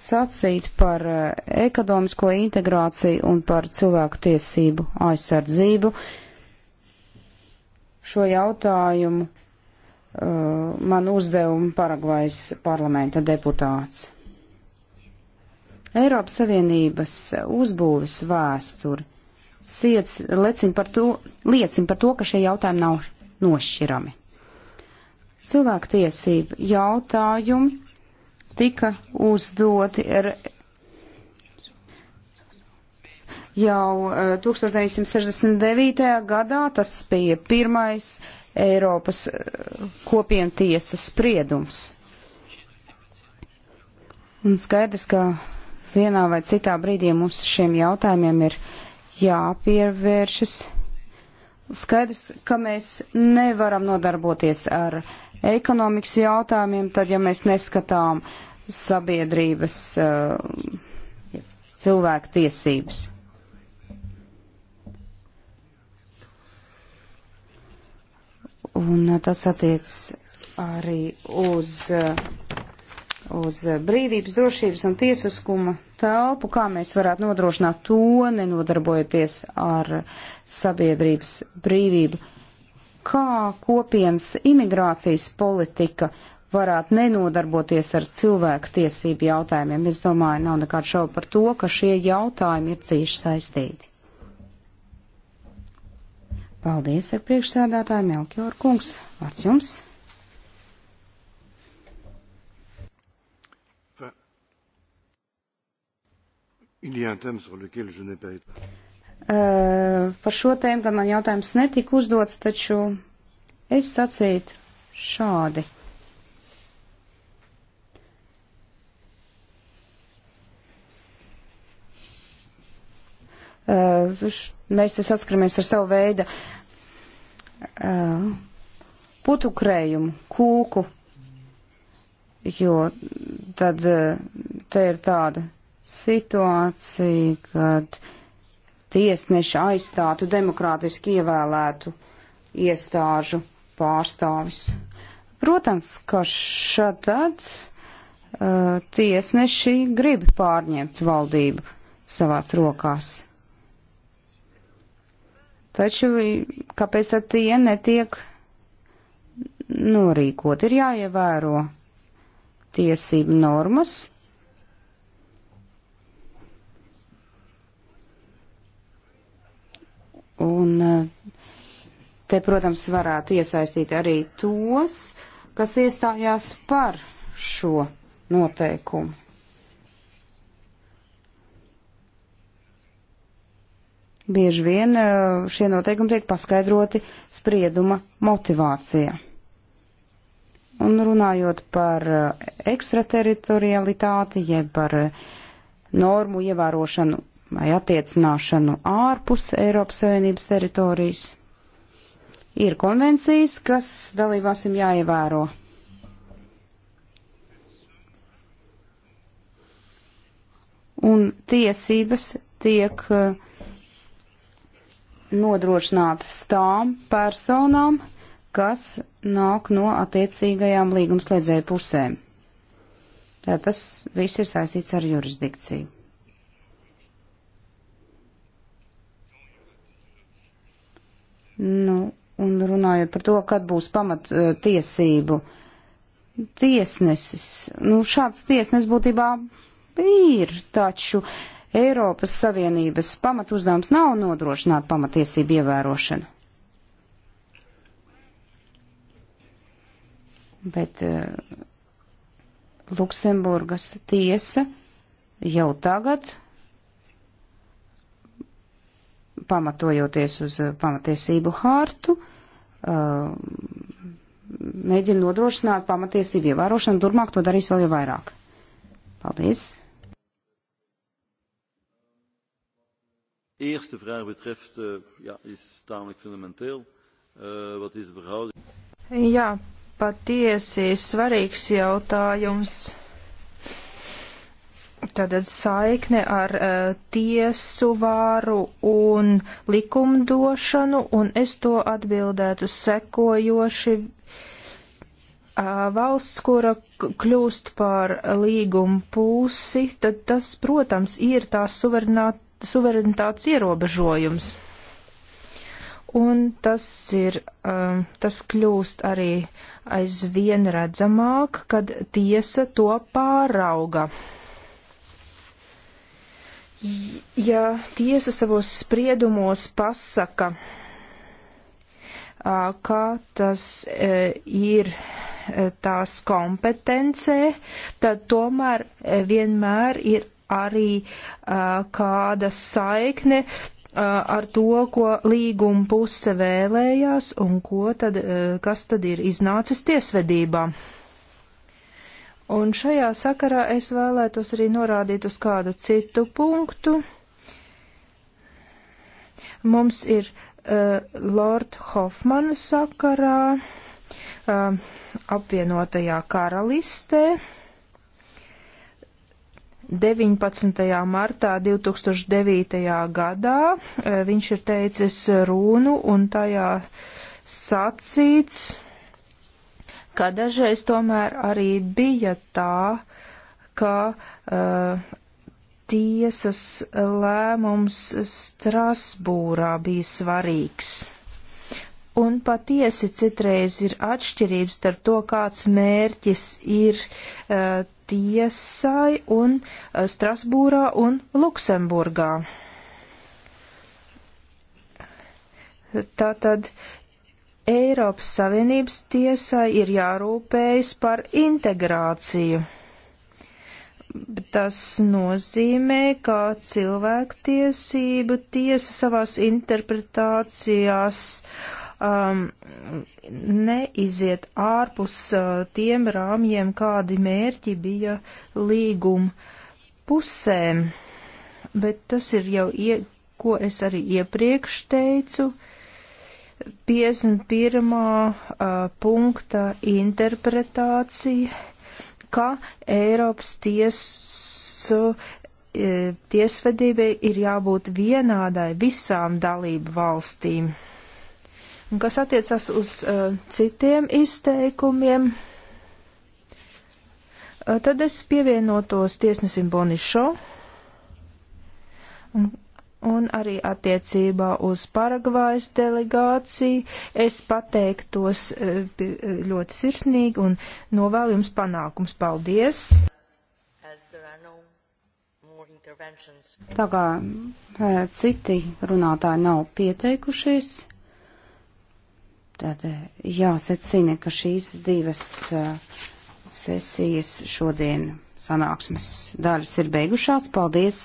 sacīt par eh, ekonomisko integrāciju un par cilvēku tiesību aizsardzību. Šo jautājumu uh, man uzdevuma Paragvajas parlamenta deputāts. Eiropas Savienības uzbūves vēsturi siec, liecina par to, liecina par to ka šie jautājumi nav nošķirami. Cilvēktiesību jautājumi tika uzdoti ar jau 1969. Eh, gadā, tas bija pirmais Eiropas eh, kopientiesas spriedums. Un skaidrs, ka vienā vai citā brīdī mums šiem jautājumiem ir jāpievēršas. Skaidrs, ka mēs nevaram nodarboties ar uh, ekonomikas jautājumiem, tad ja mēs neskatām sabiedrības uh, cilvēku tiesības. Un eh, tas attiec arī uz, eh, uz brīvības, drošības un tiesiskuma telpu, kā mēs varētu nodrošināt to, nenodarbojoties ar sabiedrības brīvību kā kopienas imigrācijas politika varētu nenodarboties ar cilvēku tiesību jautājumiem. Es domāju, nav nekāda šauba par to, ka šie jautājumi ir cieši saistīti. Paldies, ar priekšsēdētāju Melkjoru kungs. Vārds jums. Il y a un thème sur lequel je n'ai pas été par šo tēmu, kad man jautājums netika uzdots, taču es sacītu šādi. Uh, mēs te saskaramies ar savu veidu uh, putukrējumu, kūku, jo tad uh, te ir tāda situācija, kad uh, tiesneši aizstātu demokrātiski ievēlētu iestāžu pārstāvis. Protams, ka šatad uh, tiesneši grib pārņemt valdību savās rokās. Taču kāpēc tad tie netiek norīkot? Ir jāievēro tiesību normas Un eh, te, protams, varētu iesaistīt arī tos, kas iestājās par šo noteikumu. Bieži vien eh, šie noteikumi tiek paskaidroti sprieduma motivācija. Un runājot par eh, ekstrateritorialitāti, jeb par normu ievērošanu vai attiecināšanu ārpus Eiropas Savienības teritorijas. Ir konvencijas, kas dalībāsim jāievēro. Un tiesības tiek eh, nodrošinātas tām personām, kas nāk no attiecīgajām līgumslēdzēju pusēm. Tā tas viss ir saistīts ar jurisdikciju. Nu, un runājot par to, kad būs pamat eh, tiesību tiesnesis. Nu, šāds tiesnesis būtībā ir, taču Eiropas Savienības pamat uzdevums nav nodrošināt pamatiesību ievērošanu. Bet uh, Luksemburgas tiesa jau tagad pamatojoties uz eh, pamatiesību hārtu, eh, mēģina nodrošināt pamatiesību ievērošanu, turmāk to darīs vēl jau vairāk. Paldies! Eerste vraag betreft, eh, ja, is tamelijk fundamenteel. Uh, wat is de verhouding? Jā, patiesi svarīgs jautājums Tātad saikne ar uh, tiesu vāru un likumdošanu, un es to atbildētu sekojoši. Uh, valsts, kura kļūst par līgumu pusi, tad tas, protams, ir tās suverenitātes ierobežojums. Un tas ir, uh, tas kļūst arī aizvien redzamāk, kad tiesa to pārauga. Uh, ja tiesa savos spriedumos pasaka, kā tas ir tās kompetencē, tad tomēr vienmēr ir arī kāda saikne ar to, ko līguma puse vēlējās un ko tad, kas tad ir iznācis tiesvedībā. Un šajā sakarā es vēlētos arī norādīt uz kādu citu punktu. Mums ir uh, Lord Hoffmana sakarā uh, apvienotajā karalistē. 19. martā 2009. gadā uh, viņš ir teicis runu un tajā sacīts, ka dažreiz tomēr arī bija tā, ka uh, tiesas lēmums Strasbūrā bija svarīgs. Un patiesi citreiz ir atšķirības starp to, kāds mērķis ir uh, tiesai un uh, Strasbūrā un Luksemburgā. Tātad Eiropas Savienības tiesai ir jārūpējas par integrāciju. Tas nozīmē, ka cilvēktiesību tiesa savās interpretācijās um, neiziet ārpus uh, tiem rāmjiem, kādi mērķi bija līguma pusēm. Bet tas ir jau, ie, ko es arī iepriekš teicu, 51. punkta interpretācija, ka Eiropas tiesu tiesvedībai ir jābūt vienādai visām dalību valstīm. Un kas attiecas uz uh, citiem izteikumiem, uh, tad es pievienotos tiesnesim Bonišo. Un un arī attiecībā uz Paragvājas delegāciju. Es pateiktos e, e, ļoti sirsnīgi un novēlu jums panākums. Paldies! Tā kā e, citi runātāji nav pieteikušies, tad jāsecina, ka šīs divas sesijas šodien sanāksmes daļas ir beigušās. Paldies!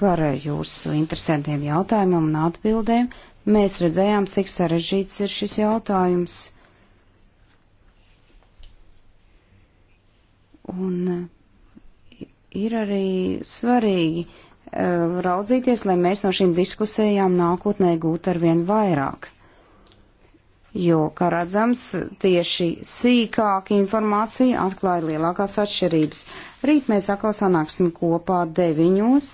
par jūsu interesantiem jautājumiem un atbildēm. Mēs redzējām, cik sarežģīts ir šis jautājums. Un ir arī svarīgi uh, raudzīties, lai mēs no šīm diskusējām nākotnē gūtu ar vien vairāk. Jo, kā redzams, tieši sīkāka informācija atklāja lielākās atšķirības. Rīt mēs atkal sanāksim kopā deviņos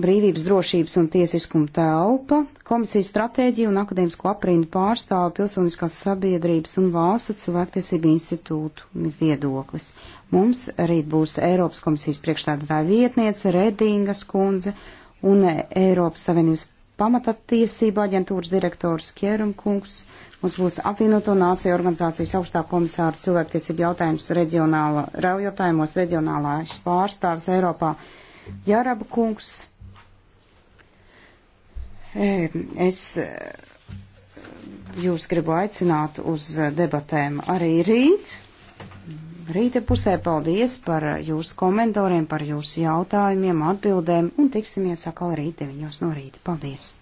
brīvības, drošības un tiesiskuma telpa, komisijas stratēģija un akadēmisko aprindu pārstāvu pilsoniskās sabiedrības un valstu cilvēktiesību institūtu viedoklis. Mums rīt būs Eiropas komisijas priekšstādātāja vietniece Redingas kundze un Eiropas Savienības pamatatīsība aģentūras direktors Kierumkungs. Mums būs apvienoto nāciju organizācijas augstā komisāra cilvēktiesību jautājums reģionāla, jautājumos reģionālās pārstāvis Eiropā Jaraba kungs Es jūs gribu aicināt uz debatēm arī rīt. Rīta pusē paldies par jūsu komentāriem, par jūsu jautājumiem, atbildēm un tiksimies atkal rīt 9 no rīta. Paldies!